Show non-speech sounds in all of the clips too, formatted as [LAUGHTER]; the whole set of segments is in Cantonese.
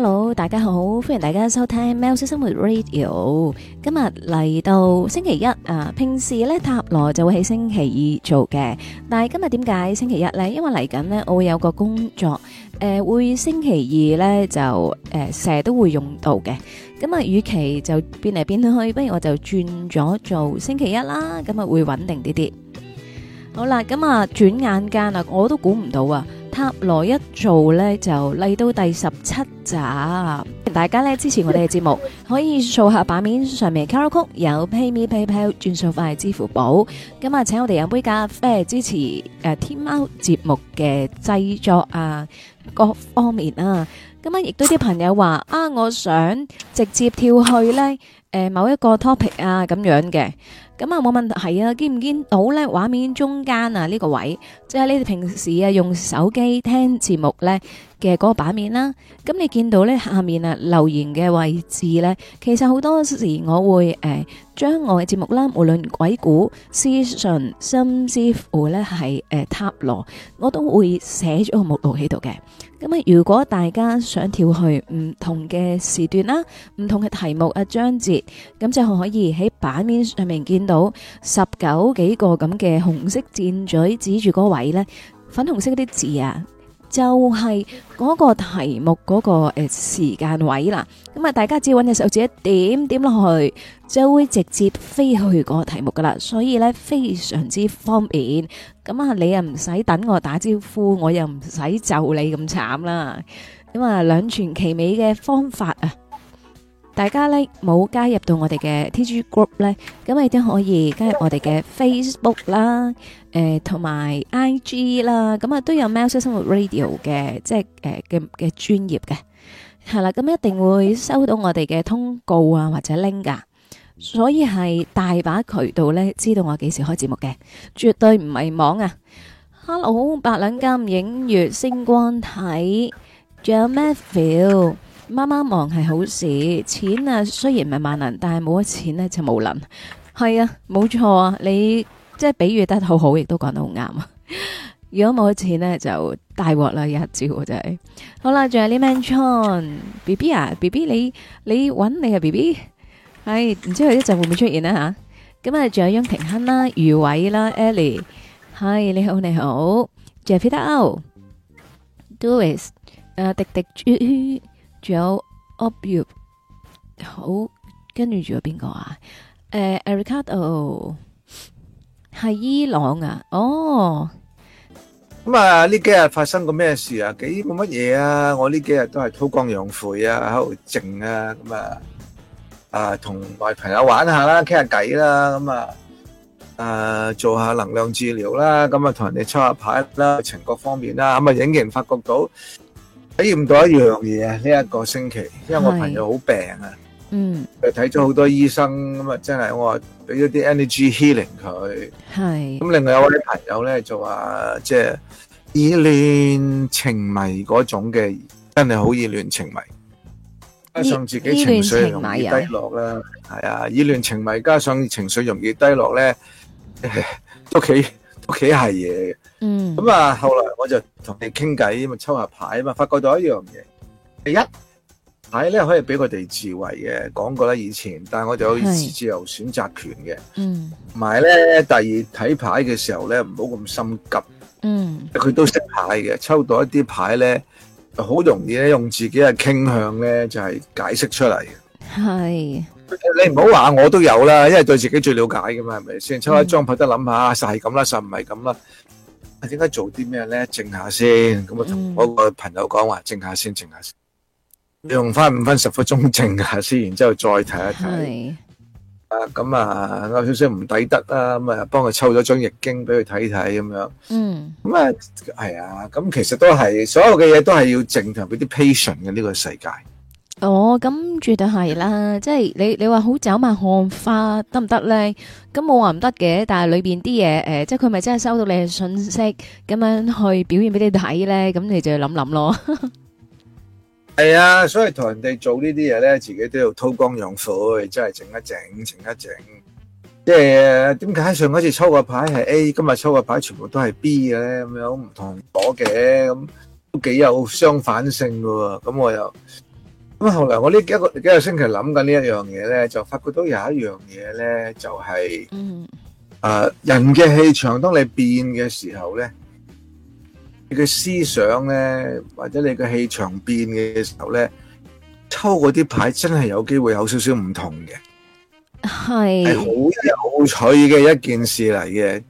hello，大家好，歡迎大家收聽喵式生活 Radio。今日嚟到星期一啊，平時咧塔羅就會喺星期二做嘅，但係今日點解星期一咧？因為嚟緊咧我會有個工作，誒會星期二咧就誒成日都會用到嘅，咁啊，與其就變嚟變去，不如我就轉咗做星期一啦，咁啊會穩定啲啲。好啦，咁啊轉眼間啊，我都估唔到啊！塔羅一做呢就嚟到第十七集，大家呢支持我哋嘅節目，可以掃下版面上面嘅 QR code，有 PayMe、PayPal 轉數快、支付寶，咁啊請我哋飲杯咖啡支持誒、呃、天貓節目嘅製作啊，各方面啊，咁啊，亦都啲朋友話啊，我想直接跳去呢誒、呃、某一個 topic 啊咁樣嘅。咁啊，冇、嗯、問題啊，見唔見到咧？畫面中間啊，呢、這個位，即、就、係、是、你哋平時啊用手機聽節目咧嘅嗰個版面啦、啊。咁、嗯、你見到咧下面啊留言嘅位置咧，其實好多時我會誒、呃、將我嘅節目啦，無論鬼故、屍訊，甚至乎咧係誒塔羅，我都會寫咗個目錄喺度嘅。如果大家想跳去唔同嘅時段啦，唔同嘅題目啊章節，咁就可以喺版面上面見到十九幾個咁嘅紅色箭嘴指住嗰位粉紅色嗰啲字啊。就係嗰個題目嗰個誒時間位啦，咁啊大家只要揾隻手指一點點落去，就會直接飛去嗰個題目噶啦，所以呢非常之方便。咁啊，你又唔使等我打招呼，我又唔使就你咁慘啦，咁啊兩全其美嘅方法啊！大家咧冇加入到我哋嘅 T G Group 咧，咁啊亦都可以加入我哋嘅 Facebook 啦，誒同埋 I G 啦，咁啊都有喵式生活 Radio 嘅即係誒嘅嘅專業嘅係啦，咁一定會收到我哋嘅通告啊或者 link 噶，所以係大把渠道咧知道我幾時開節目嘅，絕對唔係網啊！Hello，白冷金影月星光睇仲有咩 feel？媽媽忙係好事，錢啊雖然唔係萬能，但係冇咗錢咧就冇能係啊，冇錯啊。你即係比喻得好好，亦都講得好啱啊。 [LAUGHS] 如果冇咗錢咧就大鑊啦，一招啊真係好啦。仲有呢 Man Chon BB 啊 BB 啊 BB 你你揾你，你啊 BB ibi ?係，唔知佢一陣會唔會出現咧吓，咁啊，仲有楊庭亨啦、余偉啦、Ellie 係 [LAUGHS] 你好你好 Jeffy Lau Doris 啊，迪 [LAUGHS] 迪仲有 Obi，好，跟住仲有邊個啊？誒，Erickado 係伊朗噶哦。咁啊，呢幾日發生過咩事啊？幾冇乜嘢啊？我呢幾日都係韜光養晦啊，喺度靜啊。咁啊啊，同埋朋友玩下啦，傾下偈啦。咁啊誒，做下能量治療啦。咁啊，同人哋抽下牌啦，情各方面啦。咁啊，影嘅人發覺到。體驗到一樣嘢啊！呢一個星期，因為我朋友好病啊，嗯，佢睇咗好多醫生咁啊，真係我話俾咗啲 energy healing 佢，係。咁另外有啲朋友咧就話，即係意亂情迷嗰種嘅，真係好意亂情迷，加上自己情緒容易低落啦，係啊，意亂情迷加上情緒容易低落咧，都幾。屋企係嘢嘅，嗯，咁啊，後來我就同你傾偈，咁抽下牌啊嘛，發覺到一樣嘢，第一牌咧可以俾我哋智慧嘅，講過啦，以前，但係我哋有自由選擇權嘅，嗯，同埋咧第二睇牌嘅時候咧，唔好咁心急，嗯，佢都識牌嘅，抽到一啲牌咧，好容易咧用自己嘅傾向咧，就係解釋出嚟，係。你唔好話我都有啦，因為對自己最了解噶嘛，係咪先？抽開裝牌都諗下，實係咁啦，實唔係咁啦。啊，點解做啲咩咧？靜下先，咁我同我個朋友講話，靜下先，靜下先。用翻五分十分鐘靜下先，然之後再睇一睇。係。啊，咁啊，有少少唔抵得啦，咁啊，幫佢抽咗張易經俾佢睇睇，咁樣。嗯。咁啊，係啊，咁其實都係，所有嘅嘢都係要靜同嗰啲 patience 嘅呢個世界。哦，咁絕對係啦，即係你你話好走埋看花得唔得咧？咁冇話唔得嘅，但係裏邊啲嘢誒，即係佢咪真係收到你嘅信息咁樣去表現俾你睇咧？咁你就諗諗咯。係啊，所以同人哋做呢啲嘢咧，自己都要韜光養晦，真係整一整，整一整。即係點解上一次抽個牌係 A，今日抽個牌全部都係 B 嘅咁樣唔同咗嘅，咁都幾有相反性嘅喎。咁我又。咁後來我呢幾個幾個星期諗緊呢一樣嘢咧，就發覺到有一樣嘢咧，就係，嗯，誒，人嘅氣場當你變嘅時候咧，你嘅思想咧，或者你嘅氣場變嘅時候咧，抽嗰啲牌真係有機會有少少唔同嘅，係，係好有趣嘅一件事嚟嘅。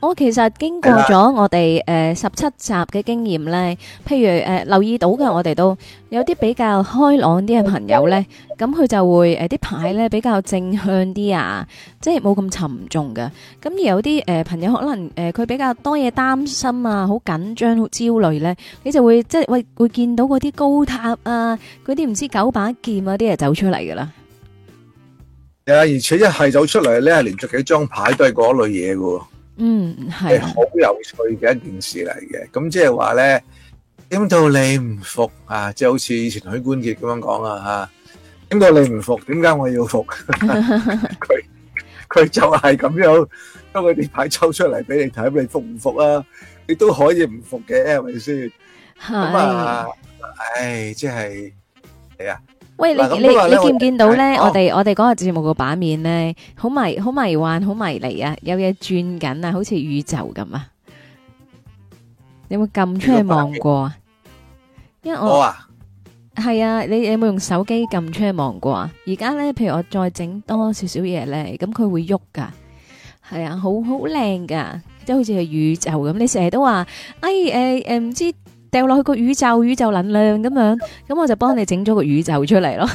我其實經過咗我哋誒十七集嘅經驗咧，譬如誒留意到嘅我哋都有啲比較開朗啲嘅朋友咧，咁佢就會誒啲牌咧比較正向啲啊，即係冇咁沉重噶。咁而有啲誒朋友可能誒佢比較多嘢擔心啊，好緊張好焦慮咧，你就會即係會會見到嗰啲高塔啊，嗰啲唔知九把劍嗰啲誒走出嚟噶啦。係啊，而且一係走出嚟咧，連續幾張牌都係嗰類嘢噶。嗯，係好有趣嘅一件事嚟嘅，咁即係話咧，點到你唔服啊？即係好似以前許冠傑咁樣講啊，吓，點到你唔服？點解我要服？佢佢就係咁樣，將佢啲牌抽出嚟俾你睇，你服唔服啊？你都可以唔服嘅，係咪先？咁啊，唉，即係係啊。喂，你你你見唔見到咧？我哋我哋嗰個節目個版面咧，好迷好迷幻，好迷離啊！有嘢轉緊啊，好似宇宙咁啊！你有冇撳出去望過啊？因為我啊，係啊，你有冇用手機撳出去望過啊？而家咧，譬如我再整多少少嘢咧，咁佢會喐噶，係啊，好好靚噶，即係好似係宇宙咁。你成日都話，哎誒，哎哎、唔知。掉落去個宇宙，宇宙能量咁樣，咁我就幫你整咗個宇宙出嚟咯。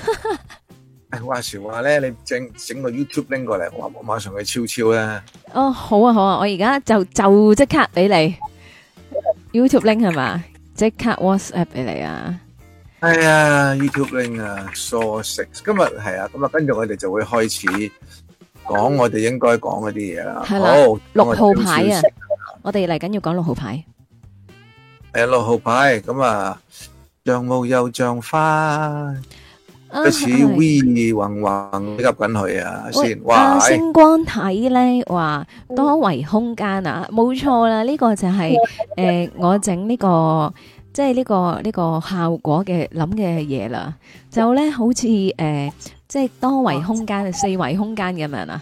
話時話咧，你整整個 YouTube link 過嚟，我我馬上去超超咧。哦，好啊，好啊，我而家就就即刻俾你 YouTube link 係嘛？即刻 WhatsApp 俾你啊！哎呀，YouTube link 啊，so six，今日係啊，咁啊，跟住我哋就會開始講我哋應該講嗰啲嘢啦。好，六號牌啊，我哋嚟緊要講六號牌。誒，六號牌咁啊，像霧又像花，好似 V 橫橫夾緊佢啊，先哇！星光體咧話、嗯、多維空間啊，冇錯啦，呢、這個就係、是、誒、呃，我整呢、這個即係、這、呢個呢、這個效果嘅諗嘅嘢啦，就咧好似誒、呃，即係多維空間、塞四維空間咁樣啊。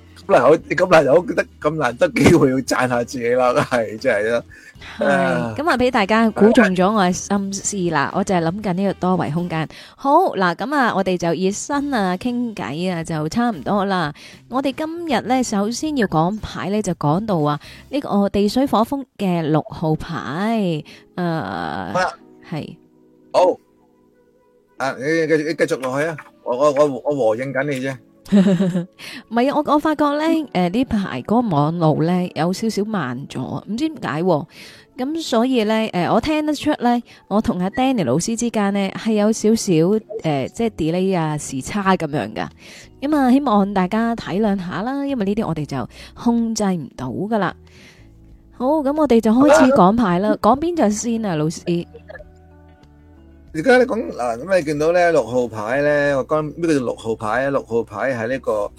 嗱，你咁難又覺得咁難得機會要讚下自己啦，係真係啦。係，今日俾大家估中咗我嘅心思啦，我就係諗緊呢個多維空間。好嗱，咁啊，我哋就熱身啊，傾偈啊，就差唔多啦。我哋今日咧，首先要講牌咧，就講到話呢個地水火風嘅六號牌。誒，係，好。啊，你繼繼續落去啊，我我我我和應緊你啫。唔係啊，我我發覺咧，誒，呢排個網絡咧有少少慢咗，唔知點解，咁所以咧，誒、呃、我聽得出咧，我同阿 Danny 老師之間呢係有少少誒、呃、即係 delay 啊時差咁樣噶，咁啊希望大家體諒下啦，因為呢啲我哋就控制唔到噶啦。好，咁我哋就開始講牌啦，講邊隻先啊，老師。而家你講嗱，咁你見到咧六號牌咧，我講咩叫六號牌啊？六號牌係呢個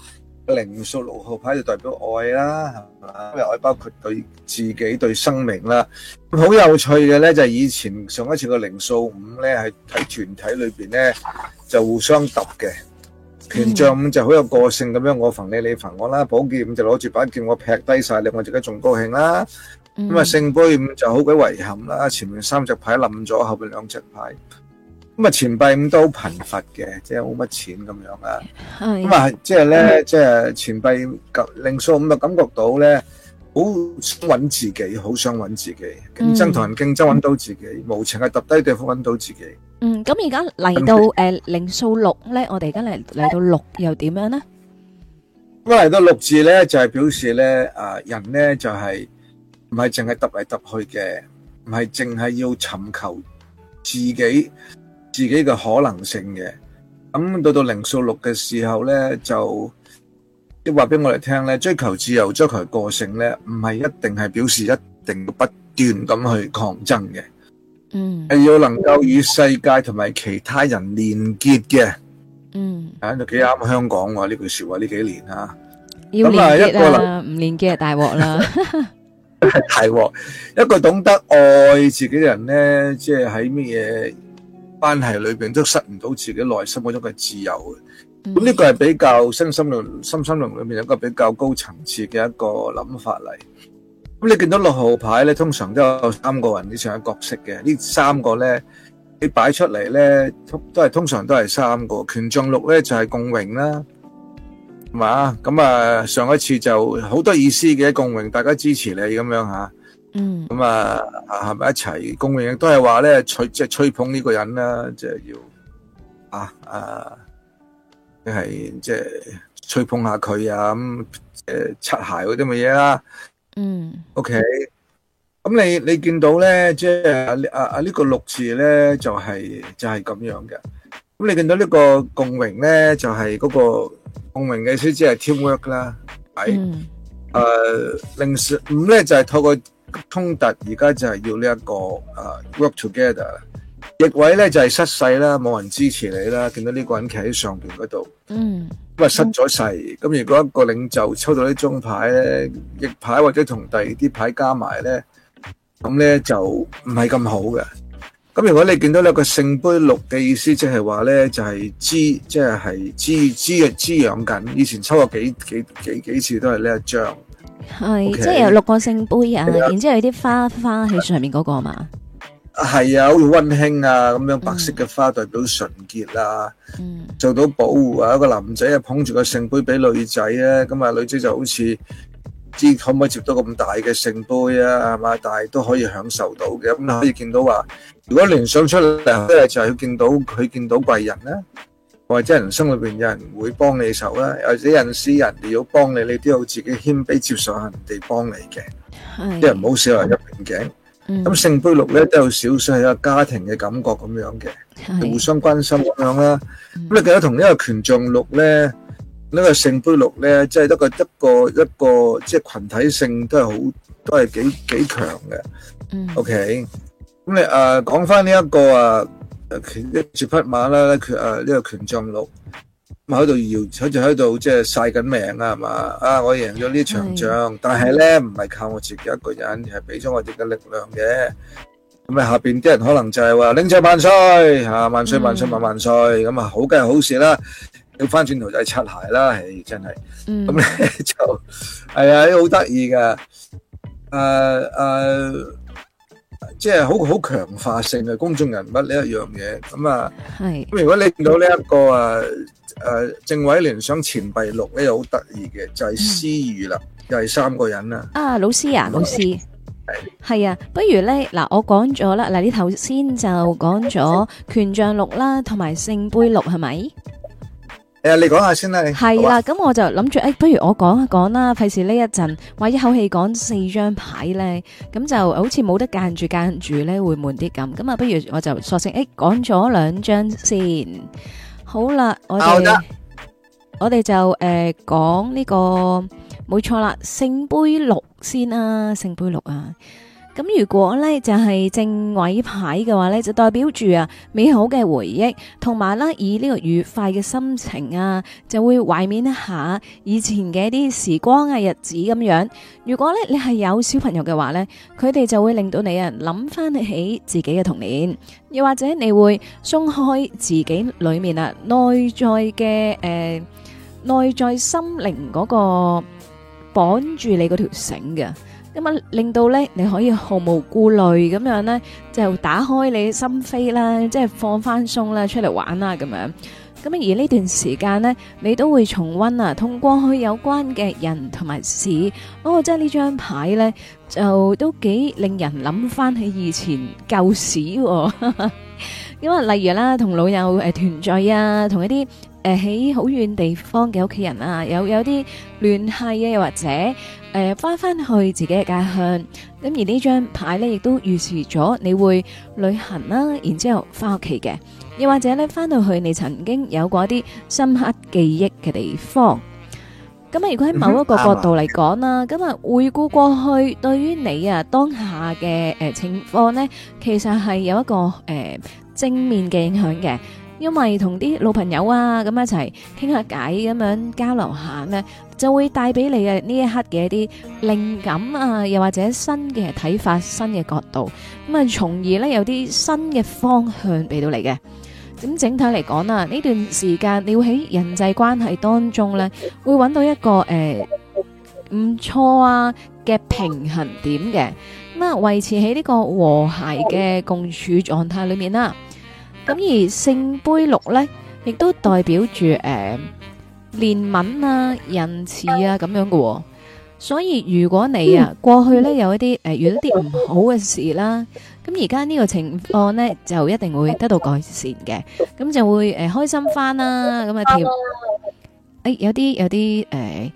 零數六號牌就代表愛啦，係嘛？因為愛包括對自己、對生命啦。好有趣嘅咧，就係以前上一次個零數五咧，係喺團體裏邊咧就互相揼嘅。權杖五就好有個性咁樣，我揈你，你揈我啦。寶劍五就攞住把劍，我劈低曬你，我即刻仲高興啦。咁啊，聖杯五就好鬼遺憾啦，前面三隻牌冧咗，後邊兩隻牌。咁啊，錢幣五都好貧乏嘅，即係冇乜錢咁樣啊。咁啊的、嗯，即係咧，即係錢幣零數五啊，感覺到咧好想揾自己，好想揾自己，競爭、同、嗯、人競爭揾到自己，無情係揼低對方揾到自己。嗯，咁而家嚟到誒後、呃、零數六咧，我哋而家嚟嚟到六又點樣咧？咁啊、嗯，嚟到、呃到、嗯、到六字咧，就係、是、表示咧，誒、呃，人咧就係唔係淨係揼嚟揼去嘅，唔係淨係要尋求自己。自己嘅可能性嘅，咁，到到零數六嘅時候咧，就即係話俾我哋聽咧，追求自由、追求個性咧，唔係一定係表示一定要不斷咁去抗爭嘅，嗯，係要能夠與世界同埋其他人連結嘅，嗯，啊，就幾啱香港喎，呢句說話呢幾年啊，咁啊，一個唔連結係大鑊啦，係大鑊，一個懂得愛自己嘅人咧，即係喺咩嘢？關係裏邊都失唔到自己內心嗰種嘅自由嘅，咁呢個係比較深森林深森林裏面一個比較高層次嘅一個諗法嚟。咁你見到六號牌咧，通常都有三個人以上嘅角色嘅，呢三個咧你擺出嚟咧都都係通常都係三個權杖六咧就係共榮啦，係嘛？咁啊上一次就好多意思嘅共榮，大家支持你咁樣吓。嗯，咁啊、嗯，係咪一齊共贏？都係話咧吹，即係吹捧呢個人、啊啊嗯、啦，即係要啊啊，係即係吹捧下佢啊，咁誒擦鞋嗰啲乜嘢啦。嗯，OK，咁你你見到咧，即係啊啊呢個六字咧就係就係咁樣嘅。咁你見到呢個共贏咧，就係、是、嗰個共贏嘅意思，即、就、係、是、teamwork 啦，係誒，零時五咧就係、是、透過。通達而家就係要呢、這、一個誒、uh, work together。逆位咧就係、是、失勢啦，冇人支持你啦。見到呢個人企喺上邊嗰度，嗯，咁啊失咗勢。咁、嗯、如果一個領袖抽到呢種牌咧，逆牌或者同第二啲牌加埋咧，咁咧就唔係咁好嘅。咁如果你見到呢個聖杯六嘅意思，即係話咧就係、是、支，即係係支支啊滋養緊。以前抽過幾幾幾幾次都係呢一張。張係，是 okay，即係有六個聖杯啊，嗯、然之後有啲花、嗯、花喺上面嗰個啊嘛，係啊，好似溫馨啊咁樣，白色嘅花代表純潔啊，做、嗯、到保護啊，嗯、一個男仔啊捧住個聖杯俾女仔啊，咁啊女仔就好似知可唔可以接到咁大嘅聖杯啊，係嘛、嗯，但係都可以享受到嘅，咁可以見到話、啊，如果聯想出嚟咧，嗯、就係要見到佢見到貴人啦、啊。或者人生裏邊有人會幫你手啦，或者有時人哋要幫你，你都要自己謙卑接受下人哋幫你嘅，啲人唔好少人入瓶頸。咁聖杯六咧都有少少係一個家庭嘅感覺咁樣嘅，互相關心咁樣啦。咁你記得同呢個權杖六咧，呢個聖杯六咧，即係一個一個一個即係群體性都係好，都係幾幾強嘅。嗯。O K，咁你誒講翻呢一個啊。一住匹馬啦，佢呢、啊呢個權杖六，咁喺度搖，好似喺度即係晒緊命啊，係嘛啊！我贏咗呢場仗，是的但係咧唔係靠我自己一個人，係俾咗我哋嘅力量嘅。咁啊，下邊啲人可能就係話，拎獎萬歲啊，萬歲萬歲萬萬歲！咁的、嗯、啊，好梗係好事啦。要翻轉頭就係擦鞋啦，唉，真係。咁咧、嗯、就係啊，好得意噶，誒誒。即係好好強化性嘅公眾人物呢一樣嘢，咁啊，咁是如果你見到呢一個誒誒正位聯想錢幣六咧，好得意嘅就係思雨啦，就係、是嗯、三個人啦。啊，老師啊，老師係係啊，不如咧嗱，我講咗啦，嗱，你頭先就講咗權杖六啦，同埋聖杯六係咪？誒，你講下先啦。係啦，咁我就諗住，誒，不如我講一講啦，費事呢一陣話一口氣講四張牌咧，咁就好似冇得間住間住咧，會悶啲咁。咁啊，不如我就索性，誒，講咗兩張先。好啦，我哋我哋就誒講呢個，冇錯啦，聖杯六先啦，聖杯六啊。咁如果咧就係正位牌嘅話咧，就代表住啊美好嘅回憶，同埋啦以呢個愉快嘅心情啊，就會懷念一下以前嘅一啲時光啊日子咁樣。如果咧你係有小朋友嘅話咧，佢哋就會令到你啊諗翻起自己嘅童年，又或者你會鬆開自己裏面啊內在嘅誒、呃、內在心靈嗰、那個綁住你嗰條繩嘅。咁啊，令到咧你可以毫無顧慮咁樣咧，就打開你心扉啦，即係放翻鬆啦，出嚟玩啦咁樣。咁而呢段時間呢，你都會重溫啊，同過去有關嘅人同埋事。哦，即係呢張牌呢，就都幾令人諗翻起以前舊事。因為，例如啦，同老友誒團聚啊，同一啲。誒，喺好遠地方嘅屋企人啊，有有啲聯繫啊，又或者誒，翻、呃、翻去自己嘅家鄉。咁而張呢張牌咧，亦都預示咗你會旅行啦，啊，然之後翻屋企嘅，又或者咧翻到去你曾經有過一啲深刻記憶嘅地方。咁啊，如果喺某一個角度嚟講啦，咁啊、嗯、回顧過去，對於你啊當下嘅誒、呃、情況呢，其實係有一個誒、呃、正面嘅影響嘅。因為同啲老朋友啊咁一齊傾下偈咁樣交流下呢，就會帶俾你啊呢一刻嘅一啲靈感啊，又或者新嘅睇法、新嘅角度，咁啊，從而呢，有啲新嘅方向俾到你嘅。咁整體嚟講啊，呢段時間你會喺人際關係當中呢，會搵到一個誒唔、呃、錯啊嘅平衡點嘅，咁啊維持喺呢個和諧嘅共處狀態裏面啦。咁而聖杯六咧，亦都代表住誒憐憫啊、仁慈啊咁樣嘅，所以如果你啊過去咧有一啲誒遇到啲唔好嘅事啦，咁而家呢個情況咧就一定會得到改善嘅，咁就會誒開心翻啦，咁啊跳誒有啲有啲誒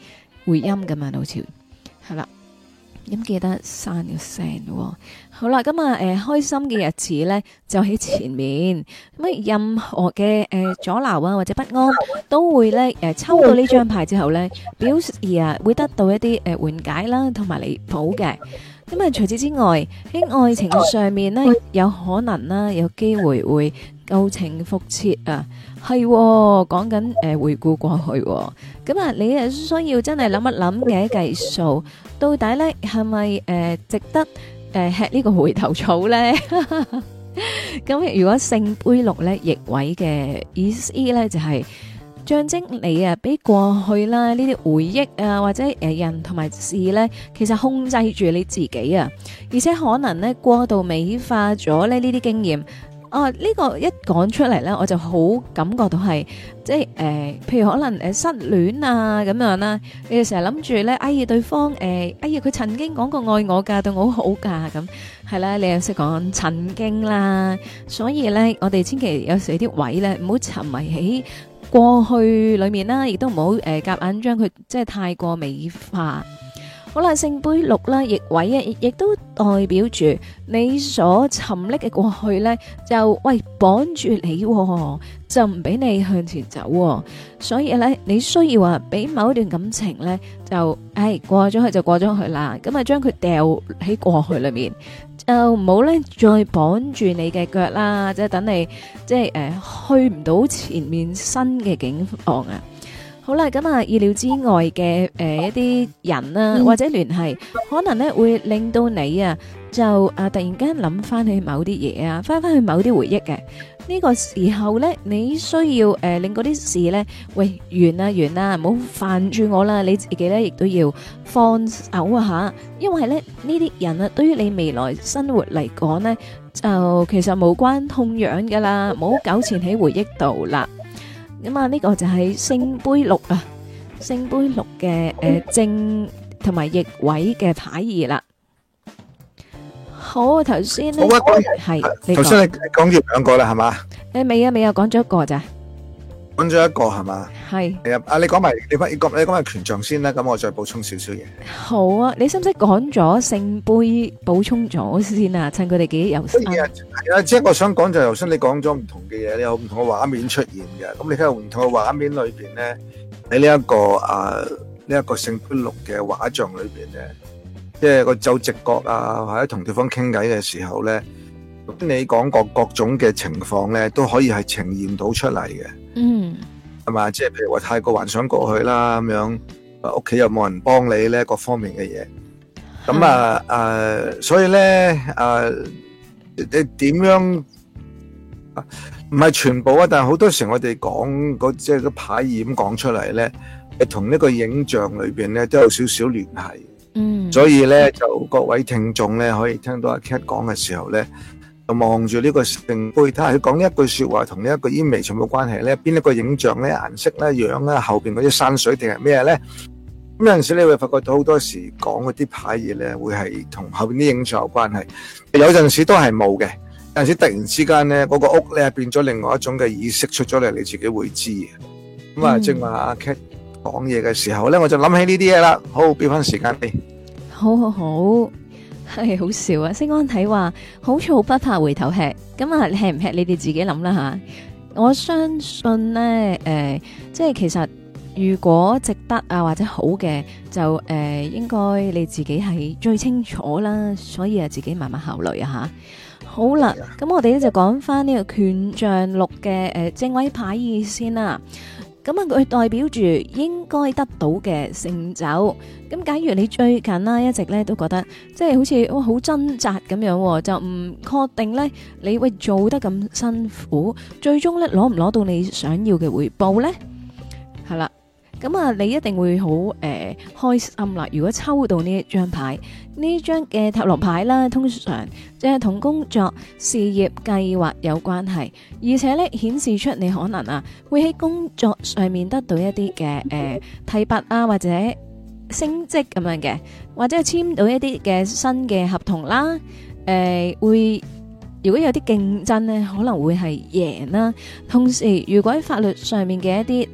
回音噶嘛，好似係啦。咁記得刪咗聲咯。好啦，咁啊，誒，開心嘅日子咧就喺前面。咁啊，任何嘅誒阻撓啊或者不安，都會咧誒抽到呢張牌之後咧，表示啊會得到一啲誒緩解啦，同埋彌補嘅。咁啊，除此之外喺愛情上面咧，有可能啦，有機會會舊情復熾啊。係講緊誒回顧過去。咁啊，你係需要真係諗一諗嘅計數。到底咧係咪誒值得誒、呃、吃呢個回頭草咧？咁 [LAUGHS] 如果聖杯六咧逆位嘅意思咧就係、是、象徵你啊俾過去啦呢啲回憶啊或者誒人同埋事咧，其實控制住你自己啊，而且可能咧過度美化咗咧呢啲經驗。哦，呢個一講出嚟咧，我就好感覺到係即係誒，譬如可能誒失戀啊咁樣啦，你哋成日諗住咧，哎呀對方誒，哎呀佢曾經講過愛我噶，對我好好噶，咁係啦，你又識講曾經啦，所以咧，我哋千祈有時啲位咧，唔好沉迷喺過去裏面啦，亦都唔好誒夾硬將佢即係太過美化。好啦，聖杯六啦，逆位啊，亦都代表住你所沉溺嘅過去咧，就喂綁住你，就唔俾你向前走。所以咧，你需要話俾某一段感情咧，就唉過咗去就過咗去啦，咁啊將佢掉喺過去裏面，就唔好咧再綁住你嘅腳啦，即係等你即係誒去唔到前面新嘅景況啊！好啦，咁啊，意料之外嘅，誒，一啲人啊，或者聯繫，可能咧會令到你啊，就啊，突然間諗翻去某啲嘢啊，翻翻去某啲回憶嘅。呢個時候咧，你需要誒，令嗰啲事咧，喂，完啦，完啦，唔好煩住我啦，你自己咧亦都要放手下，因為咧呢啲人啊，對於你未來生活嚟講咧，就其實無關痛癢噶啦，唔好糾纏喺回憶度啦。咁啊，呢個就係聖杯六啊，聖杯六嘅誒正同埋逆位嘅牌意啦。好，頭先呢係頭先你講完兩個啦，係嘛？誒，未啊未啊，講咗一個咋？揾咗一個係嘛？係啊！啊，你講埋你翻你講你講埋權杖先啦，咁我再補充少少嘢。好啊，你使唔使講咗聖杯補充咗先啊？趁佢哋幾有心。係啊，係啊，即係我想講就係頭先你講咗唔同嘅嘢，你有唔同嘅畫面出現嘅。咁你睇下唔同嘅畫面裏邊咧，喺呢一個啊呢一個聖杯六嘅畫像裏邊咧，即係個就直覺啊，或者同對方傾偈嘅時候咧，咁你講過各種嘅情況咧，都可以係呈現到出嚟嘅。嗯，係嘛？即係譬如話太過幻想過去啦，咁樣，啊屋企又冇人幫你咧，各方面嘅嘢。咁啊誒、嗯啊，所以咧誒、啊，你點樣？唔係全部啊，但係好多時我哋講嗰即係個牌意咁講出嚟咧，同呢個影像裏邊咧都有少少聯繫。嗯，所以咧就各位聽眾咧可以聽到阿 Kat 講嘅時候咧。就望住呢個聖杯，睇下佢講呢一句說話同呢一個煙味全冇關係咧，邊一個影像咧、顏色咧、樣咧、後邊嗰啲山水定係咩咧？咁有陣時你會發覺到好多時講嗰啲牌嘢咧，會係同後邊啲影像有關係。有陣時都係冇嘅，有陣時突然之間咧，嗰個屋咧變咗另外一種嘅意識出咗嚟，你自己會知。咁啊，正話阿 Kate 講嘢嘅時候咧，我就諗起呢啲嘢啦。好，畀翻時間先。好好好。係、 [NOISE] 哎、好笑啊！星安睇話好嘈不怕回頭吃，咁啊吃唔吃你哋自己諗啦吓。我相信咧，誒、呃，即係其實如果值得啊或者好嘅，就誒、呃、應該你自己係最清楚啦，所以啊自己慢慢考慮啊吓。好啦，咁我哋咧就講翻呢個權杖六嘅誒正位牌意先啦。咁啊，佢代表住應該得到嘅成就。咁假如你最近啦，一直咧都覺得，即係好似我好掙扎咁樣，就唔確定咧，你會做得咁辛苦，最終咧攞唔攞到你想要嘅回報咧？係啦。咁啊，你一定會好誒、呃、開心啦！如果抽到呢一張牌，呢張嘅塔羅牌啦，通常即係同工作、事業計劃有關係，而且咧顯示出你可能啊會喺工作上面得到一啲嘅誒提拔啊，或者升職咁樣嘅，或者係簽到一啲嘅新嘅合同啦，誒、呃、會。如果有啲競爭咧，可能會係贏啦。同時，如果喺法律上面嘅一啲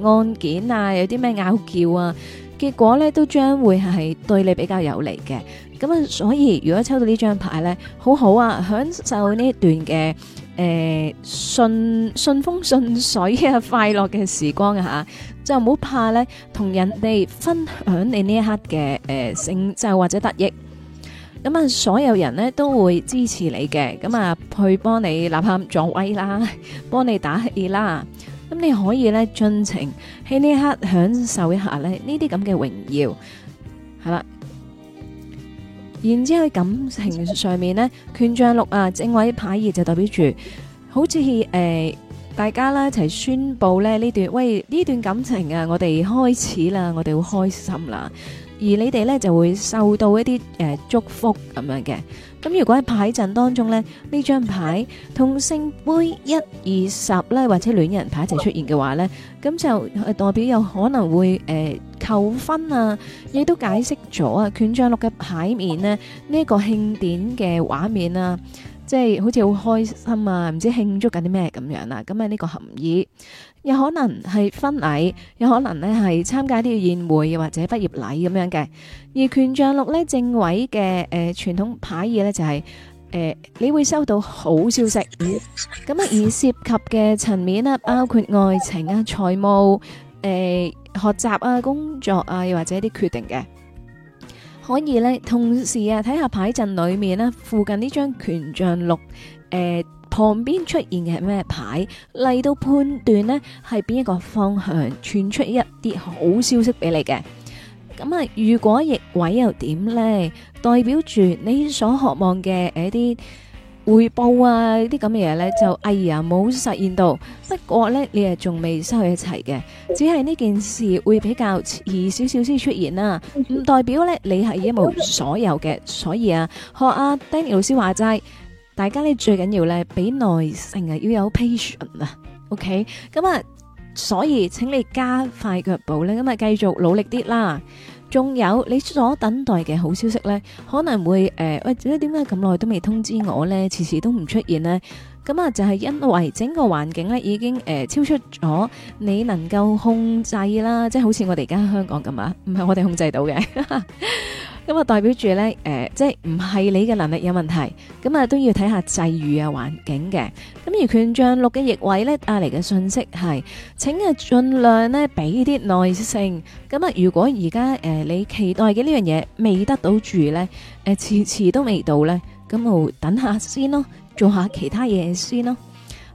誒案件啊，有啲咩拗撬啊，結果咧都將會係對你比較有利嘅。咁啊，所以如果抽到呢張牌咧，好好啊，享受呢一段嘅誒順順風順水啊，快樂嘅時光啊，嚇就唔好怕咧，同人哋分享你呢一刻嘅誒成就或者得益。咁啊，所有人咧都會支持你嘅，咁啊去幫你吶喊助威啦，幫你打氣啦。咁你可以咧盡情喺呢刻享受一下咧，呢啲咁嘅榮耀，係啦。然之後感情上面呢，權杖六啊，正位牌二就代表住，好似係、呃、大家啦一齊宣佈咧呢段，喂呢段感情啊，我哋開始啦，我哋好開心啦。而你哋咧就會受到一啲誒祝福咁樣嘅。咁如果喺牌陣當中咧，呢張牌同聖杯一、二十咧，或者戀人牌一齊出現嘅話咧，咁就代表有可能會誒求婚啊，亦都解釋咗啊。權杖六嘅牌面咧，呢個慶典嘅畫面啊，即係好似好開心啊，唔知慶祝緊啲咩咁樣啦。咁啊，呢個涵義。有可能係婚禮，有可能咧係參加啲宴會或者畢業禮咁樣嘅。而權杖六呢，正位嘅誒傳統牌意呢，就係、是、誒、呃、你會收到好消息。咁、呃、啊，而涉及嘅層面包括愛情啊、財務誒、呃、學習啊、工作啊，又或者一啲決定嘅。可以呢同時啊睇下牌陣裏面呢、啊，附近呢張權杖六誒。呃旁邊出現嘅係咩牌嚟到判斷呢，係邊一個方向傳出一啲好消息俾你嘅？咁啊，如果逆位又點呢？代表住你所渴望嘅誒啲回報啊、啲咁嘅嘢呢，就哎呀冇實現到。不過呢，你誒仲未失去一齊嘅，只係呢件事會比較遲少少先出現啦、啊。唔代表呢，你係一無所有嘅，所以啊，學阿、啊、Danny 老師話齋。大家咧最緊要咧俾耐性啊，要有 patience 啊，OK？咁啊，所以請你加快腳步咧，咁啊繼續努力啲啦。仲有你所等待嘅好消息咧，可能會誒、呃、喂，點解點解咁耐都未通知我咧？遲遲都唔出現呢。咁啊就係因為整個環境咧已經誒、呃、超出咗你能夠控制啦，即係好似我哋而家香港咁啊，唔係我哋控制到嘅。 [LAUGHS] 咁啊，代表住咧誒，即係唔係你嘅能力有問題，咁啊都要睇下際遇啊、環境嘅。咁而權杖六嘅逆位咧帶嚟嘅信息係，請啊盡量咧俾啲耐性。咁啊，如果而家誒你期待嘅呢樣嘢未得到住咧，誒遲遲都未到咧，咁啊等下先咯，做下其他嘢先咯。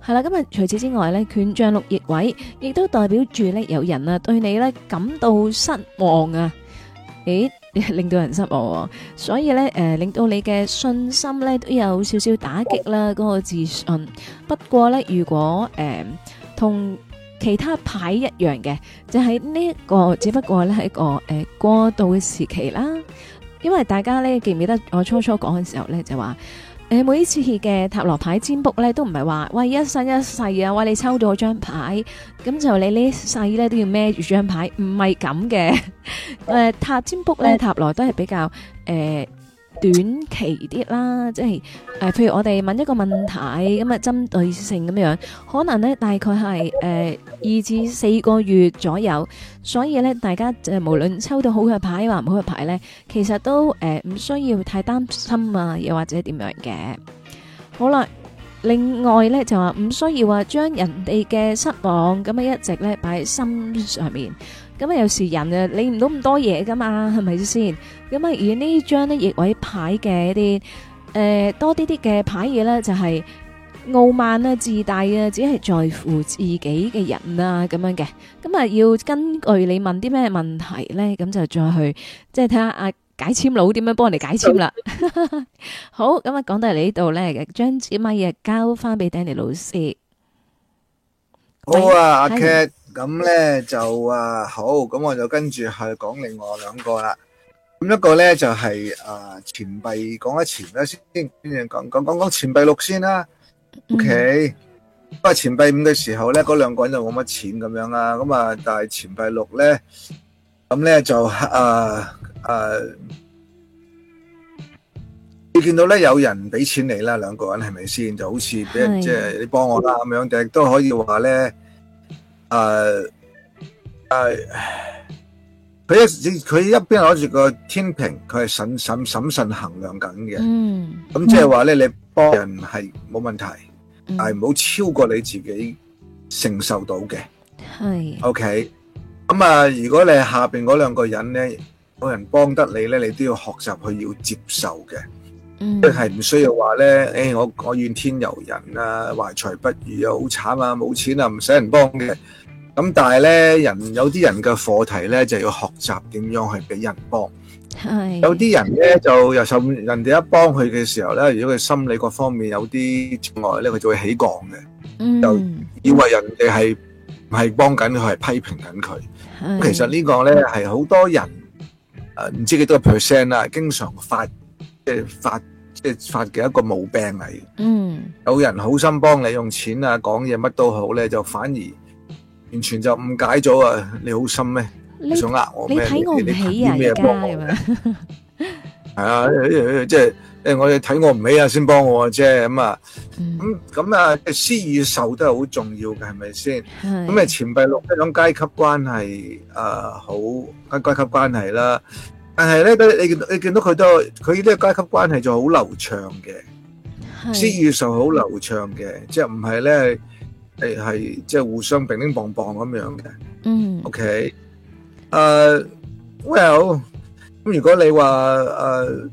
係、嗯、啦，咁啊除此之外咧，權杖六逆位亦都代表住咧有人啊對你咧感到失望啊？咦？ [LAUGHS] 令到人失望，哦，所以咧，誒、呃，令到你嘅信心咧都有少少打擊啦，嗰、那個自信。不過咧，如果誒同、呃、其他牌一樣嘅，就喺呢一個，只不過咧係一個誒、呃、過渡嘅時期啦。因為大家咧記唔記得我初初講嘅時候咧，就話。誒，每一次嘅塔羅牌占卜咧，都唔係話喂一生一世啊，喂你抽咗張牌，咁就你呢一世咧都要孭住張牌，唔係咁嘅。誒， [LAUGHS] 塔占卜咧，塔羅都係比較誒，呃短期啲啦，即係誒，譬如我哋問一個問題，咁啊針對性咁樣，可能咧大概係誒二至四個月左右，所以咧大家就無論抽到好嘅牌或唔好嘅牌咧，其實都誒唔需要太擔心啊，又或者點樣嘅。好啦，另外咧就話唔需要話將人哋嘅失望咁啊一直咧擺喺心上面。咁啊，有時人啊理唔到咁多嘢噶嘛，係咪先？咁啊，而呢張咧逆位牌嘅一啲誒，多啲啲嘅牌嘢咧，就係傲慢啊、自大啊，只係在乎自己嘅人啊，咁樣嘅。咁啊，要根據你問啲咩問題咧，咁就再去即係睇下阿解籤佬點樣幫人哋解籤啦。好，咁啊，講到嚟呢度咧，將呢啲乜嘢交翻俾 Danny 老師。好啊，阿杰。咁咧就啊好，咁我就跟住去講另外兩個啦。咁一個咧就係啊錢幣，講下錢啦。先講。講講講講錢幣六先啦。OK，都係錢幣五嘅時候咧，嗰兩個人就冇乜錢咁樣啦。咁啊，但係錢幣六咧，咁咧就啊啊、呃呃，你見到咧有人俾錢你啦，兩個人係咪先？就好似俾人即係的、就是、你幫我啦咁樣，亦都可以話咧。誒誒，佢、uh, uh, 一佢一邊攞住個天平，佢係審審審慎衡量緊嘅。嗯，咁即係話咧，嗯、你幫人係冇問題，嗯、但係唔好超過你自己承受到嘅。係是，OK。咁啊，如果你係下邊嗰兩個人咧，有人幫得你咧，你都要學習去要接受嘅。佢係唔需要話咧，誒、哎，我我怨天尤人啊，懷才不遇啊，好慘啊，冇錢啊，唔使人幫嘅。咁但係咧，人有啲人嘅課題咧，就要學習點樣去俾人幫。係是。有啲人咧就又受人哋一幫佢嘅時候咧，如果佢心理各方面有啲障礙咧，佢就會起降嘅，嗯、就以為人哋係唔係幫緊佢，係批評緊佢。是其實呢個咧係好多人誒，唔、呃、知幾多個 percent 啊，經常發。即係發，即係發嘅一個毛病嚟。嗯，有人好心幫你用錢啊，講嘢乜都好咧，就反而完全就誤解咗啊！你好心咩？你你想呃我咩？你睇我唔起啊，而家係啊，即係誒，我睇我唔起啊，先幫我嘅啫。咁啊，咁咁啊，施、啊、與、啊、受都係好重要嘅，係咪先？咁是啊，錢幣六即係階級關係，誒，好跟階級關係啦。但係咧，你見你見到你見到佢都，佢呢啲階級關係就好流暢嘅，思語上好流暢嘅，嗯，即係唔係咧，誒係即係互相乒乒乓乓咁樣嘅。嗯。O K，誒，Well，咁如果你話誒、uh,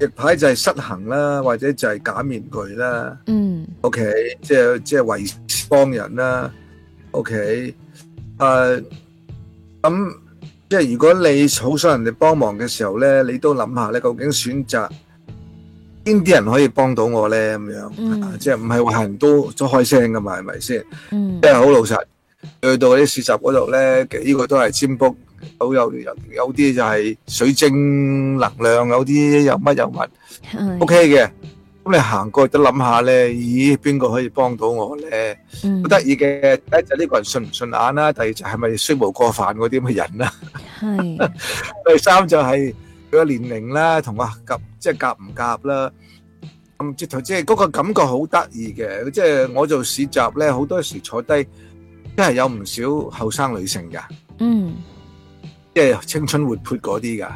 逆牌就係失衡啦，或者就係假面具啦。嗯。O、okay? K，即係即係為幫人啦。O K，誒，咁。即係如果你好想人哋幫忙嘅時候咧，你都諗下咧，究竟選擇邊啲人可以幫到我咧咁樣？嗯，即係唔係話人都都開聲噶嘛？係咪先？嗯，即係好老實。去到啲市集嗰度咧，依個都係占卜，好有有有啲就係水晶能量，有啲又乜又乜，OK 嘅。咁你行過去都諗下咧，咦，邊個可以幫到我咧？好得意嘅，第一就呢個人順唔順眼啦，第二就係咪雖無過犯嗰啲咁嘅人啦，係是。 [LAUGHS] 第三就係佢個年齡啦，同我合夾即係夾唔夾啦。咁、嗯、即係即係嗰個感覺好得意嘅，即係我做市集咧，好多時坐低，真係有唔少後生女性噶，嗯，即係青春活潑嗰啲噶，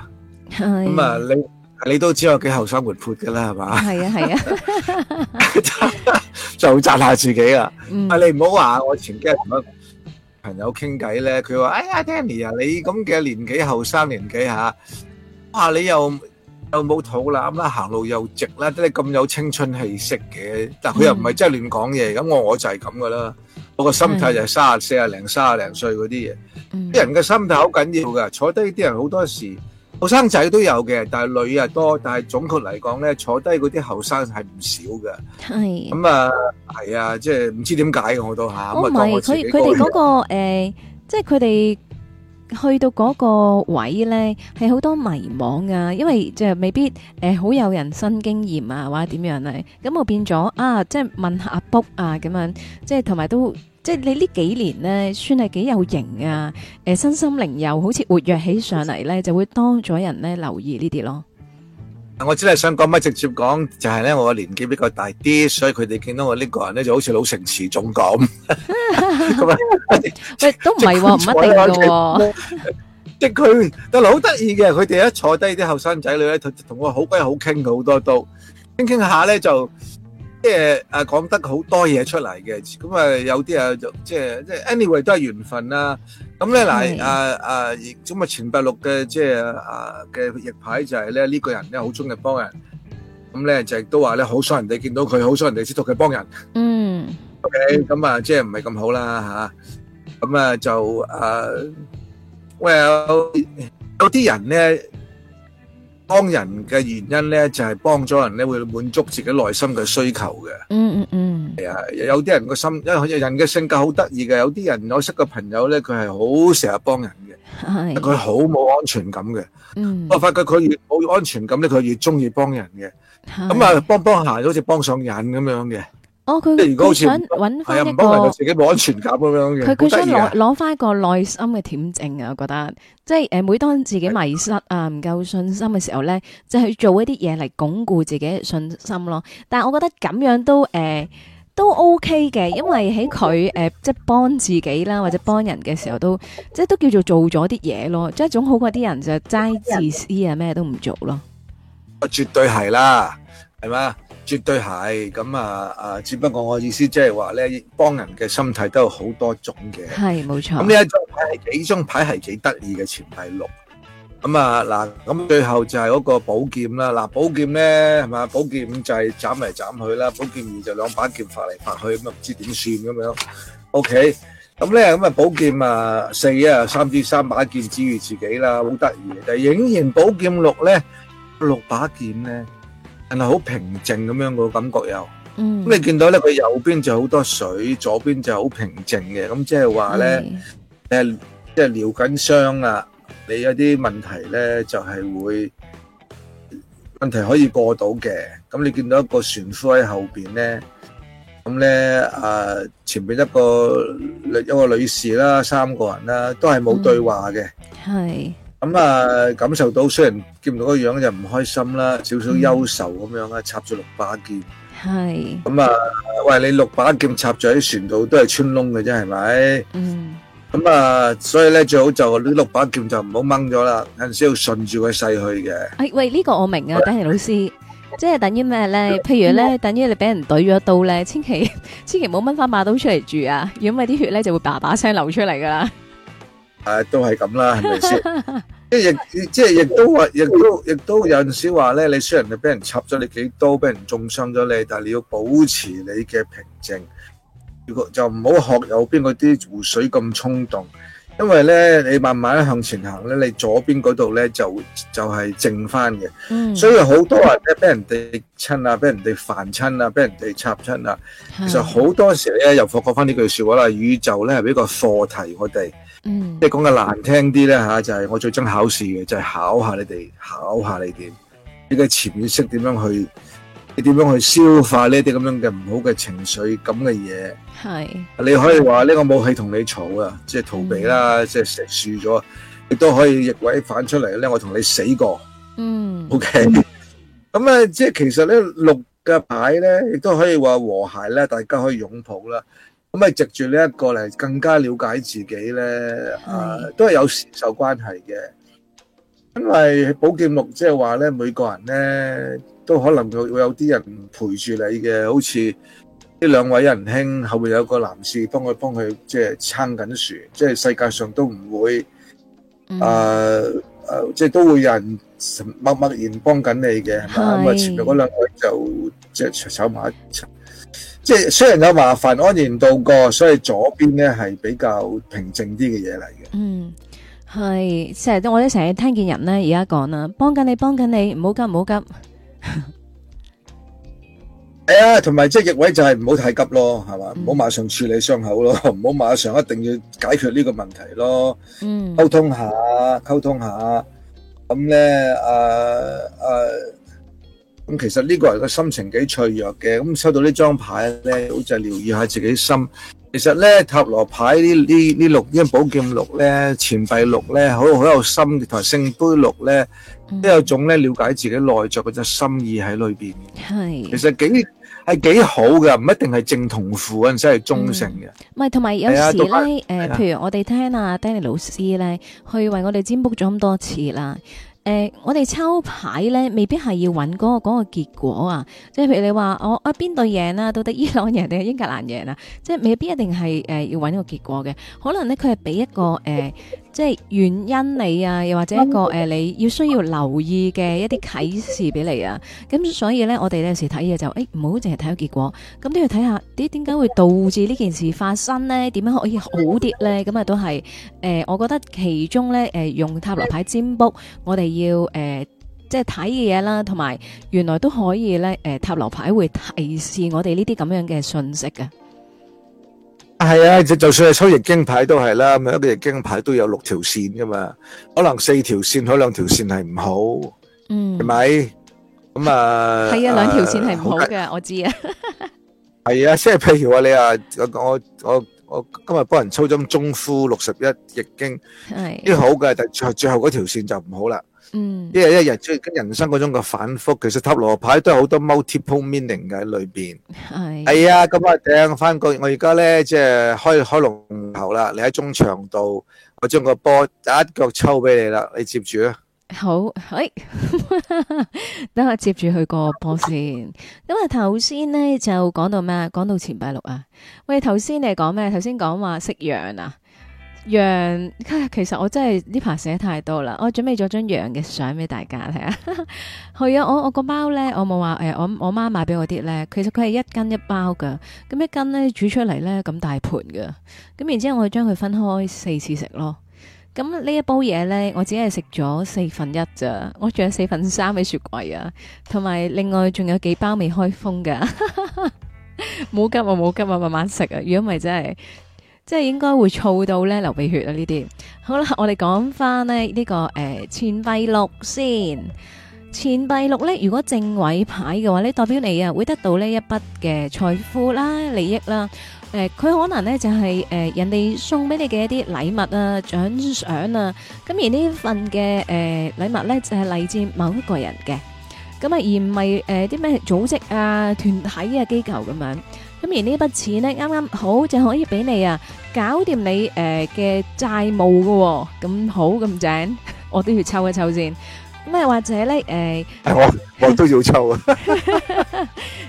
咁是、嗯、啊你。你都知我幾後生活潑噶啦，係嘛？係啊係啊，是啊 [LAUGHS] 就讚下自己啦。啊、嗯、你唔好話我前幾日同朋友傾偈咧，佢話：哎呀，Danny 啊，你咁嘅年紀後生年紀吓，哇你又又冇肚腩啦，行路又直啦，得你咁有青春氣息嘅。但係佢又唔係真係亂講嘢，咁我、嗯、我就係咁噶啦。我個心態就係三啊四啊零，三啊零歲嗰啲嘢。啲人嘅心態好緊要噶，坐低啲人好多時。後生仔都有嘅，但係女又多，但係總括嚟講咧，坐低嗰啲後生係唔少嘅。係咁啊，係啊，即係唔知點解我都吓。唔係，佢佢哋嗰個誒，即係佢哋去到嗰個位咧，係好多迷茫啊，因為就未必誒好有人生經驗啊，或者點樣咧。咁我變咗啊，即係問下阿卜啊，咁樣即係同埋都。即係你呢幾年咧，算係幾有型啊！誒，身心靈又好似活躍起上嚟咧，就會多咗人咧留意呢啲咯。我真係想講咪直接講，就係咧我年紀比較大啲，所以佢哋見到我呢個人咧，就好似老成持重咁。咁啊，喂，都唔係喎，唔一定嘅喎。即係佢，但係好得意嘅，佢哋一坐低啲後生仔女咧，同同我好鬼好傾嘅，好多都傾傾下咧就。即係講得好多嘢出嚟嘅，咁啊有啲啊就即係即係 anyway 都係緣分啦。咁咧嗱，阿阿咁啊，前八六嘅即係啊嘅逆牌就係咧、呃、呢個人咧好中意幫人，咁咧就亦都話咧好想人哋見到佢，好想人哋知道佢幫人。嗯。O K，咁啊即係唔係咁好啦吓，咁啊就啊喂有啲人咧。幫人嘅原因咧，就係、是、幫咗人咧會滿足自己內心嘅需求嘅、嗯。嗯嗯嗯，係啊，有啲人個心，因為人嘅性格好得意嘅，有啲人我識嘅朋友咧，佢係好成日幫人嘅，佢好冇安全感嘅。嗯、我發覺佢越冇安全感咧，佢越中意幫人嘅。咁的啊，幫幫下好似幫上癮咁樣嘅。哦，佢如果想揾翻一個、哎、人自己安全感咁樣嘅，佢佢他想攞攞翻一個內心嘅恬靜啊！我覺得，即係誒，每當自己迷失啊、唔夠信心嘅時候咧，就是、去做一啲嘢嚟鞏固自己信心咯。但係我覺得咁樣都誒、呃、都 OK 嘅，因為喺佢誒即係幫自己啦，或者幫人嘅時候都即係、就是、都叫做做咗啲嘢咯，即、就、係、是、總好過啲人就齋自私啊，咩都唔做咯。啊，絕對係啦，係嘛？絕對係咁啊！啊，只不過我嘅意思即係話咧，幫人嘅心態都有好多種嘅。係，冇錯。咁呢一張牌係幾張牌係幾得意嘅，全係六。咁啊嗱，咁最後就係嗰個寶劍啦。嗱，寶劍咧係嘛？寶劍五就係斬嚟斬去啦，寶劍二就兩把劍發嚟發去咁啊，唔知點算咁樣。OK，咁咧咁啊，寶劍啊四啊，三支三把劍指住自己啦，好得意。但係仍然寶劍六咧，六把劍咧。係好平靜咁樣個感覺又，咁你見到咧，佢右邊就好多水，左邊就好平靜嘅，咁即係話咧，誒，即係療緊傷啊，你有啲問題咧就係會，問題可以過到嘅，咁你見到一個船夫喺後邊咧，咁咧啊，前邊一個女一個女士啦，三個人啦，都係冇對話嘅，係。咁啊，感受到雖然見唔到個樣就唔開心啦，少少憂愁咁樣啦，插咗六把劍。係。咁啊，喂，你六把劍插咗喺船度都係穿窿嘅啫，係咪？嗯。咁啊，所以咧最好就呢六把劍就唔好掹咗啦，有陣時要順住佢逝去嘅。誒，喂，呢個我明啊，Danny 老師，即係等於咩咧？譬如咧，等於你俾人懟咗刀咧，千祈千祈唔好掹翻把刀出嚟住啊，如果唔係啲血咧就會叭叭聲流出嚟噶啦。誒、啊，都係咁啦，係咪先？即係亦，即係亦都話，亦都亦都有陣時話咧，你雖然你俾人插咗你幾刀，俾人重傷咗你，但係你要保持你嘅平靜，如果就唔好學右邊嗰啲湖水咁衝動，因為咧你慢慢向前行咧，你左邊嗰度咧就就係淨翻嘅。嗯、所以好多人咧，俾、嗯、人哋親啊，俾人哋煩親啊，俾人哋插親啊，其實好多時咧的又復覺翻呢句說話啦，宇宙咧係俾個課題我，我哋。嗯，即係講嘅難聽啲咧吓，就係我最終考試嘅，就係考下你哋，考下你點，你嘅潛意識點樣去，你點樣去消化呢啲咁樣嘅唔好嘅情緒咁嘅嘢。係，你可以話呢個武器同你嘈啊，即係逃避啦，即係食輸咗，亦都可以逆位反出嚟咧。我同你死過。嗯。OK，咁啊，即係其實咧六嘅牌咧，亦都可以話和諧啦，大家可以擁抱啦。咁咪藉住呢一個嚟更加了解自己咧，係啊，都係有師授關係嘅。因為《寶劍六》即係話咧，每個人咧都可能會有有啲人陪住你嘅，好似呢兩位仁兄後面有個男士幫佢幫佢，即係撐緊船。即係世界上都唔會，啊、嗯、啊，即係都會有人默默然幫緊你嘅。係嘛。咁啊，係前面嗰兩位就即係坐埋一，就是即係雖然有麻煩，安然度過，所以左邊咧係比較平靜啲嘅嘢嚟嘅。嗯，係成日都我哋成日聽見人咧而家講啦，幫緊你幫緊你，唔好急唔好急。係啊，同埋即係逆位就係唔好太急咯，係嘛，唔好、嗯、馬上處理傷口咯，唔好馬上一定要解決呢個問題咯。嗯，溝通下溝通下，咁咧呃。啊。啊咁其實呢個人嘅心情幾脆弱嘅，咁收到呢張牌咧，好就係療愈下自己心。其實咧塔羅牌呢呢呢六呢寶劍六咧錢幣六咧好好有心，同埋聖杯六咧都有種咧了解自己內在嗰隻心意喺裏邊。係，其實幾係幾好嘅，唔一定係正同負，有時係忠誠嘅。唔係，同埋有時咧，誒，譬如我哋聽阿 Danny 老師咧，去為我哋占卜咗咁多次啦。誒、呃，我哋抽牌咧，未必係要搵嗰、嗰個、嗰個結果啊！即係譬如你話我、哦、啊邊隊贏啦，到底伊朗贏定英格蘭贏啦，即係未必一定係誒、呃、要搵個結果嘅，可能咧佢係俾一個誒。呃 [LAUGHS] 即係原因你啊，又或者一個誒、呃，你要需要留意嘅一啲啟示俾你啊。咁所以咧，我哋有陣時睇嘢，就誒，唔好淨係睇個結果，咁都要睇下啲點解會導致呢件事發生咧？點樣可以好啲咧？咁啊都係誒、呃，我覺得其中咧誒、呃，用塔羅牌占卜，我哋要誒、呃，即係睇嘅嘢啦，同埋原來都可以咧誒、呃，塔羅牌會提示我哋呢啲咁樣嘅信息嘅。係啊，啊，就就算係抽易經牌都係啦，每一個易經牌都有六條線㗎嘛，可能四條線，可能兩條線係唔好，嗯，係咪？咁、嗯、啊，係啊，兩條、啊、線係唔好嘅，我，我知啊，係啊，係 [LAUGHS] 啊，即係譬如話你啊，我我我，我今日幫人抽中中孚六十一易經，係啲的好嘅，但係最後最後嗰條線就唔好啦。嗯，因為一日追跟人生嗰種嘅反覆，其實塔羅牌都有好多 multiple meaning 嘅喺裏邊。係係啊，咁、哎、我掟翻個，我而家咧即係開開龍頭啦。你喺中場度，我將個波一腳抽俾你啦，你接住啊好，哎， [LAUGHS] 等下接住去個波先。咁啊，頭先咧就講到咩？講到錢幣六啊。喂，頭先你講咩？頭先講話識養啊。羊其實我真係呢排寫太多啦，我準備咗張羊嘅相俾大家睇下。係 [LAUGHS] 啊，我我個包呢，我冇話誒，我我媽買俾我啲呢。其實佢係一斤一包噶，咁一斤呢煮出嚟呢，咁大盤噶，咁然之後我將佢分開四次食咯。咁呢一煲嘢呢，我只係食咗四分一咋，我仲有四分三喺雪櫃啊，同埋另外仲有幾包未開封噶，冇 [LAUGHS] 急啊冇急啊，慢慢食啊，如果唔係真係。即係應該會燥到咧流鼻血啊！呢啲好啦，我哋講翻咧呢個誒錢幣六先，錢幣六咧，如果正位牌嘅話咧，代表你啊會得到呢一筆嘅財富啦、利益啦。誒，佢可能咧就係誒人哋送俾你嘅一啲禮物啊、獎賞啊。咁而呢份嘅誒禮物咧，就係嚟自某一個人嘅。咁啊，而唔係誒啲咩組織啊、團體啊、機構咁樣。咁而呢一筆錢咧，啱啱好就可以俾你啊，搞掂你誒嘅債務噶，咁好咁正，我都要抽一抽先。咩或者咧誒，我我都要抽啊。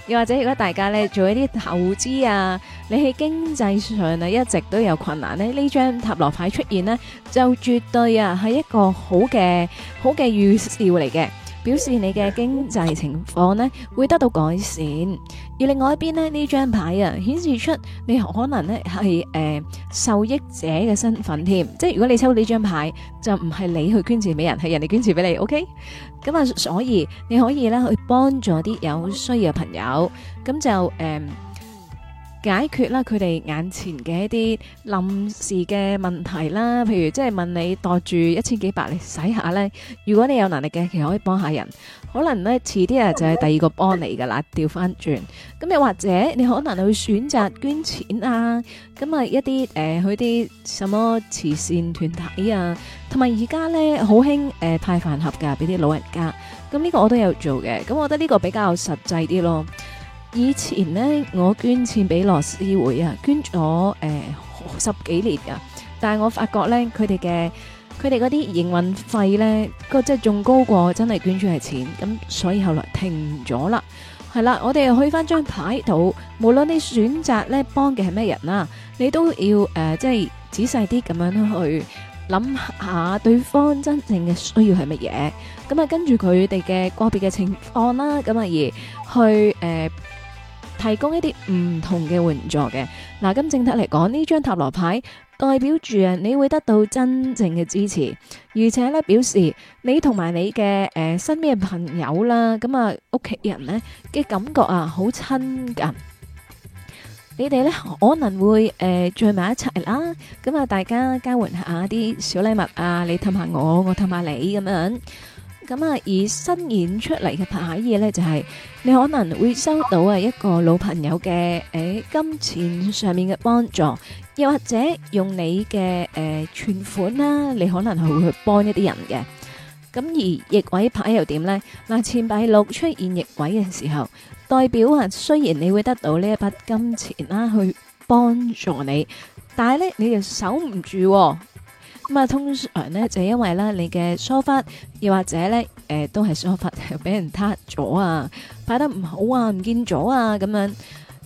又或者如果大家咧做一啲投資啊，你喺經濟上啊一直都有困難咧，呢張塔羅牌出現咧，就絕對啊係一個好嘅好嘅預兆嚟嘅。表示你嘅經濟情況咧會得到改善，而另外一邊咧呢張牌啊，顯示出你可能咧係誒受益者嘅身份添，即係如果你抽呢張牌，就唔係你去捐錢俾人，係人哋捐錢俾你，OK？咁啊，所以你可以咧去幫助啲有需要嘅朋友，咁就誒。呃解決啦佢哋眼前嘅一啲臨時嘅問題啦，譬如即係問你袋住一千幾百嚟使下咧，如果你有能力嘅，其實可以幫下人。可能咧遲啲啊就係第二個幫你噶啦，調翻轉。咁又或者你可能會選擇捐錢啊，咁啊一啲誒去啲什麼慈善團體啊，同埋而家咧好興誒派飯盒噶俾啲老人家。咁呢個我都有做嘅，咁我覺得呢個比較實際啲咯。以前呢，我捐錢俾羅斯會啊，捐咗誒、呃、十幾年噶，但係我發覺呢，佢哋嘅，佢哋嗰啲營運費呢，個即係仲高過真係捐出嚟錢，咁所以後來停咗啦，係啦，我哋又去翻張牌度，無論你選擇呢幫嘅係咩人啦，你都要誒、呃、即係仔細啲咁樣去諗下對方真正嘅需要係乜嘢，咁啊跟住佢哋嘅個別嘅情況啦，咁啊而去誒。呃提供一啲唔同嘅援助嘅。嗱，咁整體嚟講，呢張塔羅牌代表住啊，你會得到真正嘅支持，而且咧表示你同埋你嘅誒身邊嘅朋友啦，咁啊屋企人咧嘅感覺啊好親近。你哋咧可能會誒聚埋一齊啦，咁啊大家交換下啲小禮物啊，你氹下我，我氹下你咁樣。咁啊，以新演出嚟嘅牌嘢呢，就係你可能會收到啊一個老朋友嘅誒金錢上面嘅幫助，又或者用你嘅誒存款啦，你可能係會去幫一啲人嘅。咁而逆位牌又點呢？嗱，錢幣六出現逆位嘅時候，代表啊雖然你會得到呢一筆金錢啦去幫助你，但係呢你又守唔住。咁啊，通常咧就係因為咧你嘅疏忽，又或者咧誒、呃，都係疏忽俾人撻咗啊，擺得唔好啊，唔見咗啊，咁樣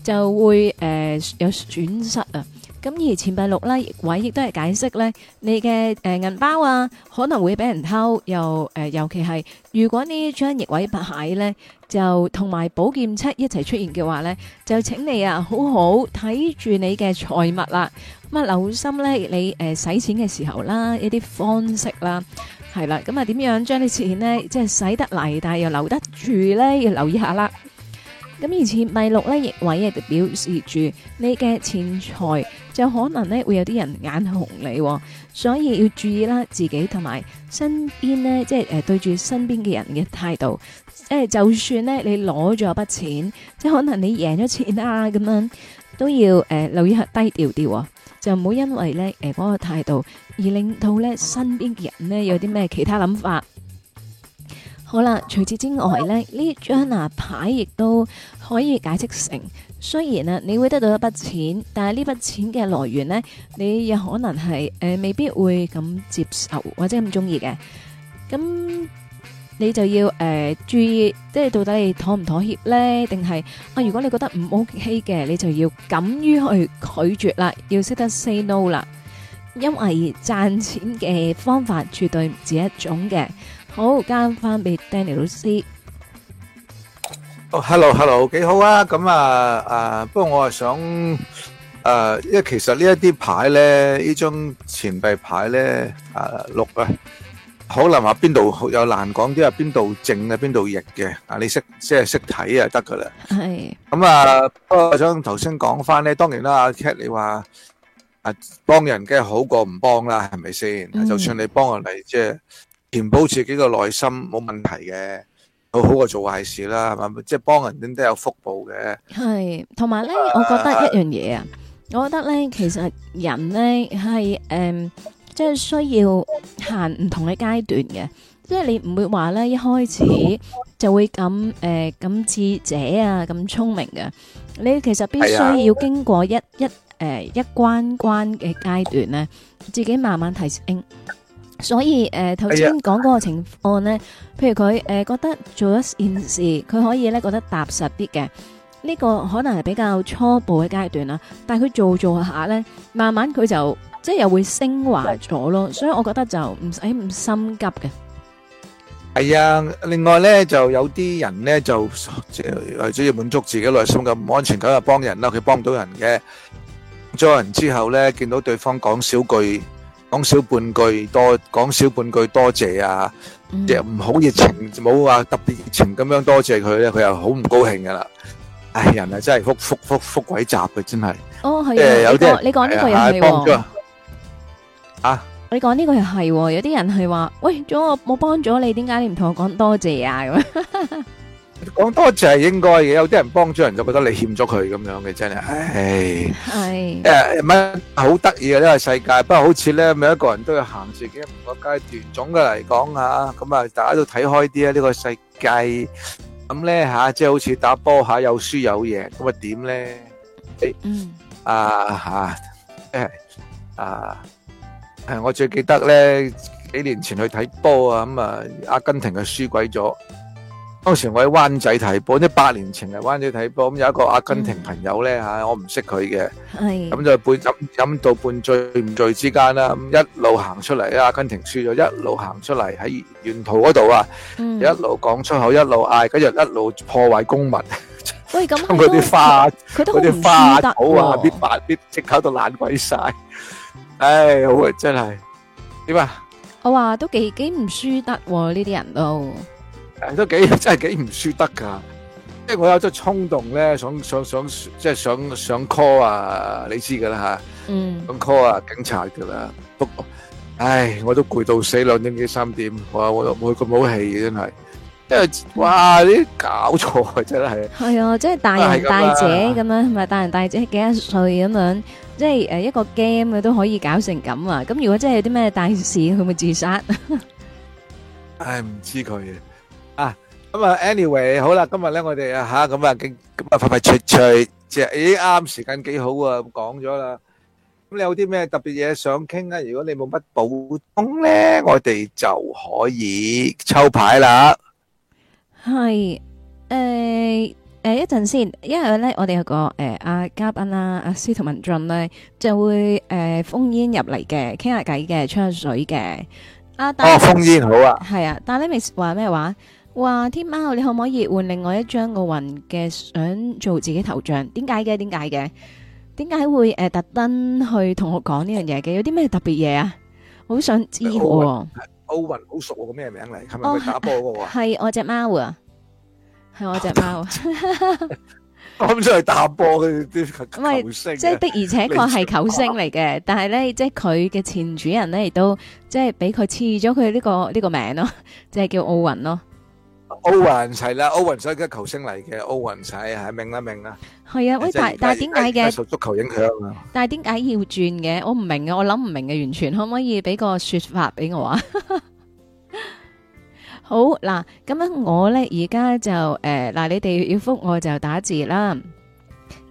就會誒、呃、有損失啊。咁而錢幣六啦，逆位亦都係解釋咧，你嘅誒銀包啊，可能會俾人偷，又誒、呃、尤其係，如果你將逆位牌咧，就同埋寶劍七一齊出現嘅話咧，就請你啊好好睇住你嘅財物啦，咁、嗯、啊留心咧，你誒使、呃、錢嘅時候啦，一啲方式啦，係啦，咁啊點樣將啲錢呢？即係使得嚟，但係又留得住咧，要留意下啦。咁而錢幣六咧，逆位亦表示住你嘅錢財。就可能咧會有啲人眼紅你，所以要注意啦，自己同埋身邊咧，即係誒對住身邊嘅人嘅態度，即係就算咧你攞咗筆錢，即係可能你贏咗錢啊咁樣，都要誒留意下低調啲，就唔好因為咧誒嗰個態度而令到咧身邊嘅人呢有啲咩其他諗法。好啦，除此之外咧，呢張啊牌亦都可以解釋成。雖然啊，你會得到一筆錢，但係呢筆錢嘅來源呢，你有可能係誒、呃、未必會咁接受或者咁中意嘅。咁你就要誒、呃、注意，即係到底你妥唔妥協呢？定係啊？如果你覺得唔 OK 嘅，你就要敢於去拒絕啦，要識得 say no 啦。因為賺錢嘅方法絕對唔止一種嘅。好，交翻俾 Danny 老師。hello，hello，幾好啊！咁啊，啊，不過我啊想，誒、啊，因為其實呢一啲牌咧，呢張錢幣牌咧，誒，六啊，可能話邊度有難講啲，啊邊度正啊邊度逆嘅，啊你識即係識睇就得噶啦。係是。咁啊，不過我想頭先講翻咧，當然啦，阿 Cat 你話，啊幫人梗係好過唔幫啦，係咪先？嗯、就算你幫人嚟即係填補自己個內心，冇問題嘅。好過做壞事啦，係嘛？即係幫人，點都有福報嘅。係，同埋咧，我覺得一樣嘢啊。我覺得咧，其實人咧係誒，即係需要行唔同嘅階段嘅。即係你唔會話咧一開始就會咁誒咁智者啊咁聰明嘅。你其實必須要經過一一誒一關關嘅階段咧，自己慢慢提升。所以，誒頭先講嗰個情況咧，譬如佢誒覺得做咗件事，佢可以咧覺得踏實啲嘅，呢個可能係比較初步嘅階段啦。但係佢做做下咧，慢慢佢就即係又會昇華咗咯。所以，我覺得就唔使咁心急嘅。係啊，另外咧就有啲人咧就係為咗要滿足自己內心嘅唔安全感，幫人啦，佢幫到人嘅，幫人之後咧見到對方講少句。講少半句多講少半句多謝啊！亦唔好熱情，冇話特別熱情咁樣多謝佢咧，佢又好唔高興噶啦。唉，人啊真係複複複複鬼雜嘅真係。哦，係啊。你講呢個又係？啊？你講呢個又係？有啲人係話，喂，咗我冇幫咗你，點解你唔同我講多謝啊？咁樣。講多謝係應該嘅，有啲人幫咗人就覺得你欠咗佢咁樣嘅，真係，唉，係誒，唔係好得意嘅呢個世界。不過好似咧，每一個人都要行自己唔同嘅階段。總嘅嚟講啊，咁啊，大家都睇開啲啊，呢個世界咁咧吓，即係好似打波吓，有輸有贏，咁啊點咧？誒，嗯，啊吓，誒，啊，誒，我最記得咧，幾年前去睇波啊，咁啊，阿根廷嘅輸鬼咗。當時我喺灣仔睇波，即係八年前嘅灣仔睇波。咁有一個阿根廷朋友咧吓，我唔識佢嘅，咁就半飲飲到半醉唔醉之間啦。咁一路行出嚟，阿根廷輸咗，一路行出嚟喺沿途嗰度啊，一路講粗口，一路嗌，跟住一路破壞公物，將佢啲花、佢啲花草啊，啲花啲即刻都爛鬼晒。唉，好啊，真係點啊？我話都幾幾唔輸得呢啲人都。誒，都幾真係幾唔輸得噶，即係我有咗衝動咧，想想想即係想想 call 啊，你知噶啦吓，想 call 啊，警察噶啦，不過唉，我都攰到死，兩點幾三點，哇，我我冇咁好氣真係，因為哇啲搞錯真係，係啊，即係大人大姐咁樣，係咪大人大姐幾多歲咁樣？即係誒一個 game 佢都可以搞成咁啊，咁如果真係有啲咩大事，佢會唔會自殺？唉，唔知佢。咁啊，anyway，好啦，今日咧我哋吓咁啊，今今日快快脆脆，即係咦啱時間幾好啊，咁講咗啦。咁你有啲咩特別嘢想傾啊？如果你冇乜補充咧，我哋就可以抽牌啦。係誒誒，一陣先，因為咧我哋有個誒阿嘉賓啦，阿司徒文進咧就會誒烽煙入嚟嘅，傾下偈嘅，吹下水嘅。阿哦，烽煙好啊。係啊，但係你未話咩話？哇天貓，你可唔可以換另外一張奧運嘅相做自己頭像？點解嘅？點解嘅？點解會誒、呃、特登去同我講呢樣嘢嘅？有啲咩特別嘢啊？好想知喎！奧運好熟喎，個咩名嚟？係咪佢打波嘅？係我隻貓啊，係我隻貓。咁即係打波嘅啲球星。即、就、係、是、的而且確係球星嚟嘅，但係咧，即係佢嘅前主人咧，亦都即係俾佢賜咗佢呢個呢、這個名咯，即、就、係、是、叫奧運咯。歐雲係啦，歐雲所以嘅球星嚟嘅。歐雲仔係明啦明啦，係啊，喂，在但但點解嘅受足球影響？但係點解要轉嘅？我唔明啊，我諗唔明嘅，完全可唔可以俾個說法俾我啊？ [LAUGHS] 好嗱，咁樣我咧而家就誒嗱、呃，你哋要覆我就打字啦，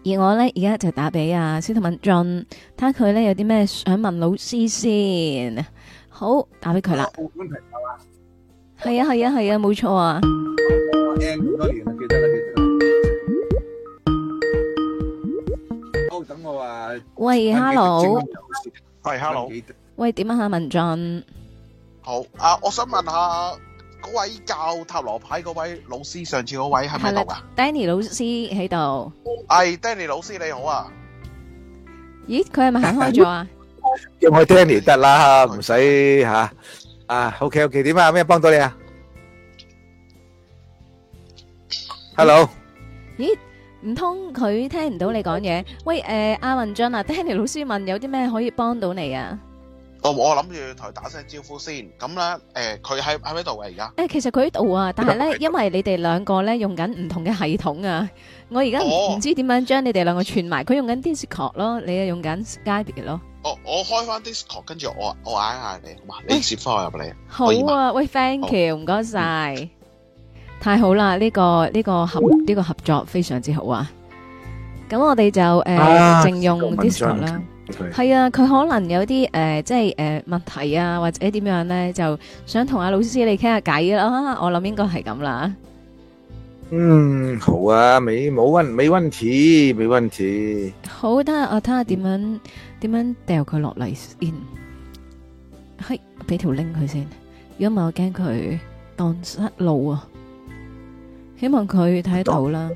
而我咧而家就打俾阿司徒文進，睇下佢咧有啲咩想問老師先。好，打俾佢啦。啊我係啊，係啊，係啊，冇錯啊。等我啊。喂，Hello。喂，Hello。喂，點啊，下文俊。好啊，我想問下嗰位教塔羅牌嗰位老師，上次嗰位係咪喺度啊？Danny 老師喺度。係 Danny 老師你好啊。咦，佢係咪行開咗啊？叫我 Danny 得啦，唔使吓。啊，OK，OK，點啊？咩幫到你啊？Hello，咦？唔通佢聽唔到你講嘢？喂，誒，阿文俊啊，Danny 老師問有啲咩可以幫到你啊？哦，我諗住同佢打聲招呼先。咁咧，誒，佢喺喺邊度啊？而家誒，其實佢喺度啊，但係咧，因為你哋兩個咧用緊唔同嘅系統啊，我而家唔知點樣將你哋兩個串埋。佢用緊 Discord 咯，你又用緊 Skype 嘅咯。我，我開翻 Discord 跟住我我嗌下你，好嘛，你接翻我入嚟。欸、好啊，喂 thank you，唔該晒，太好啦，呢、這個呢、這個合呢、這個合作非常之好啊。咁我哋就誒淨、呃啊、用 Discord 啦，係、嗯 okay. 啊，佢可能有啲誒、呃，即係誒、呃、問題啊，或者點樣咧，就想同阿老師你傾下偈啦。我諗應該係咁啦。嗯，好啊，未冇問，冇問題，冇問題。好，得啊，睇下點樣、嗯？點樣掉佢落嚟先？係俾條拎佢先，如果唔係我驚佢蕩失路啊！希望佢睇得到啦。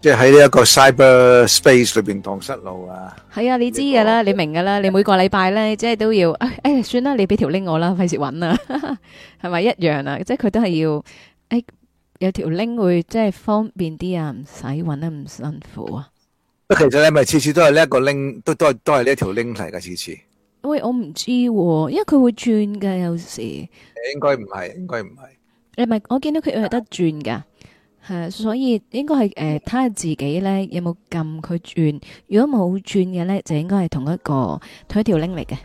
即係喺呢一個 cyber space 裏邊蕩失路啊！係啊，你知噶啦，你明噶啦，你每個禮拜咧，即係都要誒，算啦，你俾條拎我啦，費事揾啊，係咪一樣啊？即係佢都係要誒，有條拎會即係方便啲啊，唔使揾得咁辛苦啊！其實你咪次次都係呢一個拎，都都係都係呢條拎嚟噶，次次。喂，我唔知喎，因為佢會轉噶有時。誒，應該唔係，應該唔係。你咪我見到佢係得轉噶，係、啊、所以應該係誒，睇、呃、下自己咧有冇撳佢轉。如果冇轉嘅咧，就應該係同一個同一條拎嚟嘅。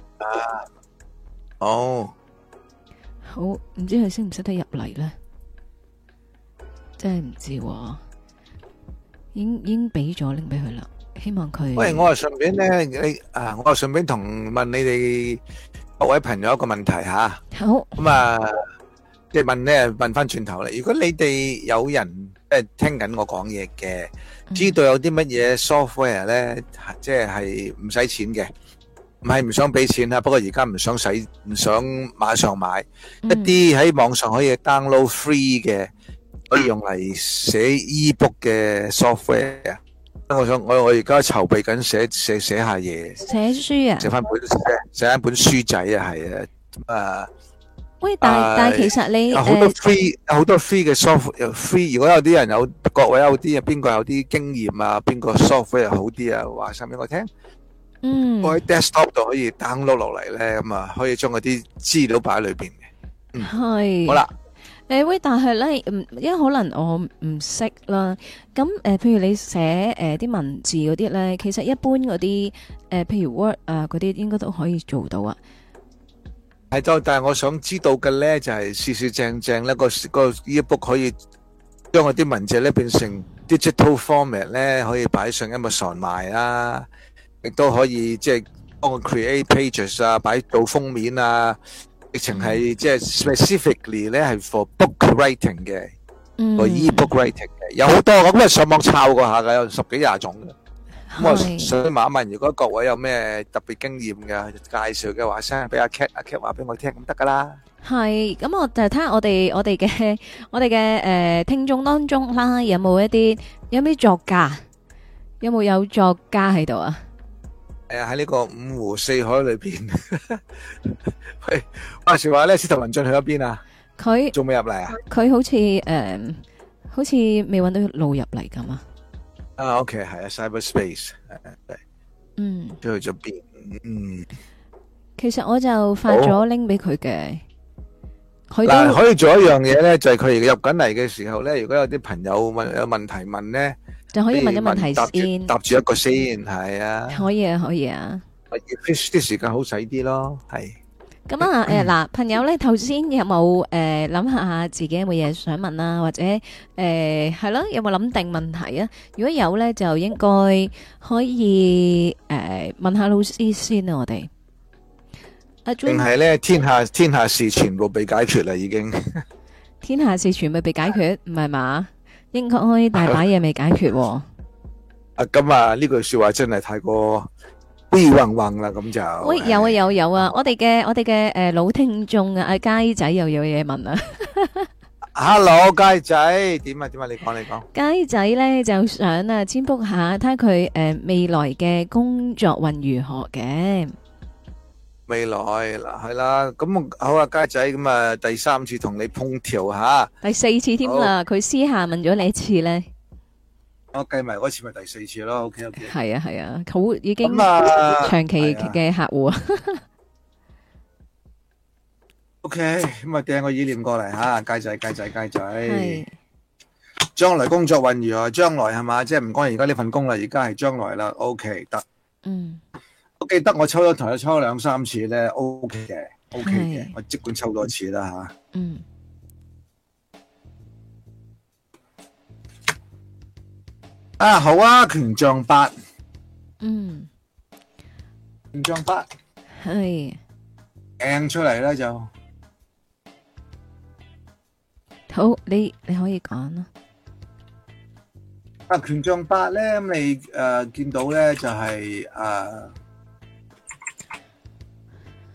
哦，好，唔知佢識唔識得入嚟咧？真係唔知喎。已經已經俾咗拎俾佢啦，希望佢。喂，我啊順便咧，你啊，我啊順便同問你哋各位朋友一個問題吓。好。咁啊，即係問咧，問翻轉頭啦。如果你哋有人誒聽緊我講嘢嘅，知道有啲乜嘢 software 咧，即係係唔使錢嘅，唔係唔想俾錢啊。不過而家唔想使，唔想馬上買一啲喺網上可以 download free 嘅。可以用嚟寫 Ebook 嘅 software 啊！我想我我而家籌備緊寫寫寫下嘢，寫書啊，寫翻本寫翻本書仔啊，係啊，誒，喂，但但其實你好多 free 好多 free 嘅 software，free，如果有啲人有，各位有啲啊，邊個有啲經驗啊，邊個 software 好啲啊，話晒俾我聽。嗯，我喺 desktop 度可以 download 落嚟咧，咁啊，可以將嗰啲資料擺喺裏邊嘅。嗯，係。好啦。誒喂、呃，但係咧，因為可能我唔識啦。咁誒、呃，譬如你寫誒啲文字嗰啲咧，其實一般嗰啲誒，譬如 Word 啊嗰啲，應該都可以做到啊。係，就但係我想知道嘅咧，就係、是、事事正正咧、嗰個、嗰個 eBook 可以將我啲文字咧變成 digital format 咧，可以擺上 Amazon 上賣啦，亦都可以即係幫我 create pages 啊，擺到封面啊。疫情係即係 specifically 咧，係 for book writing 嘅，個 e book writing 嘅，有好多我今日上網抄過下嘅，有十幾廿種嘅。咁啊，我想問一問，如果各位有咩特別經驗嘅介紹嘅話，聲俾阿 cat 阿 cat 話俾我聽，咁得噶啦。係，咁我就睇下我哋我哋嘅我哋嘅誒聽眾當中啦，有冇一啲有咩作家，有冇有作家喺度啊？誒，喺呢個五湖四海裏邊， [LAUGHS] 話時話咧，司徒文進去咗邊啊？佢仲未入嚟啊？佢好似誒，好似未揾到路入嚟咁啊！啊，OK，係啊，Cyberspace，嗯，都去咗邊？嗯，其實我就發咗拎俾佢嘅，佢嗱好也可以做一樣嘢咧，就係、是、佢入緊嚟嘅時候咧，如果有啲朋友問有問題問咧。就可以問一問題先，答住一個先，係啊，可以啊，可以啊，要啲時間好使啲咯，係。咁啊，誒嗱，朋友咧，頭先有冇誒諗下下自己有冇嘢想問啊，或者誒係咯，有冇諗定問題啊？如果有咧，就應該可以誒問下老師先啊，我哋。定係咧，天下天下事全部被解決啦，已經。天下事全部被解決，唔係嘛？應該可以大把嘢未解決喎。啊，咁啊，呢句說話真係太過悲宏宏啦，咁就。喂，有啊有有啊，我哋嘅我哋嘅誒老聽眾啊，阿街仔又有嘢問啊。Hello，街仔，點啊點啊，你講你講。街仔咧就想啊，占卜下睇下佢誒未來嘅工作運如何嘅。未來嗱，係啦，咁好啊，佳仔咁啊，第三次同你碰調吓，第四次添啦，佢私下問咗你一次咧，我計埋嗰次咪第四次咯，OK OK，係啊係啊，好已經長期嘅客戶啊，OK，咁啊掟個意念過嚟吓，佳仔佳仔佳仔，係，將來工作運如何？將來係嘛？即係唔講而家呢份工啦，而家係將來啦，OK 得，嗯。我記得我抽咗台，抽咗兩三次咧，O K 嘅，O K 嘅，我即管抽多次啦吓。嗯。啊，好啊，權杖八。嗯。權杖八。係。掟出嚟啦就。好，你你可以講咯。啊，權杖八咧，咁你誒見到咧就係誒。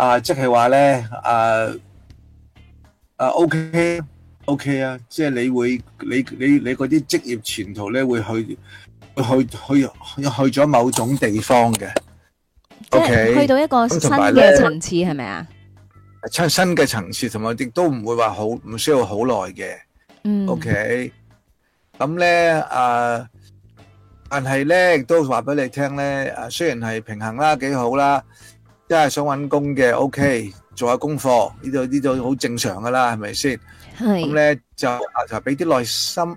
啊，即係話咧，啊啊，OK，OK 啊，即係你會，你你你嗰啲職業前途咧會去，去去去去咗某種地方嘅，即係去到一個新嘅層次，係咪啊？新新嘅層次，同埋亦都唔會話好，唔需要好耐嘅。嗯，OK。咁咧，啊，但係咧，亦都話俾你聽咧，啊，雖然係平衡啦，幾好啦。即係想揾工嘅，OK，做下功課，呢度呢度好正常噶啦，係咪先？係咁咧就啊，就俾啲耐心。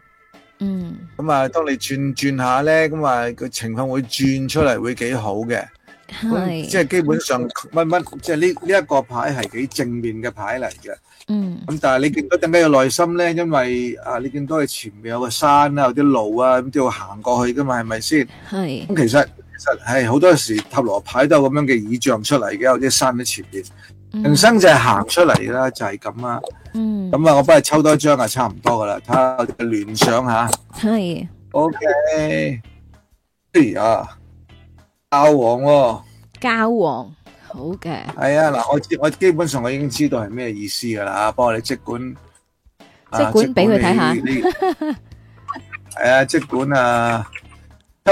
嗯。咁啊，當你轉轉下咧，咁啊個情況會轉出嚟，會幾好嘅。係。即係基本上乜乜，即係呢呢一個牌係幾正面嘅牌嚟嘅。嗯。咁但係你見到點解有耐心咧，因為啊，你見到佢前面有個山啦，有啲路啊，咁都要行過去噶嘛，係咪先？係。咁其實。係好多時塔羅牌都有咁樣嘅意象出嚟嘅，或者生喺前面。人生就係行出嚟啦，嗯、就係咁啦。咁啊、嗯，我幫你抽多一張啊，差唔多噶啦，睇下亂想下，係的。O、okay、K。哎呀，交王、哦。交王，好嘅。係啊，嗱，我我基本上我已經知道係咩意思噶啦，不過你即管，即管俾佢睇下。係啊，即 [LAUGHS] 管啊。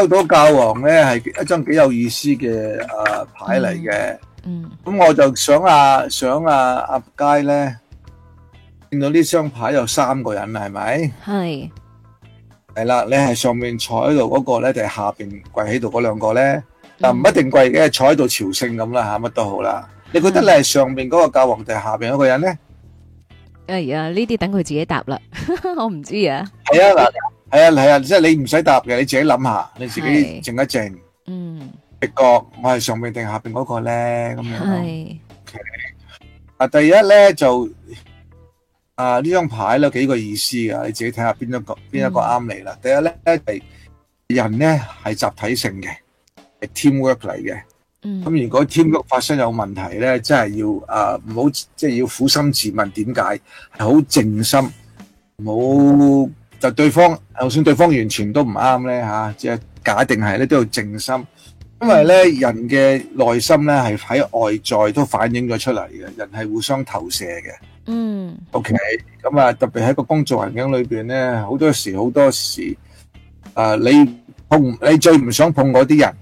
抽到教皇咧，係一張幾有意思嘅誒牌嚟嘅。嗯，咁我就想啊，想啊，阿佳咧見到呢張牌有三個人係咪？係係啦，你係上面坐喺度嗰個咧，定係下邊跪喺度嗰兩個咧？但唔一定跪嘅，坐喺度朝聖咁啦吓，乜都好啦。你覺得你係上面嗰個教皇定係下邊嗰個人咧？哎呀，呢啲等佢自己答啦，我唔知啊。係啊嗱。係啊係啊，即係你唔使答嘅，你自己諗下，你自己靜一靜。嗯。直覺，我係上邊定下邊嗰個咧咁樣。係。啊，第一咧就，啊呢張牌咧幾個意思噶？你自己睇下邊一個邊一個啱你啦。第一咧就人咧係集體性嘅，係 teamwork 嚟嘅。嗯。咁如果 teamwork 發生有問題咧，真係要啊唔好即係要苦心自問點解，係好靜心，冇。就對方，就算對方完全都唔啱咧吓，即係假定係咧都要靜心，因為咧人嘅內心咧係喺外在都反映咗出嚟嘅，人係互相投射嘅。嗯，OK，咁啊特別喺個工作環境裏邊咧，好多時好多時啊，你碰你最唔想碰嗰啲人，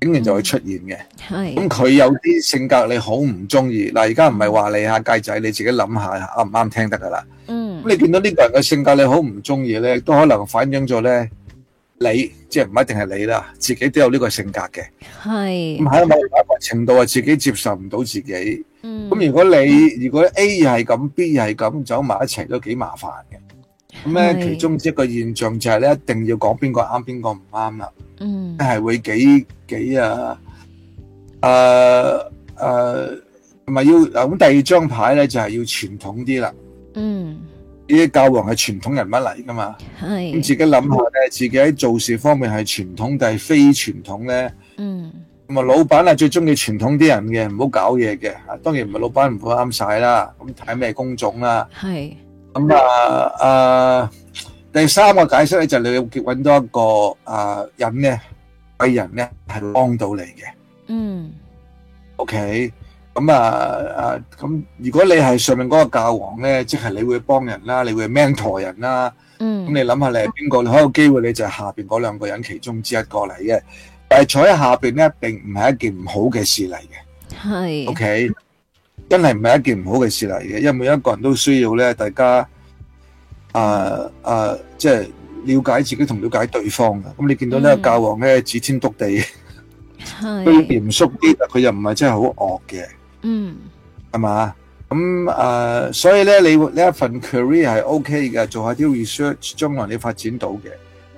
竟然就會出現嘅。係，咁佢有啲性格你好唔中意嗱，而家唔係話你嚇雞仔，你自己諗下啱唔啱聽得噶啦。嗯。咁你見到呢個人嘅性格，你好唔中意咧，都可能反映咗咧你，即係唔一定係你啦，自己都有呢個性格嘅。係咁喺某個程度啊，自己接受唔到自己。咁、嗯、如果你如果你 A 係咁、嗯、，B 係咁，走埋一齊都幾麻煩嘅。咁咧，是其中一個現象就係咧，一定要講邊個啱，邊個唔啱啦。嗯。係會幾幾啊？誒、啊、誒，唔、啊、係要咁第二張牌咧，就係、是、要傳統啲啦。嗯。呢啲教皇係傳統人物嚟噶嘛？係咁自己諗下咧，自己喺做事方面係傳統定係非傳統咧？嗯，咁啊，老闆係最中意傳統啲人嘅，唔好搞嘢嘅。啊，當然唔係老闆唔會啱晒啦。咁睇咩工種啦？係咁啊啊！第三個解釋咧就係你要結搵多一個啊人咧貴人咧係幫到你嘅。嗯，OK。咁啊啊！咁如果你係上面嗰個教皇咧，即係你會幫人啦，你會 mentor 人啦。嗯。咁你諗下，你係邊個？你可有機會你就係下邊嗰兩個人其中之一個嚟嘅。但係坐喺下邊咧，並唔係一件唔好嘅事嚟嘅。係。OK，真係唔係一件唔好嘅事嚟嘅，因為每一個人都需要咧，大家啊啊，即係了解自己同了解對方嘅。咁你見到咧，教皇咧指天篤地，雖然嚴肅啲，但係佢又唔係真係好惡嘅。嗯，係嘛？咁、嗯、誒、呃，所以咧，你呢一份 career 係 OK 嘅，做下啲 research，將來你發展到嘅，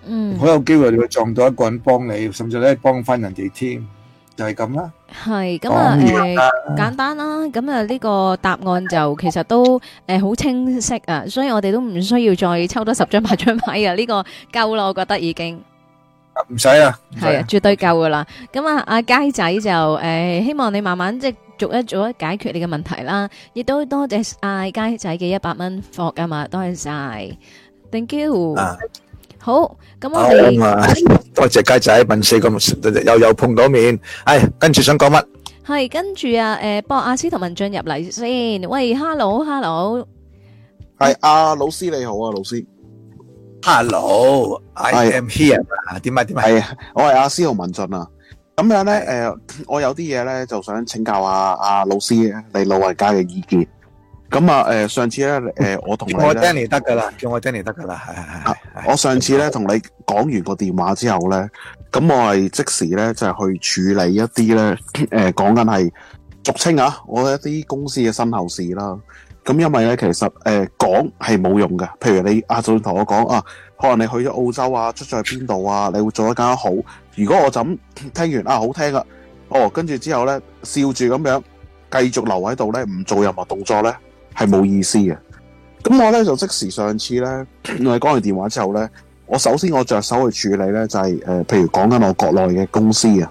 嗯，好有機會你會撞到一個人幫你，甚至咧幫翻人哋添，就係咁啦。係咁啊，簡單啦。咁啊，呢、這個答案就其實都誒好、呃、清晰啊，所以我哋都唔需要再抽多十張八張牌啊，呢、這個夠啦，我覺得已經。唔使呀，係啊，絕對夠噶啦。咁、嗯、啊，阿佳仔就誒、呃，希望你慢慢即逐一逐一解決你嘅問題啦，亦都多謝阿佳仔嘅一百蚊貨噶嘛，多謝晒，Thank you。好，咁我哋多謝佳仔，問四個，又又碰到面，係跟住想講乜？係跟住啊，誒，播阿詩同文俊入嚟先，喂，Hello，Hello，係阿老師你好啊，老師，Hello，I am here，點啊點啊，係，我係阿詩同文俊啊。咁樣咧，誒、呃，我有啲嘢咧，就想請教下阿、啊、阿、啊、老師，你老人家嘅意見。咁啊，誒、呃，上次咧，誒、呃，我同我 Danny 得噶啦，叫我 Danny 得噶啦，係係係。唉唉唉，我上次咧同好你講完個電話之後咧，咁我係即時咧就係、是、去處理一啲咧，誒、呃，講緊係俗稱啊，我一啲公司嘅身後事啦。咁因為咧，其實誒講係冇用嘅。譬如你啊，就同我講啊，可能你去咗澳洲啊，出咗去邊度啊，你會做得更加好。如果我咁聽完啊，好聽啊，哦，跟住之後咧，笑住咁樣繼續留喺度咧，唔做任何動作咧，係冇意思嘅。咁我咧就即時上次咧，我係講完電話之後咧，我首先我着手去處理咧，就係、是、誒、呃，譬如講緊我國內嘅公司啊，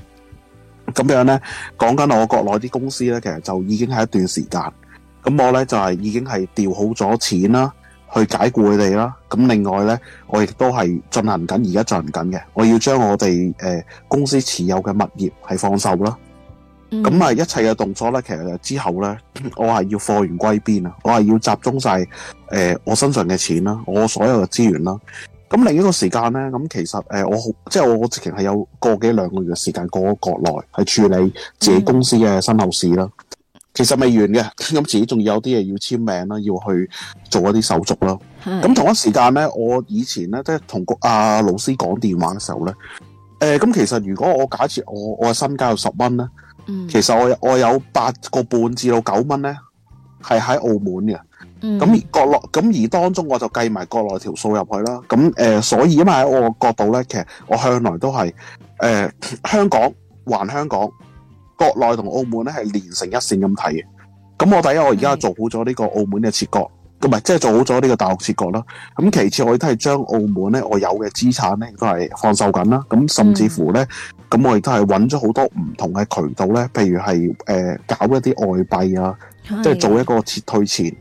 咁樣咧，講緊我國內啲公司咧，其實就已經係一段時間。咁我咧就係、是、已經係調好咗錢啦，去解雇佢哋啦。咁另外咧，我亦都係進行緊，而家進行緊嘅。我要將我哋誒、呃、公司持有嘅物業係放售啦。咁啊、嗯，一切嘅動作咧，其實之後咧，我係要貨源歸邊啊，我係要集中晒誒、呃、我身上嘅錢啦，我所有嘅資源啦。咁另一個時間咧，咁其實誒、呃、我好即係我直情係有個幾兩個月嘅時間過咗國內，去處理自己公司嘅身後事啦。嗯其實未完嘅，咁自己仲有啲嘢要簽名啦，要去做一啲手續啦。咁是同一時間咧，我以前咧即係同阿老師講電話嘅時候咧，誒、呃，咁其實如果我假設我我嘅身家有十蚊咧，嗯、其實我我有八個半至到九蚊咧，係喺澳門嘅，咁、嗯、國內咁而當中我就計埋國內條數入去啦。咁、呃、誒，所以因為喺我角度咧，其實我向來都係誒、呃、香港還香港。國內同澳門咧係連成一線咁睇嘅。咁我第一，我而家做好咗呢個澳門嘅切割，咁咪是的 即係做好咗呢個大陸切割啦。咁其次我亦都係將澳門咧我有嘅資產咧都係放售緊啦。咁甚至乎咧，咁、嗯、我亦都係揾咗好多唔同嘅渠道咧，譬如係誒、呃、搞一啲外幣啊，是的 即係做一個撤退前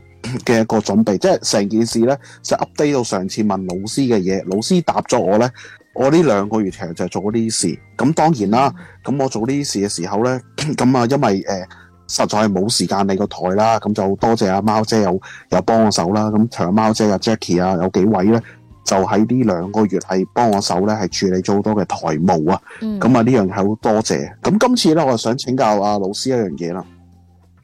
嘅一個準備，是的 即係成件事咧就 update 到上次問老師嘅嘢，老師答咗我咧。我呢兩個月其實就做過呢啲事，咁當然啦，咁我做呢啲事嘅時候咧，咁啊因為誒、呃、實在係冇時間理個台啦，咁就多謝阿、啊、貓姐有有幫我手啦，咁除咗貓姐啊 Jackie 啊有幾位咧，就喺呢兩個月係幫我手咧，係處理咗好多嘅台務啊，咁啊呢樣係好多謝，咁今次咧我就想請教阿、啊、老師一樣嘢啦。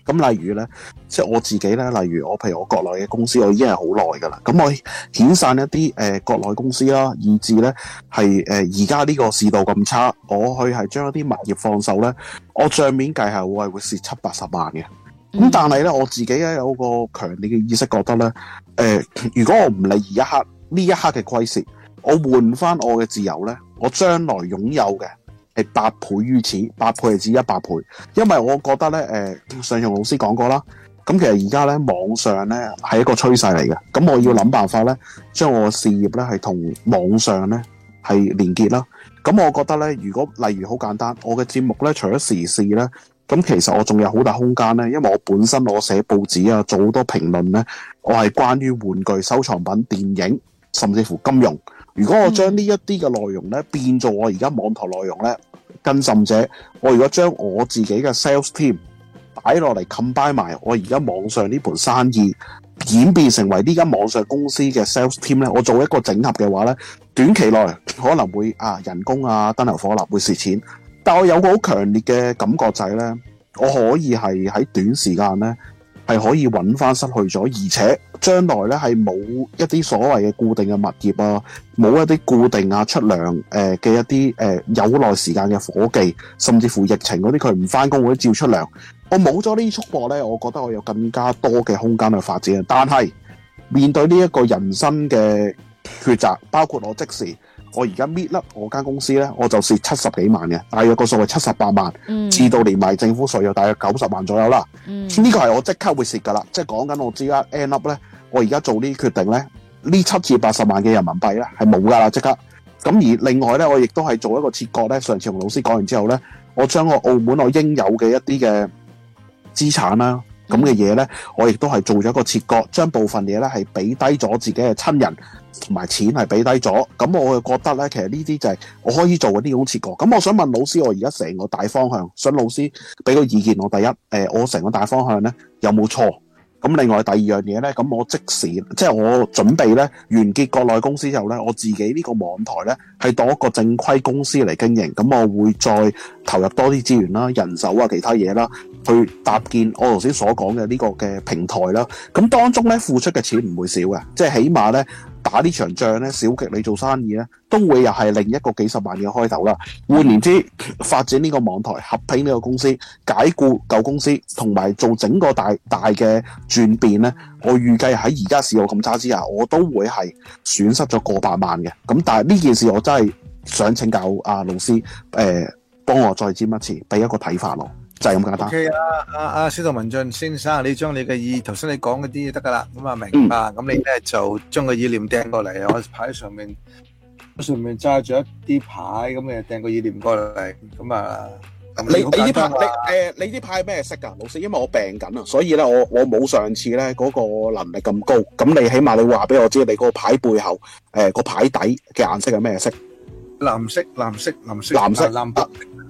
咁例如咧，即係我自己咧，例如我譬如我國內嘅公司，我已經係好耐噶啦。咁我遣散一啲誒、呃、國內公司啦，以至咧係誒而家呢、呃、個市道咁差，我去係將一啲物業放售咧，我帳面計係會係會蝕七八十萬嘅。咁、嗯、但係咧，我自己咧有個強烈嘅意識覺得咧，誒、呃、如果我唔理而一刻呢一刻嘅虧蝕，我換翻我嘅自由咧，我將來擁有嘅。係八倍於此，八倍係指一百倍。因為我覺得咧，誒、呃、上場老師講過啦。咁其實而家咧網上咧係一個趨勢嚟嘅。咁我要諗辦法咧，將我嘅事業咧係同網上咧係連結啦。咁我覺得咧，如果例如好簡單，我嘅節目咧除咗時事咧，咁其實我仲有好大空間咧，因為我本身我寫報紙啊，做好多評論咧，我係關於玩具、收藏品、電影，甚至乎金融。如果我將呢一啲嘅內容咧變做我而家網台內容咧，嗯、更甚者，我如果將我自己嘅 sales team 擺落嚟 combine 埋，我而家網上呢盤生意演變成為呢間網上公司嘅 sales team 咧，我做一個整合嘅話咧，短期內可能會啊人工啊燈油火蠟、啊、會蝕錢，但我有個好強烈嘅感覺就係咧，我可以係喺短時間咧。係可以揾翻失去咗，而且將來咧係冇一啲所謂嘅固定嘅物業啊，冇一啲固定啊出糧誒嘅、呃、一啲誒、呃、有耐時間嘅伙計，甚至乎疫情嗰啲佢唔翻工嗰啲照出糧。我冇咗呢啲束縛咧，我覺得我有更加多嘅空間去發展。但係面對呢一個人生嘅抉擇，包括我即時。我而家搣甩我間公司咧，我就蝕七十幾萬嘅，大約個數係七十八萬，嗯、至到連埋政府稅有大約九十萬左右啦。呢、嗯、個係我即刻會蝕噶啦，即係講緊我而家 end up 咧，我而家做呢啲決定咧，呢七至八十萬嘅人民幣咧係冇噶啦，即刻。咁而另外咧，我亦都係做一個切割咧。上次同老師講完之後咧，我將我澳門我應有嘅一啲嘅資產啦、啊，咁嘅嘢咧，我亦都係做咗一個切割，將部分嘢咧係俾低咗自己嘅親人。同埋錢係俾低咗，咁我就覺得咧，其實呢啲就係我可以做嘅呢種設局。咁我想問老師，我而家成個大方向，想老師俾個意見我。第一，呃、我成個大方向咧有冇錯？咁另外第二樣嘢咧，咁我即使，即係我準備咧，完結國內公司之後咧，我自己呢個網台咧係當一個正規公司嚟經營，咁我會再投入多啲資源啦、人手啊、其他嘢啦。去搭建我頭先所講嘅呢個嘅平台啦，咁當中呢，付出嘅錢唔會少嘅，即係起碼呢打呢場仗呢小極你做生意呢，都會又係另一個幾十萬嘅開頭啦。換言之，發展呢個網台、合併呢個公司、解僱舊公司，同埋做整個大大嘅轉變呢，我預計喺而家市況咁差之下，我都會係損失咗過百萬嘅。咁但係呢件事我真係想請教阿老師，誒幫我再占一次，俾一個睇法咯。就係咁簡單。O K 啊啊啊，司徒文俊先生，你將你嘅意，頭先你講嗰啲就得噶啦。咁啊，明白。咁你咧就將個意念掟過嚟，我牌上面，上面揸住一啲牌咁嘅，掟個意念過嚟。咁啊，你你呢牌，你誒，你呢牌咩色噶？老師，因為我病緊啊，所以咧我我冇上次咧嗰個能力咁高。咁你起碼你話俾我知，你嗰個牌背後誒個牌底嘅顏色係咩色？藍色，藍色，藍色，藍色，藍白。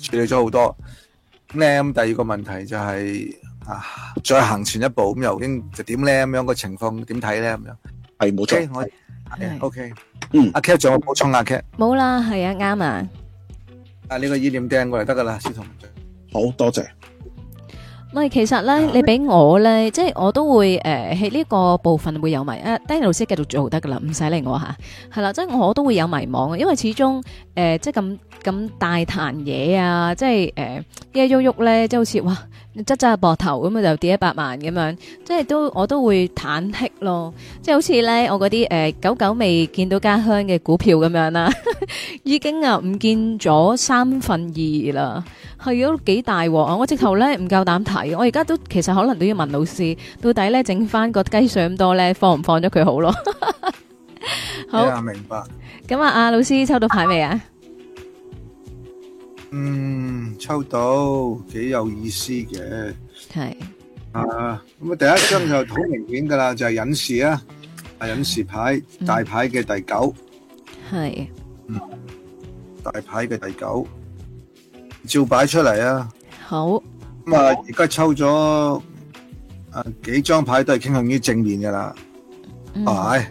處理咗好多，咧咁第二個問題就係啊，再行前一步咁又究竟點咧？咁樣個情況點睇咧？咁樣係冇錯，我係啊，OK，嗯，阿 K 仲有冇補充呀 K，冇啦，係啊，啱啊，啊呢個意念掟過嚟得噶啦，小彤，好多謝。唔係，其實咧，你俾我咧，即係我都會誒喺呢個部分會有迷啊，Danny 老師繼續做得噶啦，唔使理我吓，係啦，即係我都會有迷茫嘅，因為始終。誒、呃，即係咁咁大壇嘢啊！即係誒，一喐喐咧，即係好似哇，執執下膊頭咁啊，就跌一百萬咁樣，即係都我都會忐忑咯。即係好似咧，我嗰啲誒久久未見到家鄉嘅股票咁樣啦，啊，已經啊唔見咗三分二啦，係都幾大鑊啊！我直頭咧唔夠膽睇，我而家都其實可能都要問老師，到底咧整翻個雞上多咧放唔放咗佢好咯？ [LAUGHS] 好，明白。咁啊，阿老師抽到牌未啊？嗯，抽到，幾有意思嘅。係。啊，咁啊，第一張就好明顯噶啦，就係隱士啊，隱士牌大牌嘅第九。係。嗯，大牌嘅第九，照擺出嚟啊。好。咁啊，而家抽咗啊幾張牌都係傾向於正面噶啦，牌。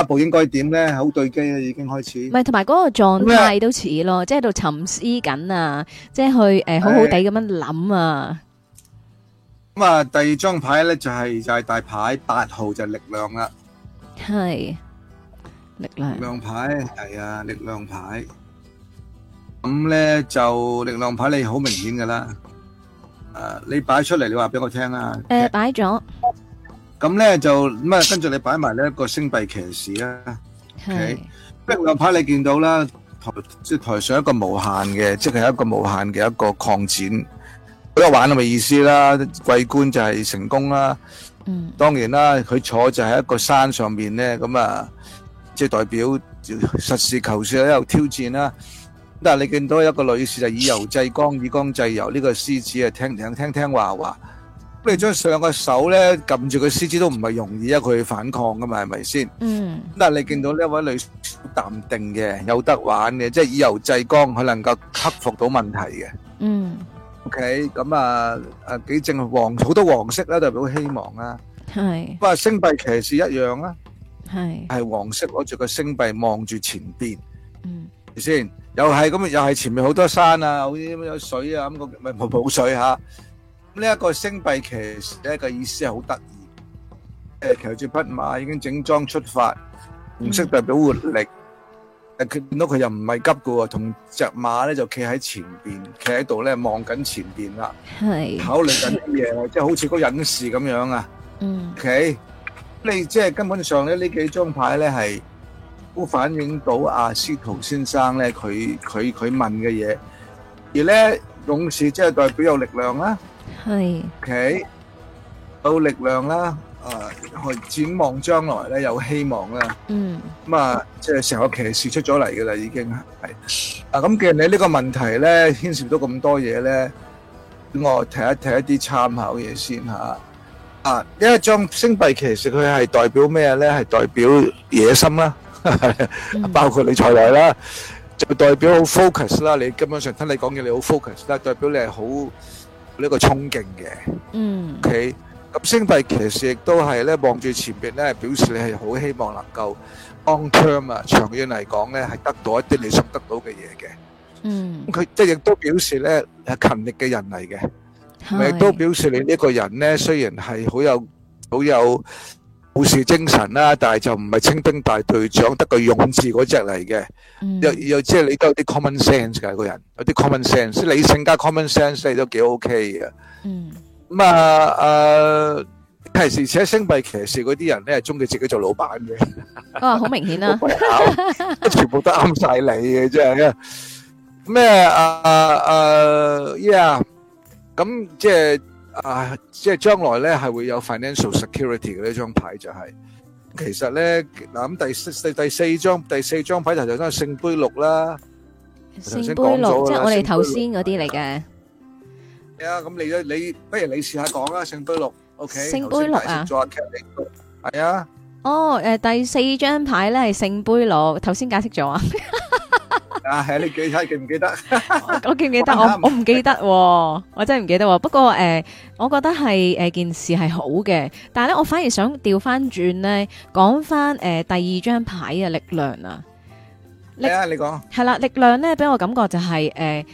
下一步應該點咧？好對機咧，已經開始。唔係，同埋嗰個狀態都似咯，即係喺度沉思緊啊，即係去誒好好地咁樣諗啊。咁啊，第二張牌咧就係就係大牌八號就係力量啦。係力量牌，係啊，力量牌。咁咧就力量牌，你好明顯噶啦。誒，你擺出嚟，你話俾我聽啦。誒，擺咗。咁咧就咁啊，跟住你擺埋呢一個星幣騎士啦的，OK，即係排你見到啦，台即係、就是、台上一個無限嘅，即、就、係、是、一個無限嘅一個擴展，一個玩咁嘅意思啦。桂冠就係成功啦，嗯，當然啦，佢坐就係一個山上面咧，咁啊，即、就、係、是、代表實事求是咧有挑戰啦。但係你見到一個女士就以柔制剛，以剛制柔，呢個獅子啊聽聽聽聽，聽話話。咁你將上個手咧撳住個獅子都唔係容易啊，佢反抗噶嘛，係咪先？嗯。咁但係你見到呢一位女士好淡定嘅，有得玩嘅，即係以柔制剛，佢能夠克服到問題嘅。嗯。O K，咁啊，啊幾正黃，好多黃色咧代表希望啊。係。咁啊，星幣騎士一樣啦。係。係黃色攞住個星幣望住前邊。嗯。係先，又係咁，又係前面好多山啊，好似有水啊，咁個唔係冇水吓。呢一個星幣騎士咧個意思係好得意，誒，騎住匹馬已經整裝出發，紅色代表活力，但係見到佢又唔係急嘅，同隻馬咧就企喺前邊，企喺度咧望緊前邊啦，係考慮緊啲嘢，即係好似個隱士咁樣啊。嗯，OK，你即係根本上咧呢幾張牌咧係都反映到阿司徒先生咧佢佢佢問嘅嘢，而咧勇士即係代表有力量啦。係是，OK，有力量啦，啊，去展望將來咧有希望啦，嗯，咁啊、嗯，即係成個騎士出咗嚟噶啦，已經係，啊，咁既然你呢個問題咧牽涉到咁多嘢咧，我提一提一啲參考嘢先吓，啊，因為張星幣其實佢係代表咩咧？係代表野心啦，嗯、 [LAUGHS] 包括你才嚟啦，就代表好 focus 啦，你根本上聽你講嘅，你好 focus，但代表你係好。呢個衝勁嘅，嗯，OK，咁星幣其實亦都係咧望住前邊咧，表示你係好希望能夠 on term 啊，長遠嚟講咧係得到一啲你想得到嘅嘢嘅，嗯，佢即係亦都表示咧係勤力嘅人嚟嘅，亦都表示你呢個人咧雖然係好有好有。武士精神啦，但係就唔係清兵大隊長得個勇志嗰隻嚟嘅，又又即係你都有啲 common sense 嘅個人，有啲 common sense，理性加 common sense 你都幾 OK 嘅。嗯，咁啊，誒騎士且星幣騎士嗰啲人咧，係中意自己做老闆嘅。哦，好明顯啦，全部都啱晒你嘅，即係咩啊啊啊 yeah 啊，咁即係。啊！即係將來咧，係會有 financial security，嘅呢張牌就係，其實咧嗱，咁第四第四第四張第四張牌就就都係聖杯六啦。聖杯六即係我哋頭先嗰啲嚟嘅。係啊，咁你你不如你試下講啦，聖杯六。OK。聖杯六啊。做下劇情。係啊。哦，誒，第四張牌咧係聖杯六，頭先解釋咗啊。啊係、啊、你記唔記唔記得？ [LAUGHS] 我，我記唔記得？哇我我唔記得、啊，我真係唔記得、啊。不過誒、呃，我覺得係誒件事係好嘅，但係咧，我反而想調翻轉咧，講翻誒第二張牌嘅力量啊。係啊，你講係啦，力量咧，俾我感覺就係、是、誒。呃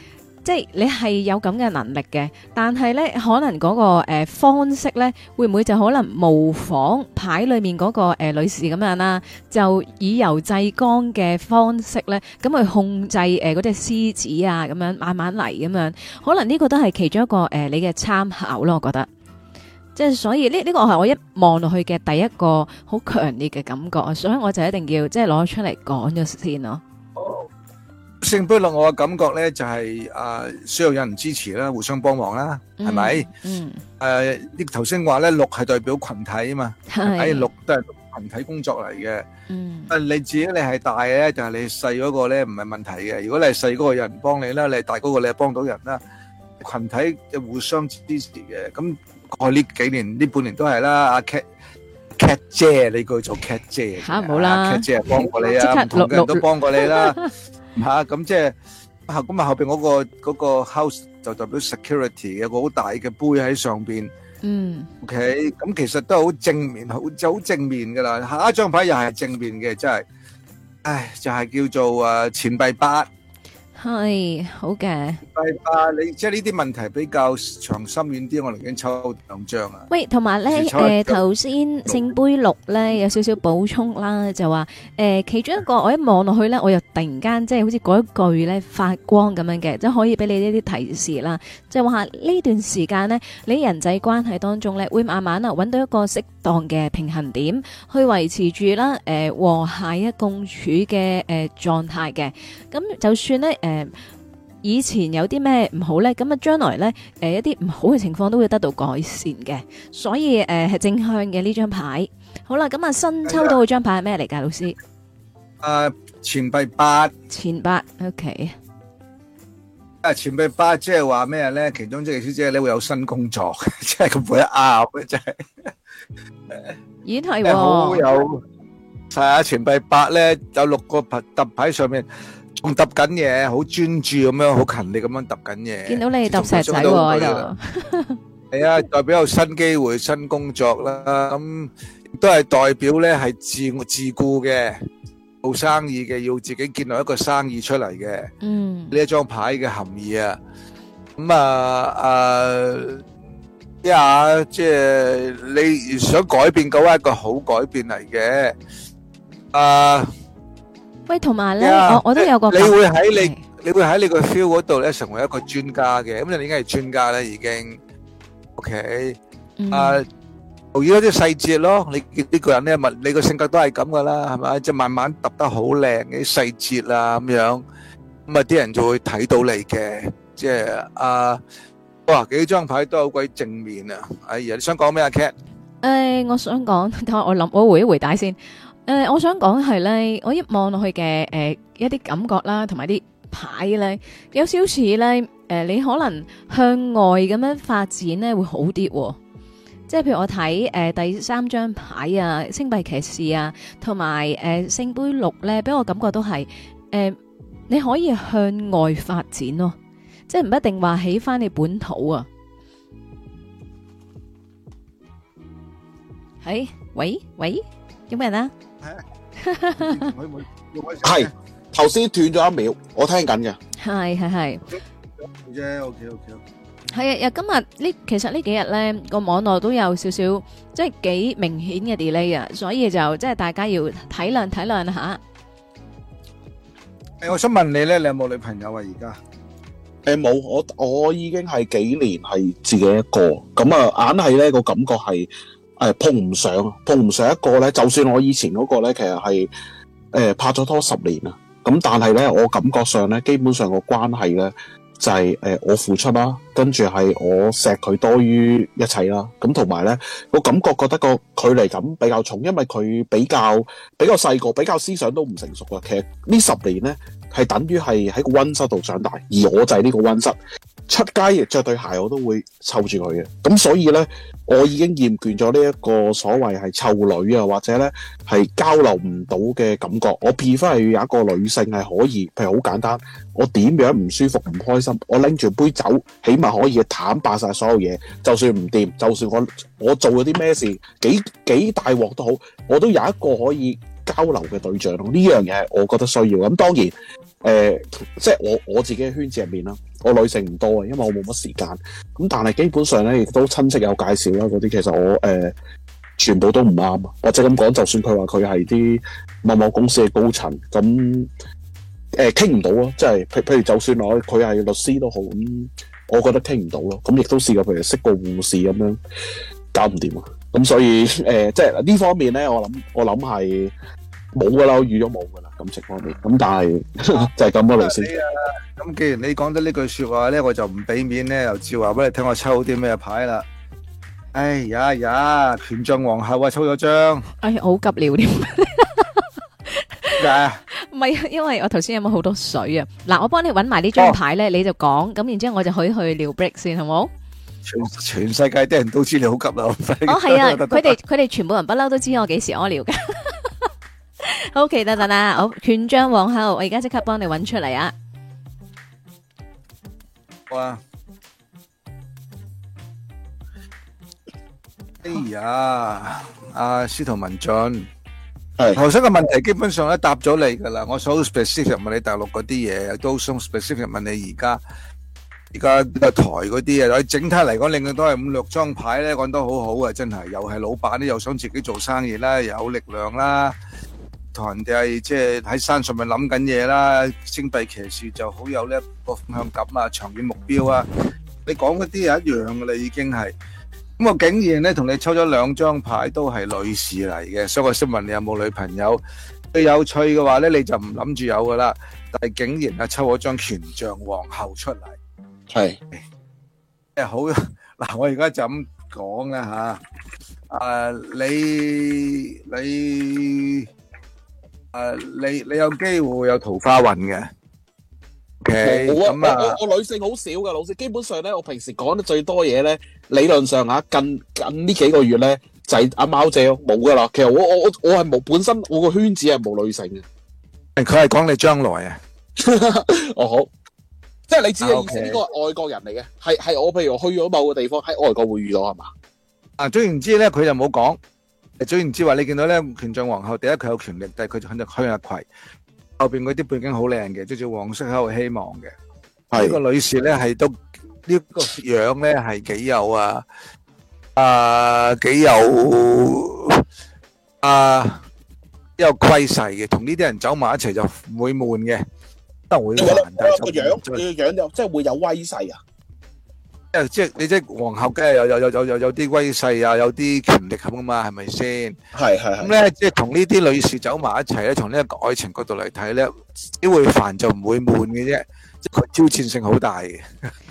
即係你係有咁嘅能力嘅，但係呢，可能嗰、那個誒、呃、方式呢，會唔會就可能模仿牌裏面嗰、那個誒、呃、女士咁樣啦、啊，就以柔制剛嘅方式呢，咁去控制誒嗰隻獅子啊，咁樣慢慢嚟咁樣，可能呢個都係其中一個誒、呃、你嘅參考咯，我覺得。即、就、係、是、所以呢呢、這個係我一望落去嘅第一個好強烈嘅感覺，所以我就一定要即係攞出嚟講咗先咯。聖杯六，我嘅感覺咧，就係啊，需要有人支持啦，互相幫忙啦，係咪？嗯，誒，呢頭先話咧，六係代表群體啊嘛，係，六都係群體工作嚟嘅。嗯，啊，你自己你係大嘅咧，就係你細嗰個咧唔係問題嘅。如果你係細嗰個有人幫你啦，你係大嗰個你係幫到人啦，群體就互相支持嘅。咁我呢幾年呢半年都係啦。阿 cat，cat 姐，你叫做 cat 姐吓，好啦，cat 姐幫過你啦，唔同人都幫過你啦。嚇，咁即係吓，咁啊，後邊嗰個嗰個 house 就代表 security，有個好大嘅杯喺上邊。嗯，OK，咁其實都好正面，好就好正面噶啦。下一張牌又係正面嘅，真係，唉，就係叫做啊錢幣八。係、哎、好嘅，係啊！你即係呢啲問題比較長、深、遠啲，我寧願抽兩張啊。喂，同埋咧，誒、呃，頭先聖杯六咧有少少補充啦，就話誒、呃，其中一個我一望落去咧，我又突然間即係好似嗰一句咧發光咁樣嘅，即都可以俾你呢啲提示啦。即係話呢段時間咧，你人際關係當中咧，會慢慢啊揾到一個適。當嘅平衡點去維持住啦，誒、呃、和諧一共處嘅誒狀態嘅，咁、呃、就算咧，誒、呃、以前有啲咩唔好咧，咁啊將來咧，誒、呃、一啲唔好嘅情況都會得到改善嘅，所以誒、呃、係正向嘅呢張牌，好啦，咁啊新抽到嘅張牌係咩嚟噶？老師？誒、呃，錢幣八，錢幣八，OK。錢幣八即係話咩咧？其中一位小姐咧會有新工作，即係佢會一拗咧，即係，咦係喎，係啊！錢幣八咧有六個揼喺上面，仲揼緊嘢，好專注咁樣，好勤力咁樣揼緊嘢。見到你揼石仔喎，喺度。係啊， [LAUGHS] [LAUGHS] 代表有新機會、新工作啦。咁都係代表咧係自我自顧嘅。做生意嘅要自己建立一個生意出嚟嘅，呢一張牌嘅含義啊，咁啊啊，一下即係你想改變嘅話，一個好改變嚟嘅。啊，喂，同埋咧，我我都有個，你會喺你你會喺你個 feel 嗰度咧成為一個專家嘅，咁你而家係專家咧已經，OK 啊。留意多啲細節咯，你呢個人咧，咪你個性格都係咁噶啦，係咪？即係慢慢揼得好靚啲細節啊，咁樣咁啊，啲人就會睇到你嘅。即係啊，哇，幾張牌都好鬼正面啊！哎呀，你想講咩啊，Cat？誒，我想講，等下我諗，我回一回帶先。誒，我想講係咧，我一望落去嘅誒一啲感覺啦，同埋啲牌咧，有少少似咧誒，你可能向外咁樣發展咧，會好啲。即係譬如我睇誒第三張牌啊，星幣騎士啊，同埋誒聖杯六咧，俾我感覺都係誒，你可以向外發展咯，即係唔一定話起返你本土啊。誒喂喂，有咩人啊？係頭先斷咗一秒，我聽緊嘅。係係係。OK，OK。係啊，又今日呢？其實呢幾日咧，個網絡都有少少，即係幾明顯嘅 delay 啊，所以就即係大家要體諒體諒下。誒，我想問你咧，你有冇女朋友啊？而家誒冇，我我已經係幾年係自己一個，咁啊，硬係咧個感覺係誒碰唔上，碰唔上一個咧。就算我以前嗰個咧，其實係誒拍咗拖十年啊，咁但係咧，我感覺上咧，基本上個關係咧。就係誒我付出啦，跟住係我錫佢多於一切啦。咁同埋咧，我感覺覺得個距離感比較重，因為佢比較比較細個，比較思想都唔成熟嘅。其實呢十年咧，係等於係喺個溫室度長大，而我就係呢個溫室。出街亦着對鞋我，我都會臭住佢嘅。咁所以咧，我已經厭倦咗呢一個所謂係臭女啊，或者咧係交流唔到嘅感覺。我 prefer 係有一個女性係可以，譬如好簡單，我點樣唔舒服唔開心，我拎住杯酒，起碼可以坦白晒所有嘢。就算唔掂，就算我我做咗啲咩事，幾幾大鑊都好，我都有一個可以。交流嘅對象咯，呢樣嘢我覺得需要咁當然。誒、呃、即係我我自己嘅圈子入面啦，我女性唔多啊，因為我冇乜時間咁，但係基本上咧亦都親戚有介紹啦，嗰啲其實我誒、呃、全部都唔啱，或者咁講，就算佢話佢係啲某某公司嘅高層，咁誒傾唔到咯，即係譬譬如就算我，佢係律師都好，咁我覺得傾唔到咯，咁亦都試過譬如識個護士咁樣搞唔掂啊。咁所以，誒，即係呢方面咧，我諗，我諗係冇噶啦，我預咗冇噶啦，感情方面。咁但係就係咁多。老師。咁既然你講得呢句説話咧，我就唔俾面咧，又照話俾你聽我抽啲咩牌啦。哎呀呀，權杖皇后啊，抽咗張。哎呀，好急尿添。咩？唔係，因為我頭先有冇好多水啊？嗱，我幫你揾埋呢張牌咧，你就講。咁然之後，我就可以去撩 break 先，好冇？全全世界啲人都知你好急啦！哦，係 [LAUGHS] 啊，佢哋佢哋全部人不嬲都知我幾時屙尿嘅。好，OK，等等啦，好，權杖皇后，我而家即刻幫你搵出嚟啊！好啊！哎呀，阿、啊、司徒文俊，係頭先嘅問題，基本上都答咗你噶啦。我 so specific 問你大陸嗰啲嘢，都 so specific 問你而家。而家台嗰啲啊，整體嚟講，另外都係五六張牌咧，講得好好啊，真係又係老闆咧，又想自己做生意啦，有力量啦，同人哋係即係喺山上面諗緊嘢啦，星幣騎士就好有呢一個方向感啊，長遠目標啊，你講嗰啲係一樣噶啦，已經係咁啊！竟然咧同你抽咗兩張牌都係女士嚟嘅，所以我先問你有冇女朋友？最有趣嘅話咧，你就唔諗住有噶啦，但係竟然啊抽嗰張權杖皇后出嚟。係，誒好嗱，我而家就咁講啦吓，誒你你誒你你有機會有桃花運嘅，OK，咁啊，我女性好少噶，老師，基本上咧，我平時講得最多嘢咧，理論上吓，近近呢幾個月咧就係阿貓姐冇噶啦，其實我我我我係冇，本身我個圈子係冇女性嘅，佢係講你將來啊，哦好。即係你只係呢個係外國人嚟嘅。係係我譬如去咗某個地方喺外國會遇到係嘛？是啊，總言之咧佢就冇講，總言之話你見到咧權杖皇后，第一佢有權力，第二佢就肯定向日葵後邊嗰啲背景好靚嘅，即係黃色係好希望嘅。係呢是個女士咧係都呢是的這個樣咧係幾有啊啊幾有啊挺有氣勢嘅，同呢啲人走埋一齊就唔會悶嘅。會得我呢個樣個樣又即係會有威勢啊！即即係你即係皇后，梗係有有有有有啲威勢啊，有啲權力咁啊嘛，係咪先？係係咁咧，呢即係同呢啲女士走埋一齊咧，從呢個愛情角度嚟睇咧，只會煩就唔會悶嘅啫，即佢挑戰性好大嘅，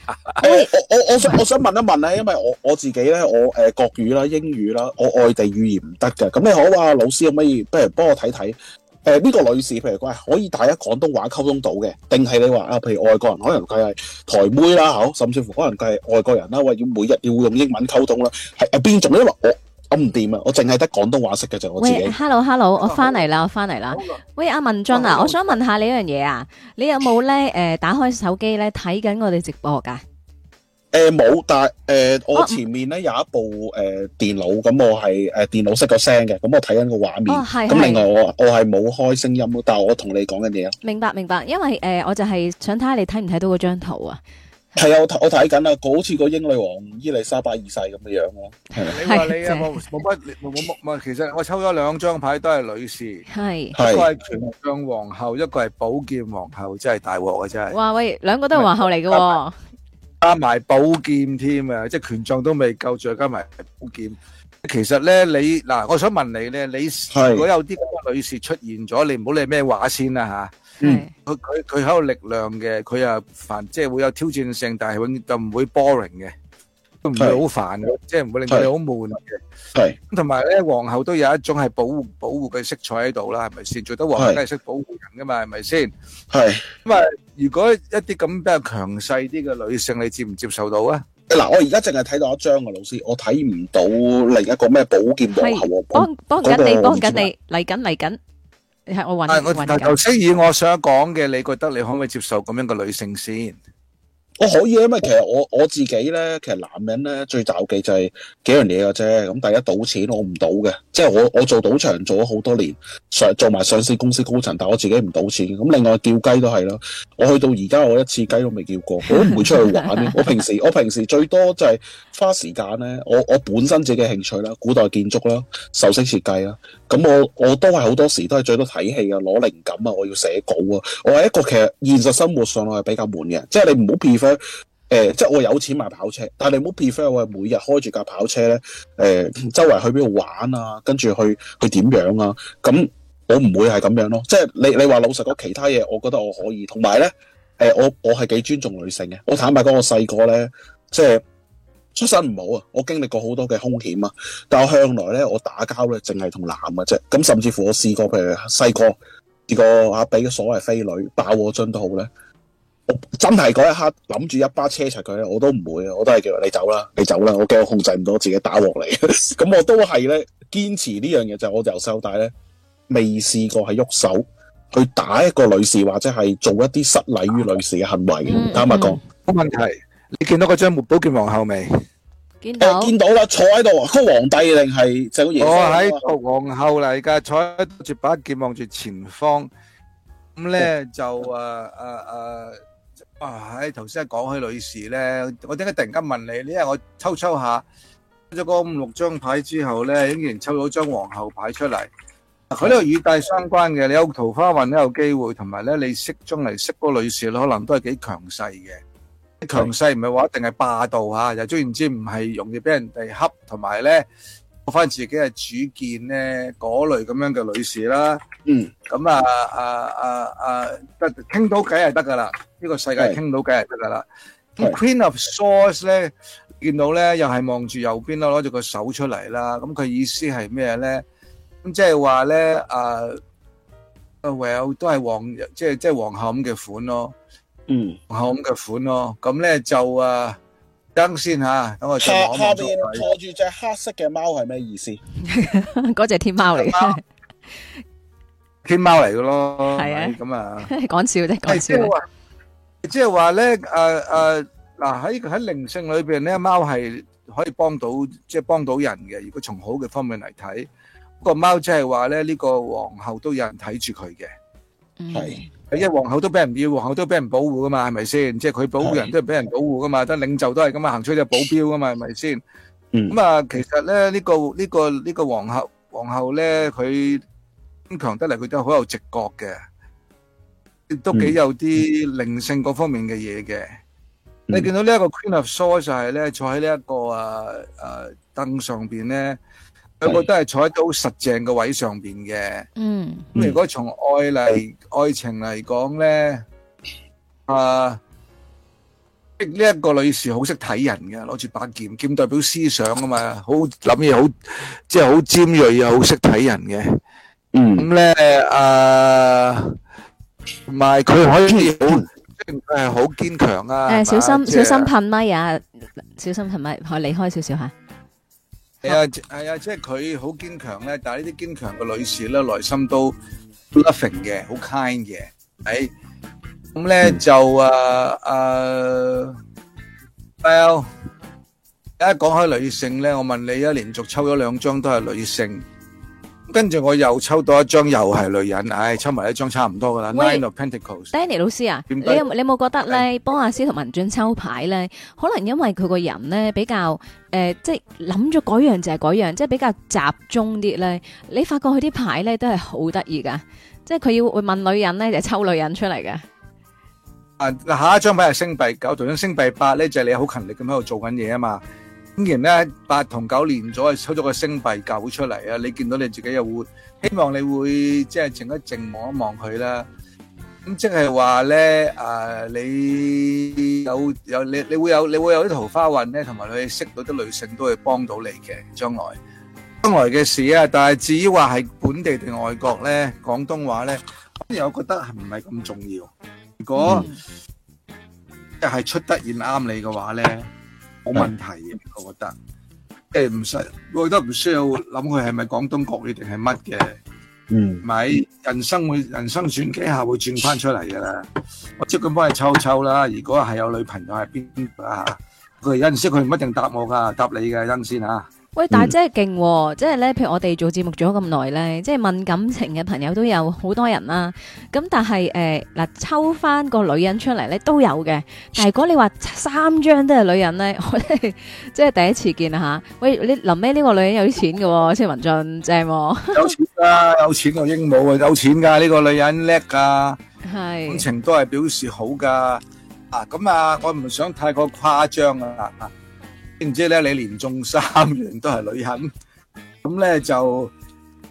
哎。 [LAUGHS] 我我我想我想問一問咧，因為我我自己咧，我誒、呃、國語啦、英語啦，我外地語言唔得嘅。咁你好啊可，老師可唔可以不如幫我睇睇？誒呢、呃、個女士，譬如講係可以大家廣東話溝通到嘅，定係你話啊？譬如外國人可能佢係台妹啦，嗬，甚至乎可能佢係外國人啦，或者每日要用英文溝通啦，係邊種咧？因為我我唔掂啊，我淨係得廣東話識嘅就我自己。Hello Hello，我翻嚟啦，我翻嚟啦。喂，阿文俊啊，啊我想問下你一樣嘢啊，你有冇咧誒打開手機咧睇緊我哋直播㗎？ [LAUGHS] 誒，冇，但，誒，我前面咧有一部誒電腦，咁我係誒電腦識個聲嘅，咁我睇緊個畫面，咁另外我我係冇開聲音，但係我同你講緊嘢。明白明白，因為誒，我就係想睇下你睇唔睇到嗰張圖啊？係啊，我我睇緊啊，好似個英女王、伊麗莎白二世咁嘅樣咯。你話你啊，冇冇乜冇。其實我抽咗兩張牌都係女士，係一個係權杖皇后，一個係寶劍皇后，真係大鑊啊！真係。哇喂，兩個都係皇后嚟嘅。加埋寶劍添啊！即係權杖都未夠，再加埋寶劍。其實咧，你嗱，我想問你咧，你如果有啲咁嘅女士出現咗，你唔好理咩話先啦嚇。嗯，佢佢佢喺度力量嘅，佢又煩即係會有挑戰性，但係永遠就唔會 boring 嘅。唔會好煩嘅，即係唔會令你好悶嘅。係咁，同埋咧皇后都有一種係保護、保護嘅色彩喺度啦，係咪先？做得皇后梗係識保護人噶嘛，係咪先？係咁啊！如果一啲咁比較強勢啲嘅女性，你接唔接受到啊？嗱，我而家淨係睇到一張啊老師，我睇唔到另一個咩寶劍皇后。幫幫緊你，幫緊你嚟緊嚟緊。你係我搵我。頭頭先以我想講嘅，你覺得你可唔可以接受咁樣嘅女性先？我可以啊，因為其實我我自己咧，其實男人咧最罩忌就係幾樣嘢嘅啫。咁第一賭錢我唔賭嘅，即係我我做賭場做咗好多年，上做埋上市公司高層，但我自己唔賭錢。咁另外叫雞都係咯，我去到而家我一次雞都未叫過，我都唔會出去玩嘅。 [LAUGHS] 我平時我平時最多就係。花時間咧，我我本身自己嘅興趣啦，古代建築啦，首飾設計啦，咁我我都係好多時都係最多睇戲啊，攞靈感啊，我要寫稿啊，我係一個其實現實生活上我係比較悶嘅，即係你唔好 prefer 誒，即係我有錢買跑車，但係你唔好 prefer 我係每日開住架跑車咧，誒、呃，周圍去邊度玩啊，跟住去去點樣啊，咁我唔會係咁樣咯，即係你你話老實講，其他嘢我覺得我可以，同埋咧，誒，我我係幾尊重女性嘅，我坦白講，我細個咧，即係。出身唔好啊！我經歷過好多嘅凶險啊，但我向來咧，我打交咧，淨係同男嘅啫。咁甚至乎我試過，譬如細個試過阿比嘅所謂飛女爆我樽都好咧，我真係嗰一刻諗住一巴車齊佢咧，我都唔會啊！我都係叫你走啦，你走啦，我驚我控制唔到自己打鑊嚟。咁 [LAUGHS] 我都係咧，堅持呢樣嘢就我由細到大咧，未試過係喐手去打一個女士，或者係做一啲失禮於女士嘅行為。坦白講，冇問題。嗯嗯。你見到個張木寶劍皇后未？見到見到啦，坐喺度，嗰個皇帝定係就我喺皇后嚟噶，坐喺度絕把劍望住前方。咁咧就誒誒誒，哇！喺頭先講起女士咧，我點解突然間問你？呢因為我抽抽下，咗嗰五六張牌之後咧，竟然抽到張皇后牌出嚟。佢呢個語帶相關嘅，你有桃花運，你有機會，同埋咧你識中嚟識嗰個女士咧，可能都係幾強勢嘅。強勢唔係話一定係霸道吓，又中唔知唔係容易俾人哋恰，同埋咧，攞翻自己嘅主見咧，嗰類咁樣嘅女士啦。嗯，咁啊啊啊啊，得傾到偈係得噶啦，呢、啊啊這個世界傾到偈係得噶啦。咁是 Queen of Swords 咧，見到咧又係望住右邊囉，攞住個手出嚟啦。咁佢意思係咩咧？咁即係話咧，誒、啊啊、，Well 都係皇，即係即係皇后咁嘅款咯。嗯，好，咁嘅款咯，咁咧就啊，等先吓、啊，等我再諗下。下邊坐住隻黑色嘅貓係咩意思？嗰隻 [LAUGHS] 天貓嚟嘅。天貓嚟嘅咯，係啊，咁啊，講笑啫，講笑。即係話咧，誒、呃、誒，嗱喺喺靈性裏邊咧，貓係可以幫到，即係幫到人嘅。如果從好嘅方面嚟睇，個貓即係話咧，呢、這個皇后都有人睇住佢嘅，係、嗯。是因為皇后都俾人要，皇后都俾人保護噶嘛，係咪先？即係佢保護人都係俾人保護噶嘛，但領袖都係咁啊，行出去保鏢噶嘛，係咪先？咁啊，其實咧呢個呢個呢個皇后皇后咧，佢堅強得嚟，佢都好有直覺嘅，亦都幾有啲靈性嗰方面嘅嘢嘅。你見到呢一個 Queen of Swords 就係咧坐喺呢一個啊啊凳上邊咧。佢都係坐喺好實淨嘅位上邊嘅。嗯，咁如果從愛嚟愛情嚟講咧，啊，呢一個女士好識睇人嘅，攞住把劍，劍代表思想啊嘛，好諗嘢好，即係好尖銳啊，好識睇人嘅。嗯，咁咧啊，同埋佢可以好，誒，好堅強啊。誒，小心小心噴咪啊，小心噴咪，可以離開少少吓。係啊，係啊，即係佢好堅強咧，但係呢啲堅強嘅女士咧，內心都 loving 嘅，好 kind 嘅，誒，咁咧就誒誒，Well，一講開女性咧，我問你啊，一連續抽咗兩張都係女性。跟住我又抽到一張又係女人，唉、哎，抽埋一張差唔多噶啦。Nine of Pentacles，Danny 老師啊，你有你有冇覺得咧，幫阿師同文俊抽牌咧，可能因為佢個人咧比較誒、呃，即係諗咗嗰樣就係嗰樣，即係比較集中啲咧。你發覺佢啲牌咧都係好得意噶，即係佢要會問女人咧就是、抽女人出嚟㗎。啊，嗱，下一張牌係星幣九，同樣星幣八咧就係、是、你好勤力咁喺度做緊嘢啊嘛。竟然咧，八同九年咗，收咗個星幣九出嚟啊！你見到你自己又會希望你會即係靜一靜望一望佢啦。咁即係話咧，誒，你有有你你會有你會有啲桃花運咧，同埋佢識到啲女性都會幫到你嘅將來。將來嘅事啊，但係至於話係本地定外國咧，廣東話咧，反而我覺得係唔係咁重要。如果即係出得現啱你嘅話咧。冇問題嘅，我覺得，即係唔使，我覺得唔需要諗佢係咪廣東國語定係乜嘅，嗯，咪人生會人生轉幾下會轉翻出嚟嘅啦，我即管幫你抽抽啦。如果係有女朋友係邊啊？佢有陣時佢唔一定答我㗎，答你嘅等陣先嚇。喂，但係真係勁，哦，即係咧，譬如我哋做節目做咗咁耐咧，即係問感情嘅朋友都有好多人啦、啊。咁但係誒嗱，抽翻個女人出嚟咧都有嘅。但係如果你話三張都係女人咧，我即係第一次見吓。喂，你臨尾呢個女人有啲錢嘅，哦，車文俊，正，哦有。有錢啦，有錢個英武啊，有錢噶呢個女人叻噶，感情都係表示好噶。是啊，咁啊，我唔想太過誇張啦。知唔知咧？你連中三元都係女人，咁咧就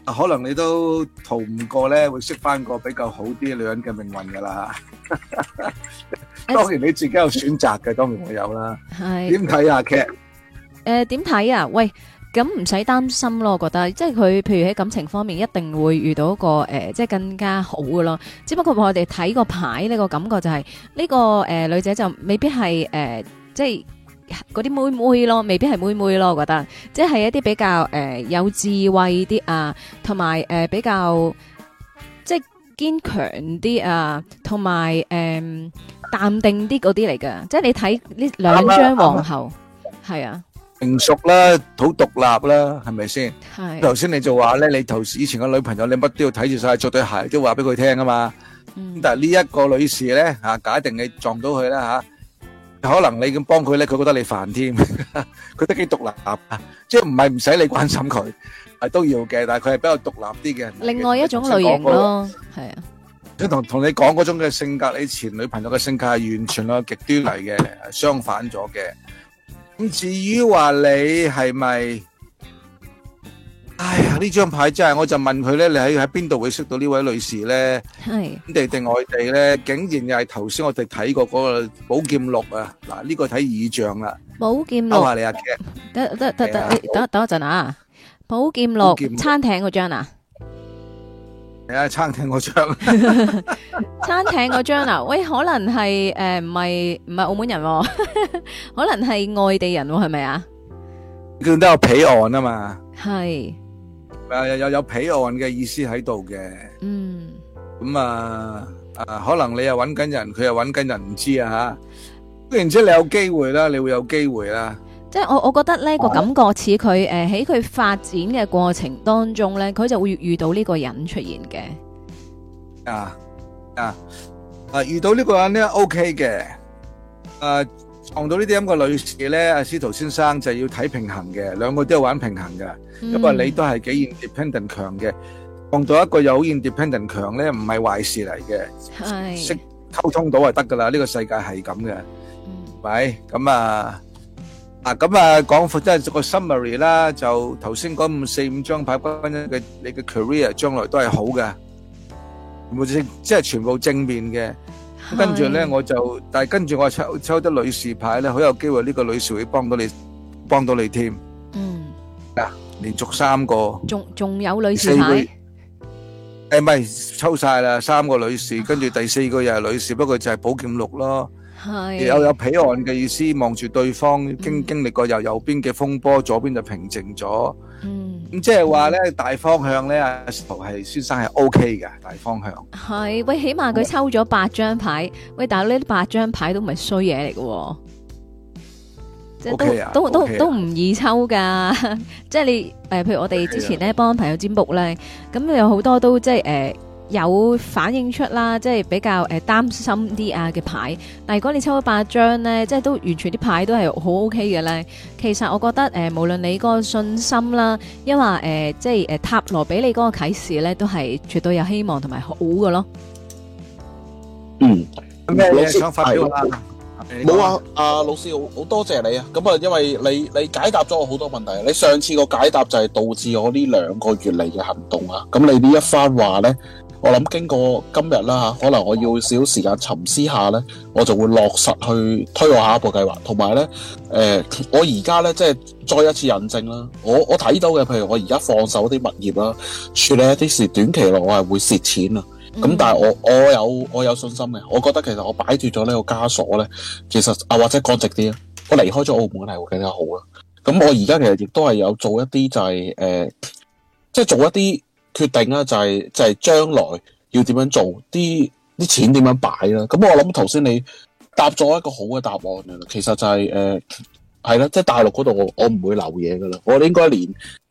可能你都逃唔過咧，會識翻個比較好啲女人嘅命運噶啦。當然你自己有選擇嘅，當然會有啦。係點睇啊劇？誒，點睇啊？喂，咁唔使擔心咯，我覺得即係佢，譬如喺感情方面，一定會遇到一個誒，即係更加好嘅咯。只不過我哋睇個牌咧，個感覺就係呢個誒女仔就未必係誒，即係。嗰啲妹妹咯，未必係妹妹咯，我覺得，即係一啲比較誒有智慧啲啊，同埋誒比較即係堅強啲啊，同埋誒淡定啲嗰啲嚟噶，即係你睇呢兩張皇后係啊成熟啦，好獨立啦，係咪先？係頭先你就話咧，你頭以前嘅女朋友你乜都要睇住晒，着對鞋都話俾佢聽啊嘛，咁但係呢一個女士咧吓，假定你撞到佢啦吓。可能你咁幫佢咧，佢覺得你煩添，佢都幾獨立，即係唔係唔使你關心佢，係都要嘅，但係佢係比較獨立啲嘅。另外一種類型咯，係啊。即係同同你講嗰種嘅性格，你前女朋友嘅性格係完全個極端嚟嘅，相反咗嘅。咁至於話你係咪？哎呀！呢張牌真係，我就問佢咧，你喺喺邊度會識到呢位女士咧？係本是地定外地咧？竟然又係頭先我哋睇過嗰個寶劍六啊！嗱、這個，呢個睇意象啦。寶劍六啊，你阿等等等一等一陣啊！寶劍六，餐廳嗰張啊？係啊，餐廳嗰張。餐廳嗰張啊？喂，可能係誒唔係唔係澳門人喎、啊， [LAUGHS] 可能係外地人係咪啊？見到有彼岸啊嘛。係。啊！有有有彼岸嘅意思喺度嘅，嗯，咁、嗯、啊，啊，可能你又揾緊人，佢又揾緊人，唔知啊吓。然之後你有機會啦，你會有機會啦。即係我我覺得呢個感覺似佢誒，喺、呃、佢發展嘅過程當中咧，佢就會遇遇到呢個人出現嘅。啊啊啊！遇到呢個人咧 OK 嘅，誒、啊。撞到呢啲咁嘅女士咧，阿司徒先生就係要睇平衡嘅，兩個都要玩平衡嘅。咁啊，你都係幾依 Independent 強嘅，撞到一個又好依 Independent 強咧，唔係壞事嚟嘅。係，識溝通到係得噶啦，呢個世界係咁嘅，係咪？咁啊，嗱，咁啊，講闊即係做個 summary 啦，就頭先講五四五張牌，關於嘅你嘅 career 將來都係好嘅，冇正即係全部正面嘅。跟住咧，我就，但係跟住我抽抽啲女士牌咧，好有機會呢個女士會幫到你，幫到你添。嗯。啊，連續三個。仲仲有女士牌。誒，唔係抽晒啦，三個女士，跟住第四個又係女士，不過就係寶劍六咯。有是有彼岸嘅意思，望住對方、嗯、經經歷過由右邊嘅風波，左邊就平靜咗。嗯，咁即係話咧大方向咧，阿嫂係先生係 O K 嘅大方向。係喂，起碼佢抽咗八張牌，嗯、喂，但係呢八張牌都唔係衰嘢嚟嘅喎，okay, 即係都 okay, 都都唔 okay. 易抽噶。 [LAUGHS] 即係你誒、呃，譬如我哋之前咧幫 Okay. 朋友占卜咧，咁有好多都即係誒。呃有反映出啦，即係比較誒擔、呃、心啲啊嘅牌。但係如果你抽咗八張咧，即係都完全啲牌都係好 OK 嘅咧。其實我覺得誒、呃，無論你嗰個信心啦，因為誒、呃、即係誒塔羅俾你嗰個啟示咧，都係絕對有希望同埋好嘅咯。嗯，咩想發表？老師冇啊，阿老師好多謝你啊！咁啊，因為你你解答咗我好多問題，你上次個解答就係導致我呢兩個月嚟嘅行動啊。咁你呢一番話咧？我諗經過今日啦吓，可能我要少時間沉思下咧，我就會落實去推我下一步計劃。同埋咧，誒、呃，我而家咧即係再一次印證啦。我我睇到嘅，譬如我而家放手啲物業啦，處理一啲事，短期內我係會蝕錢啊。咁、mm hmm. 但係我我有我有信心嘅，我覺得其實我擺脫咗呢個枷鎖咧，其實啊或者講直啲啦，我離開咗澳門係會更加好啦。咁我而家其實亦都係有做一啲就係、是、誒、呃，即係做一啲。決定啦、就係，就係就係將來要點樣做，啲啲錢點樣擺啦。咁我諗頭先你答咗一個好嘅答案，其實就係誒係啦，即、呃、係、就係、大陸嗰度我我唔會留嘢噶啦。我應該連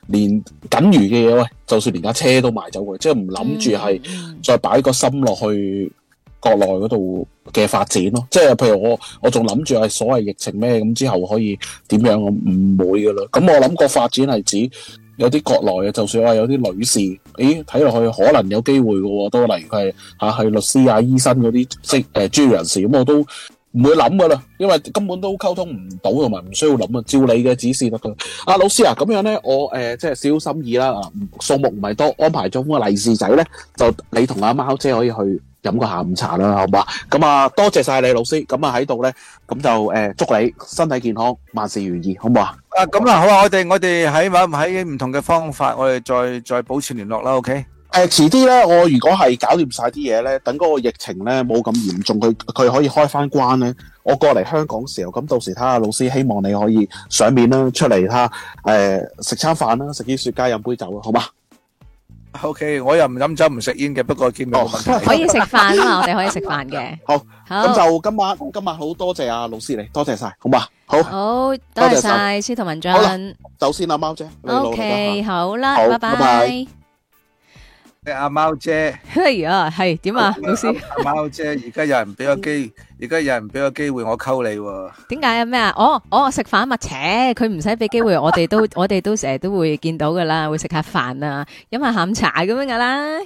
連僅餘嘅嘢，喂，就算連架車都賣走嘅，即係唔諗住係再擺個心落去國內嗰度嘅發展咯。即係、嗯、譬如我我仲諗住係所謂疫情咩咁之後可以點樣，我唔會噶啦。咁我諗個發展係指。有啲國內嘅，就算話有啲女士，誒睇落去可能有機會嘅喎，都例如係吓，係律師啊、醫生嗰啲，即係誒專業人士，咁、呃、我都。唔會諗噶啦，因為根本都溝通唔到，同埋唔需要諗啊，照你嘅指示得噶。阿老師啊，咁樣咧，我誒即係小心意啦啊，數目唔係多，安排咗封利是仔咧，就你同阿貓姐可以去飲個下午茶啦，好唔好啊？咁啊，多謝晒你老師，咁啊喺度咧，咁就誒祝你身體健康，萬事如意，好唔好啊？啊，咁啊好啊，我哋我哋喺唔喺唔同嘅方法，我哋再再保持聯絡啦，OK？誒，遲啲咧，我如果係搞掂晒啲嘢咧，等嗰個疫情咧冇咁嚴重，佢佢可以開翻關咧，我過嚟香港時候，咁到時睇下老師，希望你可以上面啦，出嚟哈，誒，食餐飯啦，食啲雪茄，飲杯酒啊，好吧？OK，我又唔飲酒唔食煙嘅，不過今日可以食飯啦嘛，我哋可以食飯嘅。好，咁就今晚今晚好多謝啊老師你，多謝晒，好吧？好好，多謝晒多謝司徒文進。好啦，走先啦，貓姐。OK，好啦，拜拜。阿貓姐，哎呀，係點啊，老師？阿貓姐，而家有人俾個機，而家有人俾個機會我溝你，點解啊？咩啊？哦，哦，食飯乜？且佢唔使俾機會我哋都，我哋都成日都會見到噶啦，會食下飯啊，飲下下午茶咁樣噶啦。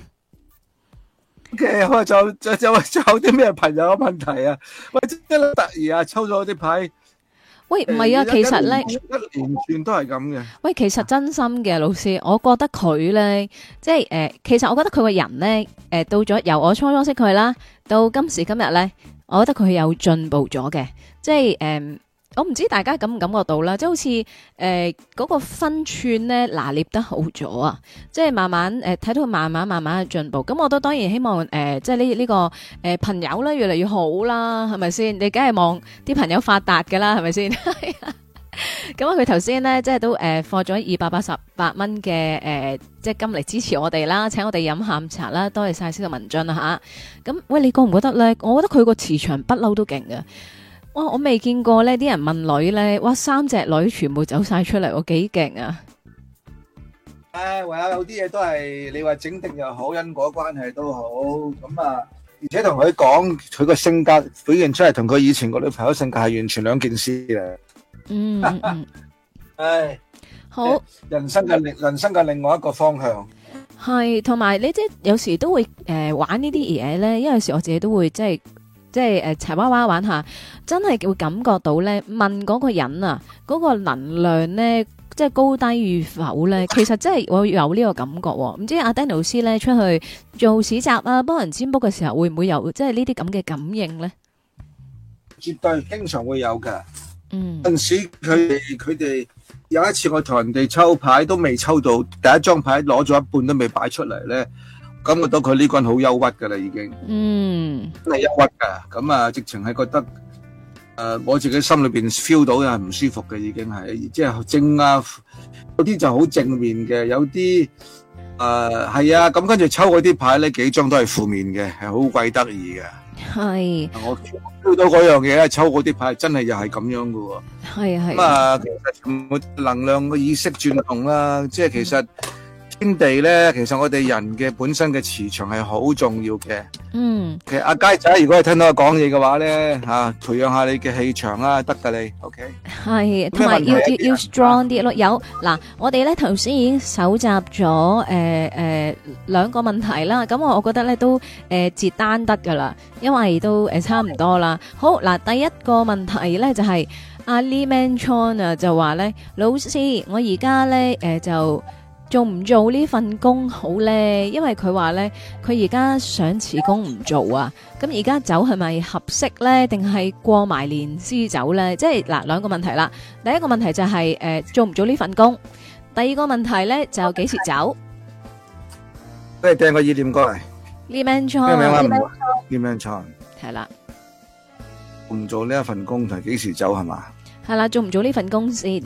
OK，好啊，仲仲仲有啲咩朋友嘅問題啊？喂，真係突然啊，抽咗啲牌。喂，唔係啊，欸、其實咧，一連串都係咁嘅。喂，其實真心嘅老師，我覺得佢咧，即係誒、呃，其實我覺得佢個人咧，誒、呃、到咗由我初初識佢啦，到今時今日咧，我覺得佢有進步咗嘅，即係誒。呃我唔知大家感唔感覺到啦，即係好似誒嗰個分寸咧拿捏得好咗啊！即係慢慢誒睇、呃、到佢慢慢慢慢嘅進步，咁我都當然希望誒即係呢呢個誒、這個、朋友咧越嚟越好啦，係咪先？你梗係望啲朋友發達噶啦，係咪先？咁 [LAUGHS] 啊，佢頭先咧即係都誒放咗二百八十八蚊嘅誒即係金嚟支持我哋啦，請我哋飲下午茶啦，多謝晒呢個文進啊吓！咁喂，你覺唔覺得咧？我覺得佢個磁場不嬲都勁嘅。哇！我未見過咧，啲人問女咧，哇！三隻女全部走晒出嚟，我幾勁啊！唉，唯有有啲嘢都係你話整定又好，因果關係都好咁啊！而且同佢講，佢個性格表現出嚟同佢以前個女朋友性格係完全兩件事嘅！嗯，唉，好，人生嘅另人生嘅另外一個方向係，同埋你即係有時都會誒玩呢啲嘢咧，因為有時我自己都會即係。即係誒，砌、就是呃、娃娃玩下，真係會感覺到咧。問嗰個人啊，嗰、那個能量咧，即係高低與否咧，其實真係我有呢個感覺、哦。唔知阿 Danny 老師咧出去做市集啊，幫人占卜嘅時候，會唔會有即係呢啲咁嘅感應咧？絕對經常會有噶。嗯，陣時佢哋佢哋有一次我同人哋抽牌都未抽到第一張牌，攞咗一半都未擺出嚟咧。感覺到佢呢個人好憂鬱㗎喇，已經，嗯，真係憂鬱㗎。咁啊，直情係覺得，誒，我自己心裏邊 feel 到啊，唔舒服嘅已經係，即係正啊。有啲就好正面嘅，有啲誒係啊。咁跟住抽嗰啲牌呢，幾張都係負面嘅，係好鬼得意嘅。係。我 feel 到嗰樣嘢，抽嗰啲牌，真係又係咁樣嘅喎。係啊係。咁啊，其實能量個意識轉動啦，即係其實。天地咧，其實我哋人嘅本身嘅磁場係好重要嘅。嗯，其實阿佳仔，如果你聽到我講嘢嘅話咧，吓培養下你嘅氣場啦、啊，得噶你，OK？係是，同埋有、啊、要要要 strong 啲咯、啊。有嗱，我哋咧頭先已經搜集咗誒誒兩個問題啦。咁我我覺得咧都誒截、呃、單得噶啦，因為都誒、呃、差唔多啦。的好嗱，第一個問題咧就係、是、阿 Lee Man Chuan 啊，就話咧老師，我而家咧誒就。做唔做呢份工好咧？因為佢話咧，佢而家想辭工唔做啊。咁而家走係咪合適咧？定係過埋年先走咧？即係嗱，兩個問題啦。第一個問題就係誒，做唔做呢份工？第二個問題咧就幾時走？即係掟個意念過嚟。點樣唱？點樣唱？係啦，唔做呢一份工就係幾時走係嘛？係啦，做唔做呢份工先？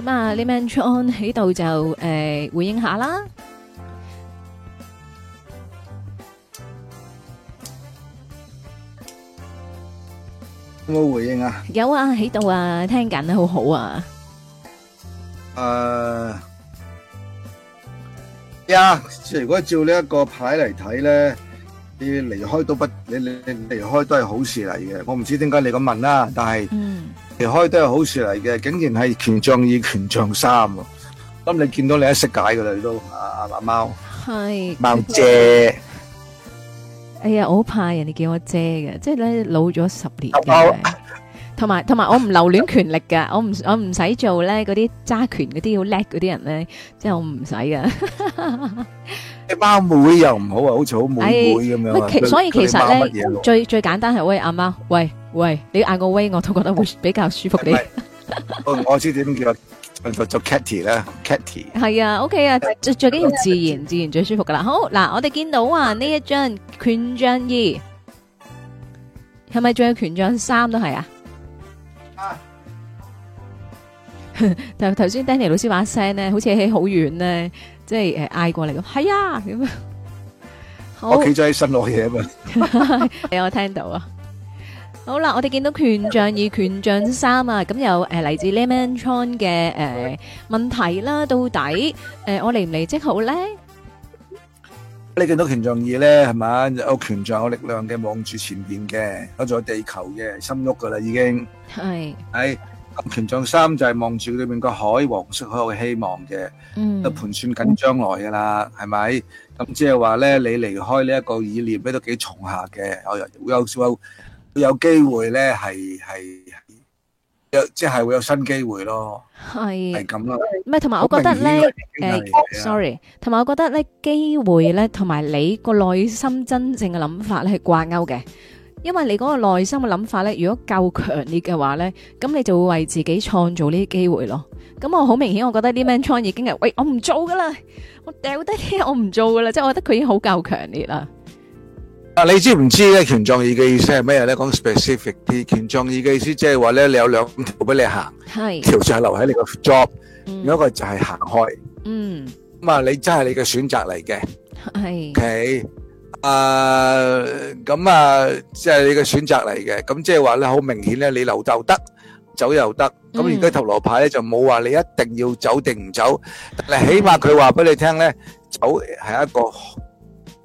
咁啊，Leon John 喺度就誒回應下啦。有冇回應啊？有啊，喺度啊，聽緊，好好啊。誒呀，如果照呢一個牌嚟睇咧，你離開都不，你你離開都係好事嚟嘅。我唔知點解你咁問啦，但係。嗯。離開都係好事嚟嘅，竟然係權杖二、權杖三啊！咁你見到你一識解噶啦，你都阿阿阿貓係貓姐。哎呀，我好怕人哋叫我姐嘅，即係咧老咗十年嘅。同埋同埋，我唔留戀權力噶，我唔我唔使做咧嗰啲揸權嗰啲好叻嗰啲人咧，即係我唔使㗎。一貓妹又唔好啊，好似好妹妹咁樣、哎。所以其實咧，最最簡單係喂阿媽，喂喂,喂，你嗌個威我都覺得會比較舒服啲是。 [LAUGHS] 我我知點叫，做 Kitty 啦，Kitty。係啊，OK 啊，嗯、最最緊要自然，嗯、自然最舒服噶啦。好嗱，我哋見到啊呢的一張權杖二，係咪仲有權杖三都係啊？啊，頭頭先 [LAUGHS] Danny 老師話聲咧，好似喺好遠咧。即係誒嗌過嚟咁，係啊咁樣！我企咗喺身攞嘢啊嘛，你我聽到啊！好啦，我哋見到權杖二、權杖三啊！咁有誒嚟自 Lemon Chon 嘅誒問題啦，到底誒我嚟唔嚟即好咧？你見到權杖二咧係咪？有權杖有力量嘅，望住前面嘅，我仲有地球嘅，深鬱㗎喇已經係。權杖三就係望住裏面個海，黃色好有希望嘅，都盤算緊將來噶啦，係咪？咁即係話咧，你離開呢一個意念咧都幾重下嘅，有有有有機會咧係，係有，即係會有新機會咯。係係咁咯，唔係同埋我覺得咧，誒，sorry，同埋我覺得咧，機會咧同埋你個內心真正嘅諗法咧係掛鈎嘅。因為你嗰個內心嘅諗法咧，如果夠強烈嘅話咧，咁你就會為自己創造呢啲機會咯。咁我好明顯，我覺得啲 man 創意已經係，喂，我唔做噶啦，我掉低啲，我唔做噶啦，即係我覺得佢已經好夠強烈啦。啊，你知唔知咧？權杖二嘅意思係咩咧？講 specific 啲，權杖二嘅意思即係話咧，你有兩條俾你行，係條就係留喺你個 job，另一個就係行開。嗯，咁啊，你真係你嘅選擇嚟嘅。係。OK。啊，咁啊，即係你嘅選擇嚟嘅。咁即係話咧，好明顯咧，你留就得，走又得。咁而家塔羅牌咧就冇話你一定要走定唔走。嗱，起碼佢話俾你聽咧，走係一個好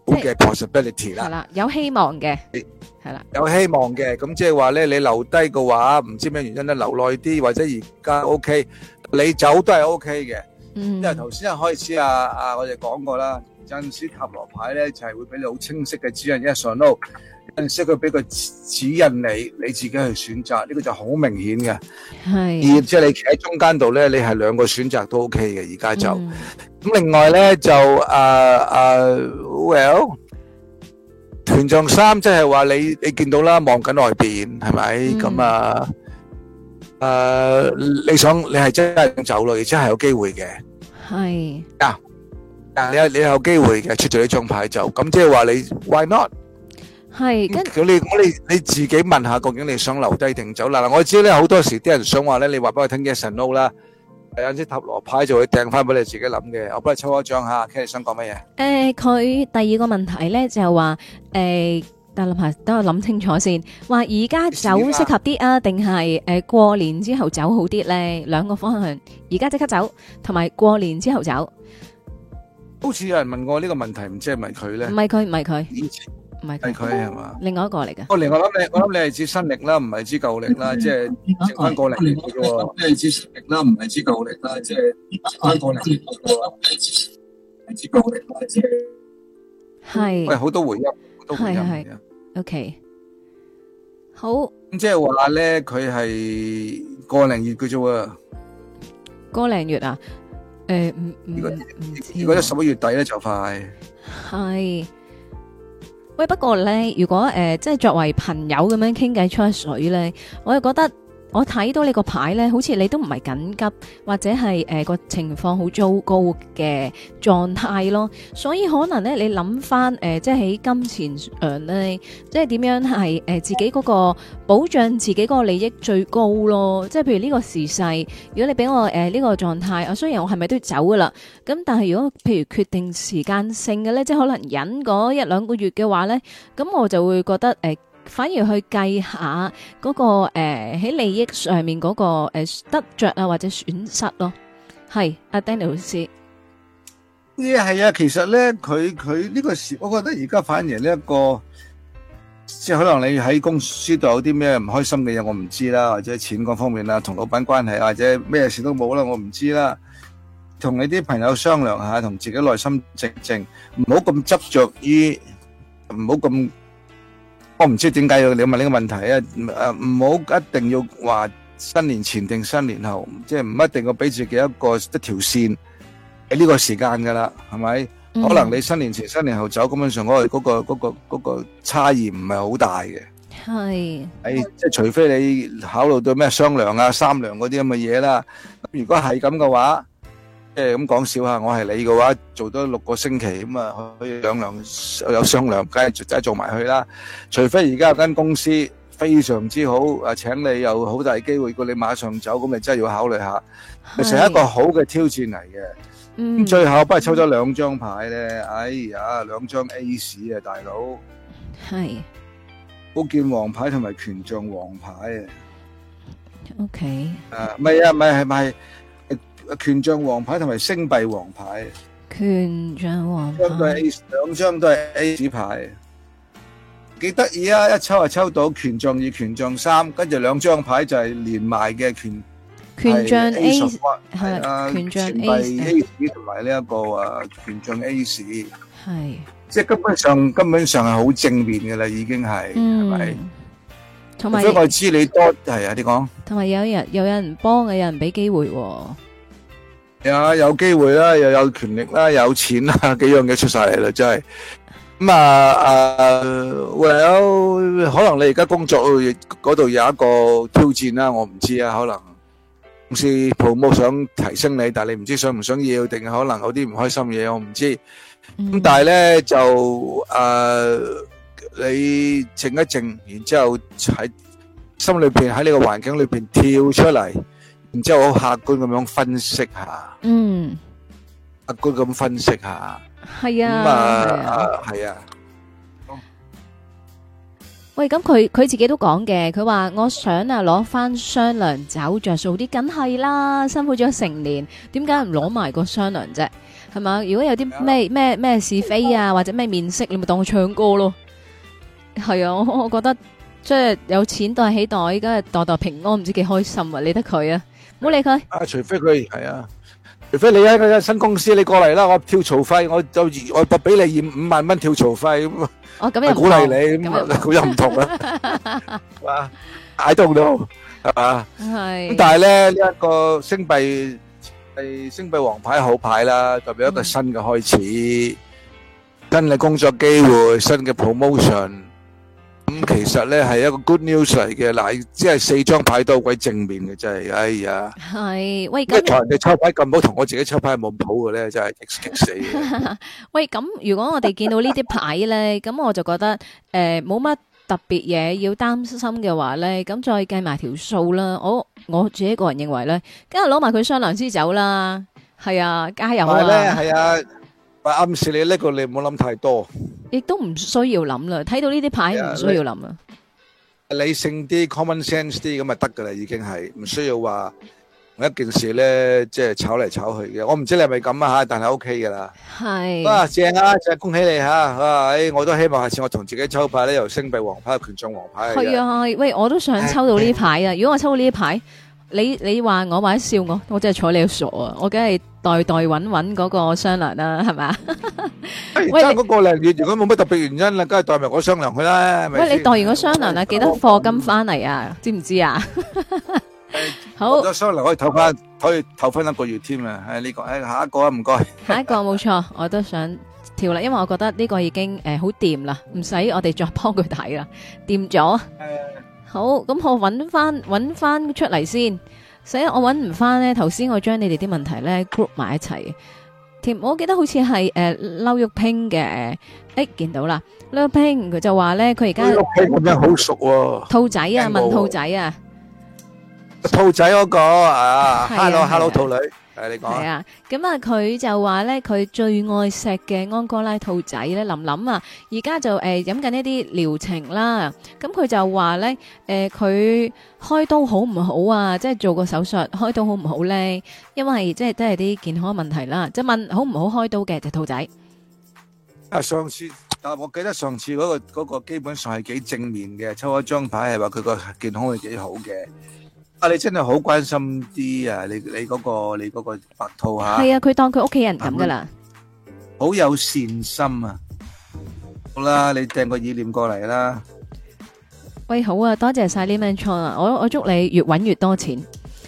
嘅 possibility 啦，有希望嘅，係啦，有希望嘅。咁即係話咧，你留低嘅話，唔知咩原因咧，留耐啲，或者而家 OK，你走都係 OK 嘅。因為頭先開始啊啊，我哋講過啦。陣時塔羅牌咧就係會俾你好清晰嘅指引，一上路，陣時佢俾個指引你，你自己去選擇，呢個就好明顯嘅。係。而即係你企喺中間度咧，你係兩個選擇都 OK 嘅。而家就咁，另外咧就誒誒，Well，團象三即係話你，你見到啦，望緊外邊係咪？咁啊，誒，你想你係真係走咯，而且係有機會嘅。係。嗱。但係你有你有機會嘅，出咗呢張牌就咁，即係話你 Why not？係跟咁你咁你你自己問下究竟你想留低定走？嗱，我知咧好多時啲人想話咧，你話俾我聽 Yes or No 啦，有啲塔羅牌就會掟翻俾你自己諗嘅。我幫你抽一張吓，聽你想講乜嘢？誒，佢第二個問題咧就係話誒，但係諗下，等我諗清楚先。話而家走適合啲啊，定係誒過年之後走好啲咧？兩個方向，而家即刻走，同埋過年之後走。好似有人問過呢個問題，唔知係咪佢咧？唔係佢，唔係佢，唔係佢係嘛？另外一個嚟嘅。哦，另外諗你，我諗你係指新曆啦，唔係指舊曆啦，即係翻過嚟嘅喎。即係指新曆啦，唔係指舊曆啦，即係翻過嚟嘅喎。係。喂，好多回憶，好多回憶。O K，好。咁即係話咧，佢係個零月嘅啫，個零月啊。誒，唔唔唔，嗯嗯、如果咧十一月底咧就快，係喂，不過咧，如果誒、呃，即係作為朋友咁樣傾偈吹水咧，我又覺得。我睇到你個牌咧，好似你都唔係緊急，或者係誒個情況好糟糕嘅狀態咯。所以可能咧，你諗翻、呃、即係喺金錢上咧，即係點樣係、呃、自己嗰個保障自己嗰個利益最高咯。即係譬如呢個時勢，如果你俾我呢、呃呢個狀態，我雖然我係咪都要走噶啦，咁但係如果譬如決定時間性嘅咧，即係可能忍嗰一兩個月嘅話咧，咁我就會覺得、呃反而去計下嗰個誒喺利益上面嗰個誒得着啊，或者損失咯，係阿 Danny 老師呢，係啊，其實咧佢佢呢個事，我覺得而家反而呢一個，即係可能你喺公司度有啲咩唔開心嘅嘢，我唔知啦，或者錢嗰方面啦，同老闆關係或者咩事都冇啦，我唔知啦，同你啲朋友商量下，同自己內心靜靜，唔好咁執着於，唔好咁。我唔知點解要你問呢個問題啊！誒，唔好一定要話新年前定新年後，即係唔一定要俾自己一個一個一個條線喺呢、這個時間㗎啦，係咪？嗯、可能你新年前、新年後走，根本上嗰、那個嗰、那個嗰嗰、那個那個、差異唔係好大嘅。係。誒，即係除非你考慮到咩雙糧啊、三糧嗰啲咁嘅嘢啦。咁如果係咁嘅話，即係咁講笑吓，我係你嘅話，做多六個星期咁啊，可以商量有商量，梗係一齊做埋去啦。除非而家有間公司非常之好，誒，請你有好大機會，如果你馬上走，咁你真係要考慮下。成一個好嘅挑戰嚟嘅。嗯，最後不係抽咗兩張牌咧，哎呀，兩張 A 市啊，大佬。係。寶劍王牌同埋權杖王牌啊。O K。啊，唔係啊，唔係係唔係。權杖王牌同埋星幣王牌，權杖王牌，兩張都係 A，兩張都係 A 紙牌，幾得意啊！一抽就抽到權杖二、權杖三，跟住兩張牌就係連埋嘅權權杖 A，係權杖 A 同埋呢一個誒、啊、權杖 A 紙是，係，即係根本上根本上係好正面嘅啦，已經係係咪？所以我知你多係啊，你講。同埋有，有人，有，有人幫嘅，有人俾機會、哦。有有機會啦，又有權力啦，有錢啦，幾樣嘢出晒嚟啦，真係咁啊！誒，Well，可能你而家工作嗰度有一個挑戰啦，我唔知啊，可能公司 promote 想提升你，但係你唔知想唔想要，定係可能有啲唔開心嘢，我唔知。咁但係咧就誒，你靜一靜，然之後喺心裏邊喺呢個環境裏邊跳出嚟。然之後我客觀咁樣分析下，嗯，客觀咁分析下，係啊，咁啊係啊，啊啊喂，咁佢佢自己都講嘅，佢話我想啊攞翻雙糧走着數啲，梗係啦，辛苦咗成年，點解唔攞埋個雙糧啫？係嘛，如果有啲咩咩咩是非啊，或者咩面色，你咪當我唱歌咯，係啊，我覺得即係、就是、有錢都係袋起袋，而家袋袋平安，唔知幾開心啊，理得佢啊！唔好理佢。啊，除非佢係啊，除非你喺個新公司，你過嚟啦，我跳槽費，我就我撥俾你二五萬蚊跳槽費。我咁又鼓勵你，咁又唔同啦。哇，帶動到係嘛？係。但係咧，呢一個星幣係星幣王牌好牌啦，代表一個新嘅開始，新嘅工作機會，新嘅 promotion。咁其實咧係一個 good news 嚟嘅，嗱，即係四張牌都好鬼正面嘅，真係，哎呀，係，喂，咁即係同人哋抽牌咁好，同我自己抽牌冇咁好嘅咧，真係激死！喂，咁如果我哋見到呢啲牌咧，咁我就覺得誒冇乜特別嘢要擔心嘅話咧，咁再計埋條數啦。我我自己個人認為咧，梗係攞埋佢雙良之酒啦商量先走，係啊，加油啊！係啊，係啊。暗示你呢、這個你唔好諗太多，亦都唔需要諗啦。睇到呢啲牌唔的需要諗啦，理性啲，common sense 啲咁啊得噶啦，已經係唔需要話一件事咧，即係炒嚟炒去嘅。我唔知你係咪咁啊吓，但係 O K 噶啦。係哇的，正啊，真係、啊啊啊、恭喜你吓、啊啊哎！我都希望下次我同自己抽牌咧，由星幣王牌，權杖王牌。係啊，喂，我都想抽到呢啲牌啊！的如果我抽到呢啲牌，你你話我玩笑我，我真係睬你都傻啊！我梗係。代代揾揾嗰個雙糧啦，係咪？喂，爭嗰個咧，如果冇乜特別原因啦，梗係代埋我雙糧去啦，係咪先？喂，你代完個雙糧啊，幾多貨金翻嚟啊？知唔知啊？好，個雙糧可以投翻，可以投翻一個月添啊！誒，呢個誒，下一個啊，唔該。下一個冇錯，我都想跳啦，因為我覺得呢個已經誒好掂啦，唔使我哋再幫佢睇啦，掂咗。係啊。好，咁我揾翻揾翻出嚟先。所以我揾唔翻咧，頭先我將你哋啲問題咧 group 埋一齊添，我記得好似係、呃、誒，劉玉拼嘅，誒見到啦，玉拼佢就話咧，佢而家屋企咁樣好熟喎，兔仔啊，文問兔仔啊，兔仔嗰個啊，Hello Hello 兔女。誒，你講係啊，咁啊，佢就話咧，佢最愛食嘅安哥拉兔仔咧，林林啊，而家就誒飲緊一啲療程啦。咁佢就話咧，誒，佢開刀好唔好啊？即係做個手術開刀好唔好咧？因為即係都係啲健康問題啦。即係問好唔好開刀嘅隻兔仔。啊，上次啊，我記得上次嗰個嗰個基本上係幾正面嘅，抽咗張牌係話佢個健康係幾好嘅。啊！你真係好關心啲、那個、啊！你你嗰個你嗰個白兔吓，係啊！佢當佢屋企人咁噶啦，好有善心啊！好啦，你掟個意念過嚟啦。喂，好啊，多謝晒呢 Man 啊！我我祝你越搵越多錢，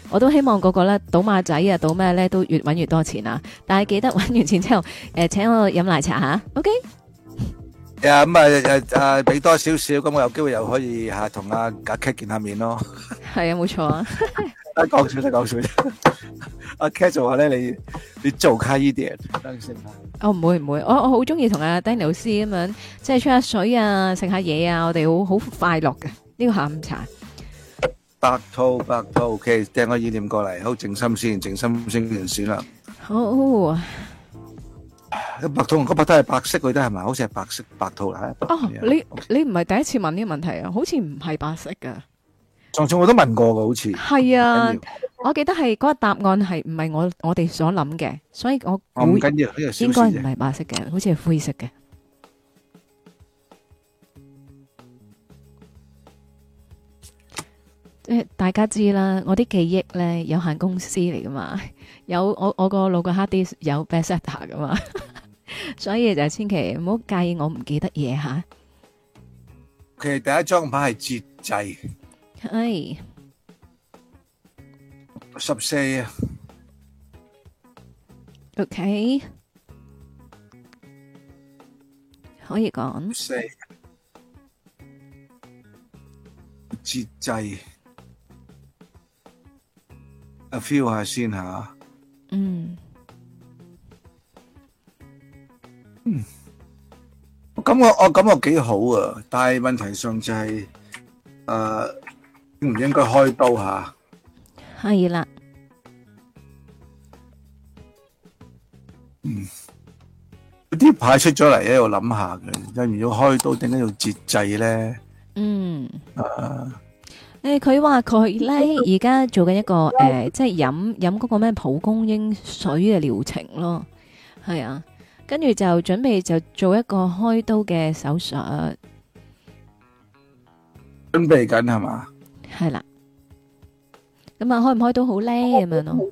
我都希望嗰個咧賭馬仔啊賭咩咧都越搵越多錢啊！但係記得搵完錢之後，誒、呃，請我飲奶茶吓，OK？呀咁啊啊俾多少少咁我有機會又可以吓同阿阿 Kate 見下面咯，係啊冇錯啊，講水就講水。阿 Kate 做下咧，你你做開依啲嘢得唔得先啊？哦唔會唔會，我我好中意同阿 Danny 老師咁樣，即係吹下水啊，食下嘢啊，我哋好好快樂嘅呢個下午茶。白兔白兔，OK，掟個依點過嚟，好靜心先，靜心先，算啦。好。白兔個白兔係白色，佢都係咪？好似係白色白兔嚟啊！哦、兔你 OK 你唔係第一次問呢個問題啊，好似唔係白色噶。上次我都問過噶，好似係啊。係，我記得係嗰、那個答案係唔係我我哋所諗嘅，所以我唔緊要，應該唔係白色嘅，好似係灰色嘅。誒， [LAUGHS] 大家知啦，我啲記憶咧有限公司嚟噶嘛。有我我個腦個 hard disk 有 bad sector 㗎嘛，所以就係千祈唔好介意我唔記得嘢吓。其實第一張牌係節制。係。十四啊。OK。可以講。十四。節制。A few 下先吓。嗯，嗯，我感覺我感覺幾好啊，但係問題上就係，誒，應唔應該開刀吓？係啦，嗯，呢排出咗嚟咧，我諗下嘅，要唔要開刀，定係要節制咧？嗯，啊。誒，佢話佢咧，而家做緊一個誒、欸，即係飲飲嗰個咩蒲公英水嘅療程咯，係啊，跟住就準備就做一個開刀嘅手術，準備緊係嘛？係啦，咁啊那開唔開刀好叻，咁樣咯。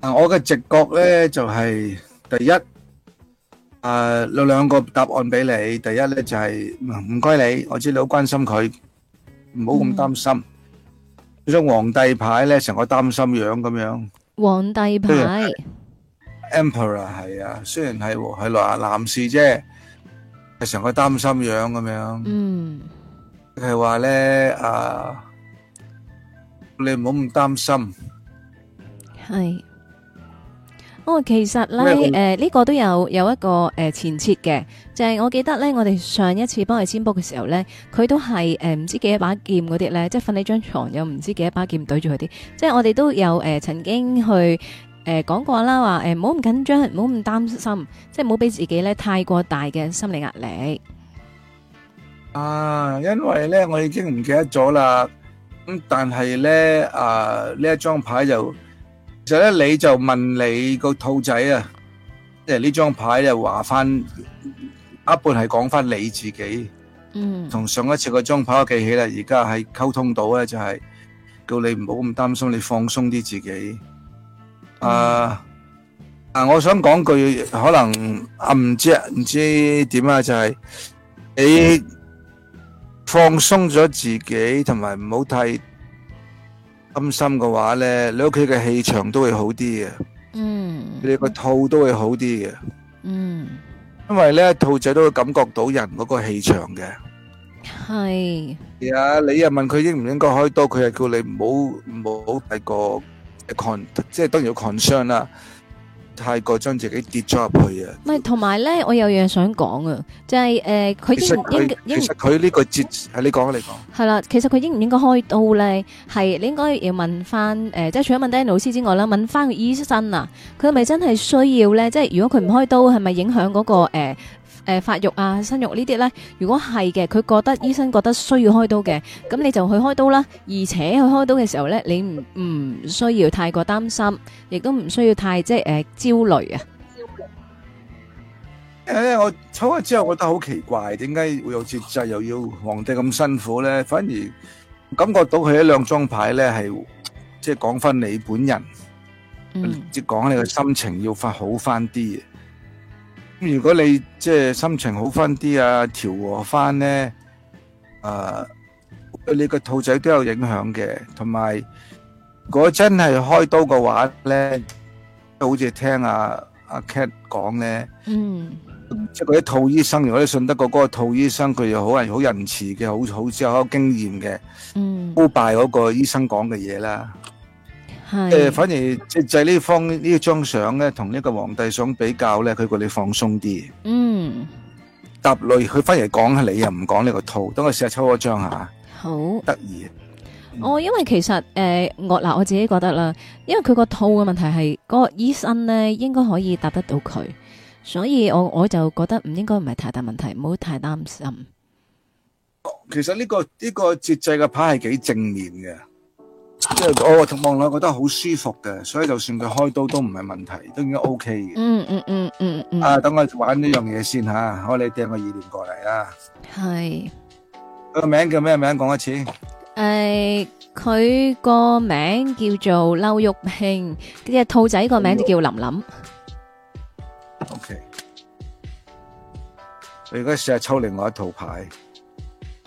啊！我嘅直覺咧就係第一，啊有兩個答案俾你。第一咧就係唔唔該你，我知你好關心佢，唔好咁擔心。嗰張皇帝牌咧成個擔心樣咁樣。皇帝牌，Emperor 係啊，雖然係係男男士啫，成個擔心樣咁樣。嗯，係話咧啊，你唔好咁擔心。係。哦，其實咧，誒，呢個都有有一個誒前設嘅，就係我記得咧，我哋上一次幫佢占卜嘅時候咧，佢都係誒唔知幾把劍嗰啲咧，即係瞓喺張床又唔知幾把劍對住佢啲，即係我哋都有誒曾經去誒講過啦，話誒唔好咁緊張，唔好咁擔心，即係唔好俾自己咧太過大嘅心理壓力。啊，因為咧我已經唔記得咗啦，咁但係咧啊呢一張牌又。其實咧，你就問你個兔仔啊，即係呢張牌啊，話翻一半係講翻你自己，嗯，同上一次個張牌我記起啦，而家係溝通到咧就係叫你唔好咁擔心，你放鬆啲自己。啊，啊，我想講句可能啊唔知唔知點啊，就係你放鬆咗自己，同埋唔好太。安心嘅話咧，你屋企嘅氣場都會好啲嘅。嗯，你個兔都會好啲嘅。嗯，因為咧兔仔都會感覺到人嗰個氣場嘅，係是，你又問佢應唔應該開刀，佢係叫你唔好唔好太過 con，即係當然要 concern 啦。太過將自己跌咗入去啊！唔係，同埋咧，我有嘢想講啊，就係、是、誒，佢、呃、其實佢呢不、這個節係不你講，你講係啦。其實佢應唔應該開刀咧？係你應該要問翻誒，即、呃、係、就是、除咗問 Danny 老師之外啦，問翻個醫生啊，佢係咪真係需要咧？即、就、係、是、如果佢唔開刀，係咪影響嗰、那個、呃誒，發育啊，生育呢啲咧，如果係嘅，佢覺得醫生覺得需要開刀嘅，咁你就去開刀啦。而且去開刀嘅時候咧，你唔唔需要太過擔心，亦都唔需要太即係誒焦慮啊。焦慮。誒，我抽咗之後，我覺得好奇怪，點解會有節制，又要皇帝咁辛苦咧？反而感覺到佢一兩張牌咧，係即係講翻你本人，即係講你嘅心情要快好翻啲。咁如果你即係心情好翻啲啊，調和翻咧，誒、對，你個兔仔都有影響嘅，同埋，如果真係開刀嘅話咧，好似聽阿阿 Cat 講咧，嗯、啊，mm hmm. 即係嗰啲兔醫生，如果你信得過嗰個兔醫生，佢又好係好仁慈嘅，好好有經驗嘅，嗯，唔拜嗰個醫生講嘅嘢啦。誒是、呃，反而節制呢方呢張相咧，同呢個皇帝相比較咧，佢叫你放鬆啲。嗯，答類佢反而講係你啊，又唔講呢個套。等我試下抽一張吓。好得意。哦，因為其實誒、呃，我嗱，我自己覺得啦，因為佢個套嘅問題係、個醫生咧，應該可以答得到佢，所以我我就覺得唔應該唔係太大問題，唔好太擔心。其實呢、呢個呢、呢個節制嘅牌係幾正面嘅。即係我望落覺得好舒服嘅，所以就算佢開刀都唔係問題，都應該 OK 嘅。嗯嗯嗯嗯嗯。啊，等我玩呢樣嘢先吓，我你掟個意念過嚟啊。係。個名叫咩名？講一次。誒，佢個名叫做劉玉慶，啲隻兔仔個名就叫琳琳。OK。我而家試下抽另外一套牌。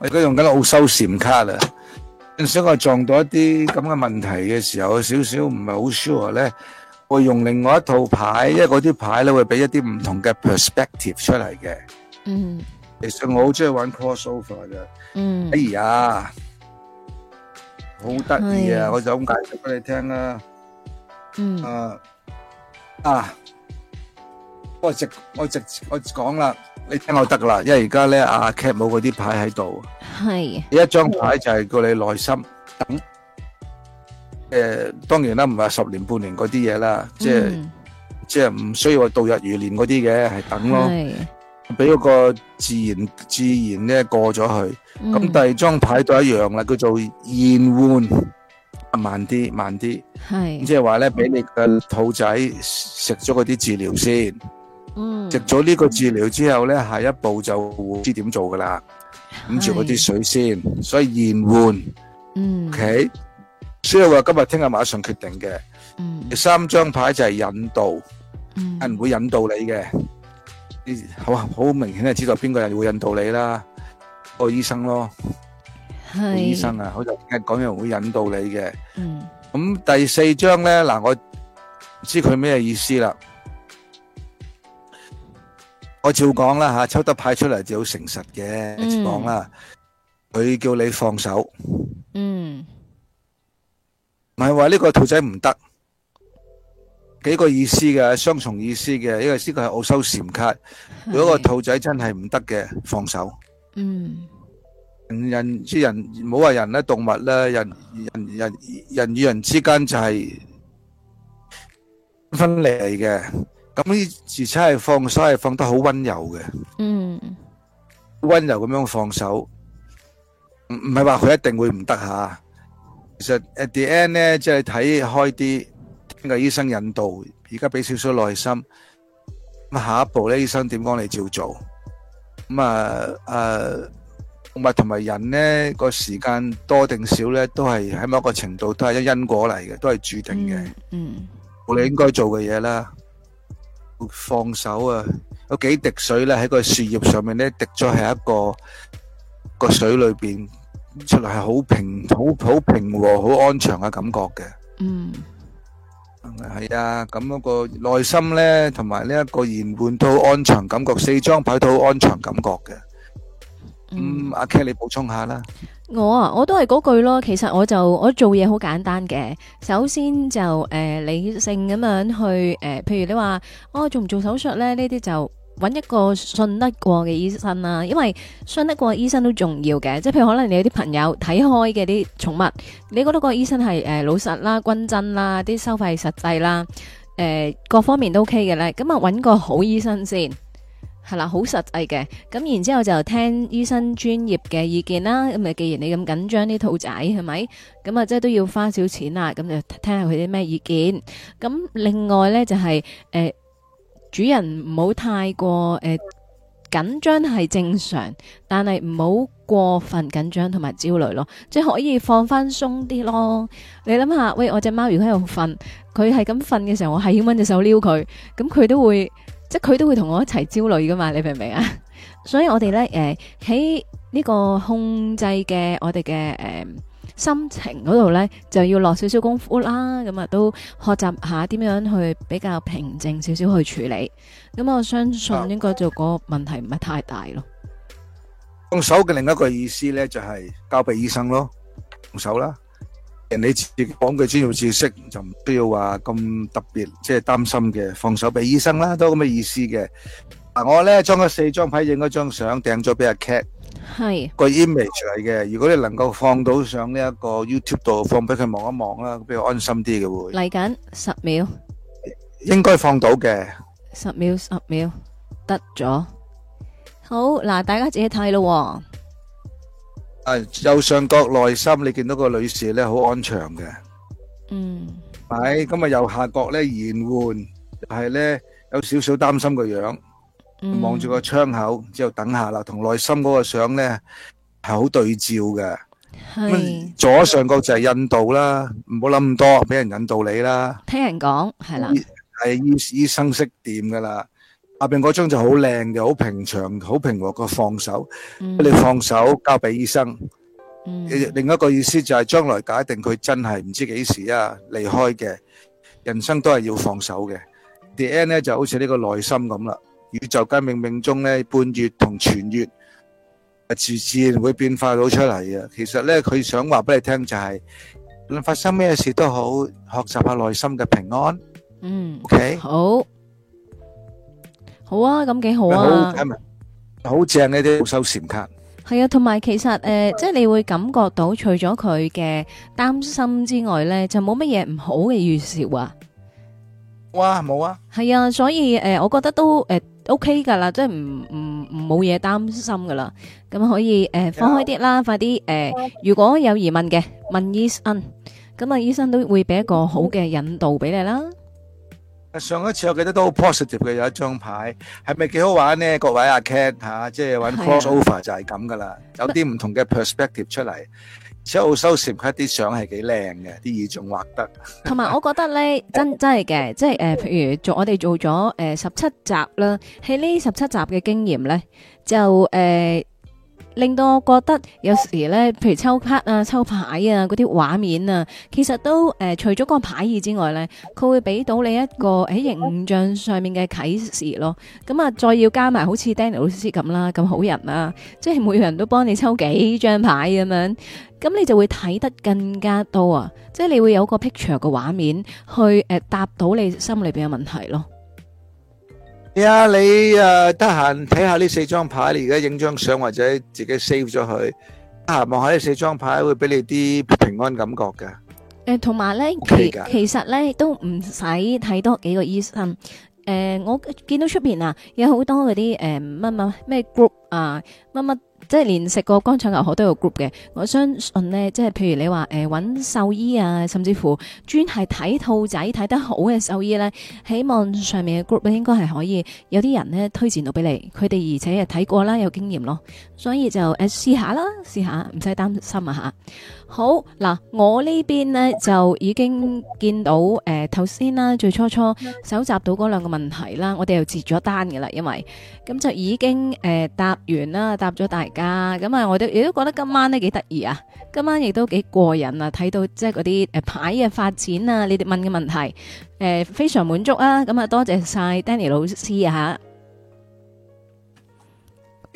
我而家用緊奧修禪卡啦，想我撞到一啲咁嘅問題嘅時候，少少唔係好 sure 咧，我會用另外一套牌，因為嗰啲牌咧會俾一啲唔同嘅 perspective 出嚟嘅。嗯，其實我好中意玩 crossover 嘅。嗯，哎呀，好得意啊！我就咁解釋俾你聽啦。嗯。啊啊！我直我直我講啦。你聽我得噶啦，因為而家咧 a 劇舞嗰啲牌喺度，是第一張牌就係叫你耐心等。誒是、嗯呃，當然啦，唔係話十年半年嗰啲嘢啦，即係、嗯、即係唔需要話度日如年嗰啲嘅，係等咯，俾嗰是個自然自然咧過咗去。咁、嗯、第二張牌都一樣啦，叫做厭悶，慢啲慢啲，即係話咧俾你個兔仔食咗嗰啲治療先。嗯，食咗呢個治療之後咧，嗯、下一步就唔知點做噶啦，揾住嗰啲水先，是所以延緩。嗯，OK，所以話今日聽日馬上決定嘅。嗯，第三張牌就係引導，唔、嗯、會引導你嘅，好好明顯咧，知道邊個人會引導你啦，個醫生咯，係是醫生啊，好似聽講有人會引導你嘅。嗯，咁、嗯、第四張咧，嗱我唔知佢咩意思啦。我照講啦吓，抽得牌出嚟就好誠實嘅，講啦，佢、mm. 叫你放手，嗯，唔係話呢個兔仔唔得，幾個意思嘅，雙重意思嘅，因為呢個係澳洲禪卡，的如果個兔仔真係唔得嘅，放手，嗯、mm.，人之人，唔好話人啦，動物啦，人人人人與人之間就係分離嚟嘅。咁呢？這些自身係放手係放得好溫柔嘅，嗯，溫柔咁樣放手，唔唔係話佢一定會唔得吓。其實 at the end 咧，即係睇開啲，聽個醫生引導，而家俾少少耐心。咁下一步咧，醫生點講你照做？咁、嗯、啊，誒、啊，動物同埋人咧，個時間多定少咧，都係喺某一個程度都係一因果嚟嘅，都係注定嘅。嗯、mm，hmm. 我哋應該做嘅嘢啦。放手啊！有幾滴水咧喺個樹葉上面咧滴咗，係一個個水裏邊，咁出來係好平、好好平和、好安詳嘅感覺嘅。嗯，係啊，咁嗰個內心咧，同埋呢一個延緩都安詳感覺，四張牌都好安詳感覺嘅。咁阿 K，你補充下啦。我啊，我都係嗰句咯。其實我就我做嘢好簡單嘅，首先就誒、呃、理性咁樣去誒、呃，譬如你話我、哦、做唔做手術咧？呢啲就揾一個信得過嘅醫生啦，因為信得過醫生都重要嘅。即係譬如可能你有啲朋友睇開嘅啲寵物，你覺得個醫生係誒、呃、老實啦、均真啦、啲收費實際啦，誒、呃、各方面都 OK 嘅咧，咁啊揾個好醫生先。係啦，好實際嘅，咁然之後就聽醫生專業嘅意見啦。咁誒，既然你咁緊張啲兔仔，係咪？咁啊，即係都要花少錢啦。咁就聽下佢啲咩意見。咁另外呢、就是，就係誒，主人唔好太過誒、呃、緊張係正常，但係唔好過分緊張同埋焦慮咯。即係可以放翻鬆啲咯。你諗下，喂，我隻貓如果喺度瞓，佢係咁瞓嘅時候，我係要搵隻手撩佢，咁佢都會。即係佢都會同我一齊焦慮噶嘛，你明唔明啊？所以我哋咧，誒喺呢個控制嘅我哋嘅誒心情嗰度咧，就要落少少功夫啦。咁、嗯、啊，都學習下點樣去比較平靜少少去處理。咁、嗯、我相信應該就個問題唔係太大咯。用手嘅另一個意思咧，就係、是、交俾醫生咯，用手啦。人哋自己講嘅專業知識就唔必要話咁特別，即係擔心嘅，放手俾醫生啦，都咁嘅意思嘅。嗱、啊，我咧裝咗四張牌，影咗張相，掟咗俾阿 Cat，係個 image 嚟嘅。如果你能夠放到上呢一個 YouTube 度，放俾佢望一望啦，比較安心啲嘅會。嚟緊十秒，應該放到嘅。十秒，十秒，得咗。好，嗱，大家自己睇咯。右上角內心，你見到個女士咧，好安詳嘅。嗯，係咁啊，右下角咧延緩，係咧有少少擔心個樣，望住個窗口之後等下啦。同內心嗰個相咧係好對照嘅。係左上角就係引導啦，唔好諗咁多，俾人引導你啦。聽人講係啦，係醫醫生識掂噶啦。下面嗰張就好靚嘅，好平常、好平和個放手，你放手交俾醫生。另一個意思就係將來假定佢真係唔知幾時啊離開嘅，人生都係要放手嘅。The end 咧就好似呢個內心咁啦，宇宙間冥冥中咧半月同全月自自然會變化到出嚟啊。其實咧佢想話俾你聽就係，發生咩事都好，學習下內心嘅平安。嗯，OK，好。好啊，咁幾好啊，好正呢啲收錢卡。係啊，同埋其實誒，即係你會感覺到除咗佢嘅擔心之外咧，就冇乜嘢唔好嘅預兆啊。哇，冇啊。係啊，所以誒，我覺得都誒 OK 噶啦，即係唔唔唔冇嘢擔心噶啦。咁可以誒放開啲啦，快啲誒，如果有疑問嘅，問醫生，咁啊醫生都會俾一個好嘅引導俾你啦。上一次我記得都好 positive 嘅有一張牌，係咪幾好玩咧？各位阿 Ken 吓，即係玩 cross over 就係咁噶啦，有啲唔同嘅 perspective 出嚟，之後收攝啲相係幾靚嘅，啲嘢仲畫得。同埋我覺得咧，真真係嘅，即係誒，譬如做我哋做咗誒十七集啦，喺呢十七集嘅經驗咧，就誒。令到我覺得有時咧，譬如抽卡啊、抽牌啊嗰啲畫面啊，其實都、呃、除咗個牌意之外咧，佢會俾到你一個喺形象上面嘅啟示咯。咁、嗯、啊，再要加埋好似 Danny 老師咁啦，咁好人啊，即係每個人都幫你抽幾張牌咁樣，咁你就會睇得更加多啊！即係你會有個 picture 嘅畫面去誒，呃、答到你心裏邊嘅問題咯。係啊，你誒得閒睇下呢四張牌，你而家影張相或者自己 save 咗佢。得閒望下呢四張牌，會俾你啲平安感覺噶。誒、呃，同埋咧，其其實咧都唔使睇多幾個醫生。誒、呃，我見到出邊啊，有好多嗰啲誒乜乜咩 group 啊，乜乜。即係連食個乾草牛河都有 group 嘅，我相信呢，即係譬如你話誒搵獸醫啊，甚至乎專係睇兔仔睇得好嘅獸醫呢，希望上面嘅 group 應該係可以有啲人呢推薦到俾你，佢哋而且係睇過啦，有經驗咯，所以就誒試、欸、下啦，試下唔使擔心啊吓。好嗱，我呢邊呢，就已經見到誒頭先啦，最初初搜集到嗰兩個問題啦，我哋又截咗單噶啦，因為咁就已經誒、欸、答完啦，答咗大家。啊，咁啊，我都亦都覺得今晚咧幾得意啊，今晚亦都幾過癮啊，睇到即係嗰啲誒牌嘅發展啊，你哋問嘅問題，誒非常滿足啊，咁啊多謝晒 Danny 老師啊吓，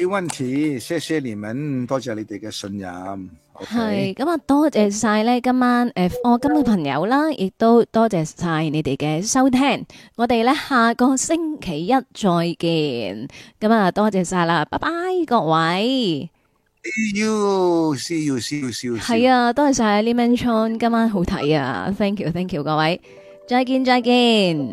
啲問題，謝謝你們，多謝你哋嘅信任。係咁啊，多謝晒咧今晚誒，我今日朋友啦，亦都多謝晒你哋嘅收聽。我哋咧下個星期一再見。咁啊，多謝晒啦，拜拜各位。See you. See you. See you. See you. 係啊，多謝晒 Lee Man Choon，今晚好睇啊。Thank you. Thank you，各位再見再見。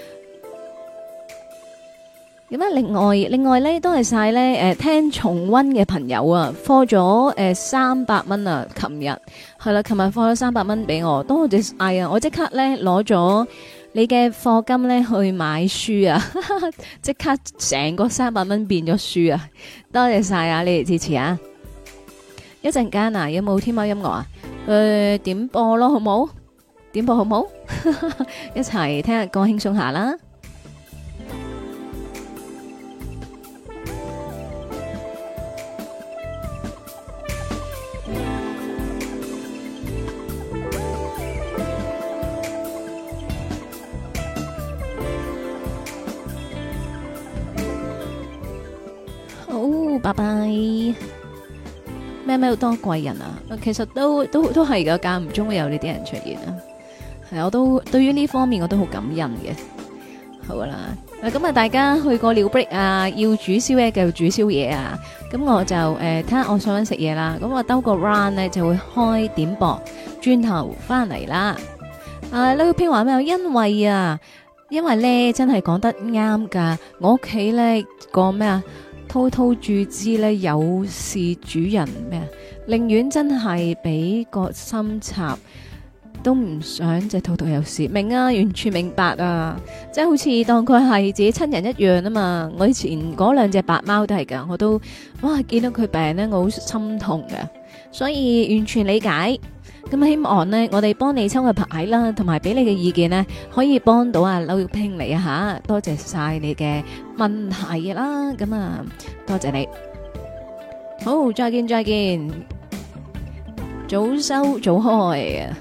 咁啊！另外，另外咧多謝晒咧，誒，聽重溫嘅朋友啊，放咗誒三百蚊啊，琴日係啦，琴日放咗三百蚊俾我，多謝，哎呀，我即刻咧攞咗你嘅課金咧去買書啊，即刻成個三百蚊變咗書啊，多謝晒啊，你哋支持啊，一陣間啊，有冇天貓音樂啊？誒，點播咯，好唔好？點播好唔好？一齊聽下，歌輕鬆下啦。拜拜！咩咩好多貴人啊，其實都都都係噶，間唔中會有呢啲人出現啊。係，我都對於呢方面我都好感恩嘅。好啦，咁啊，大家去過了 break 啊，要煮宵夜繼續煮宵夜啊。咁我就誒，睇、呃、下我想唔食嘢啦。咁我兜個 run 咧，就會開點播，轉頭翻嚟啦。啊、呃，呢篇話咩？因為啊，因為咧真係講得啱噶。我屋企咧個咩啊？偷偷注資咧，有事主人咩啊？寧願真係俾個心插，都唔想隻兔兔有事，明啊？完全明白啊！即係好似當佢係自己親人一樣啊嘛！我以前嗰兩隻白貓都係噶，我都哇見到佢病咧，我好心痛㗎。所以完全理解，咁希望咧，我哋幫你抽個牌啦，同埋俾你嘅意見咧，可以幫到啊劉玉平你啊吓，多謝晒你嘅問題嘅啦，咁啊多謝你，好，再見再見，早收早開。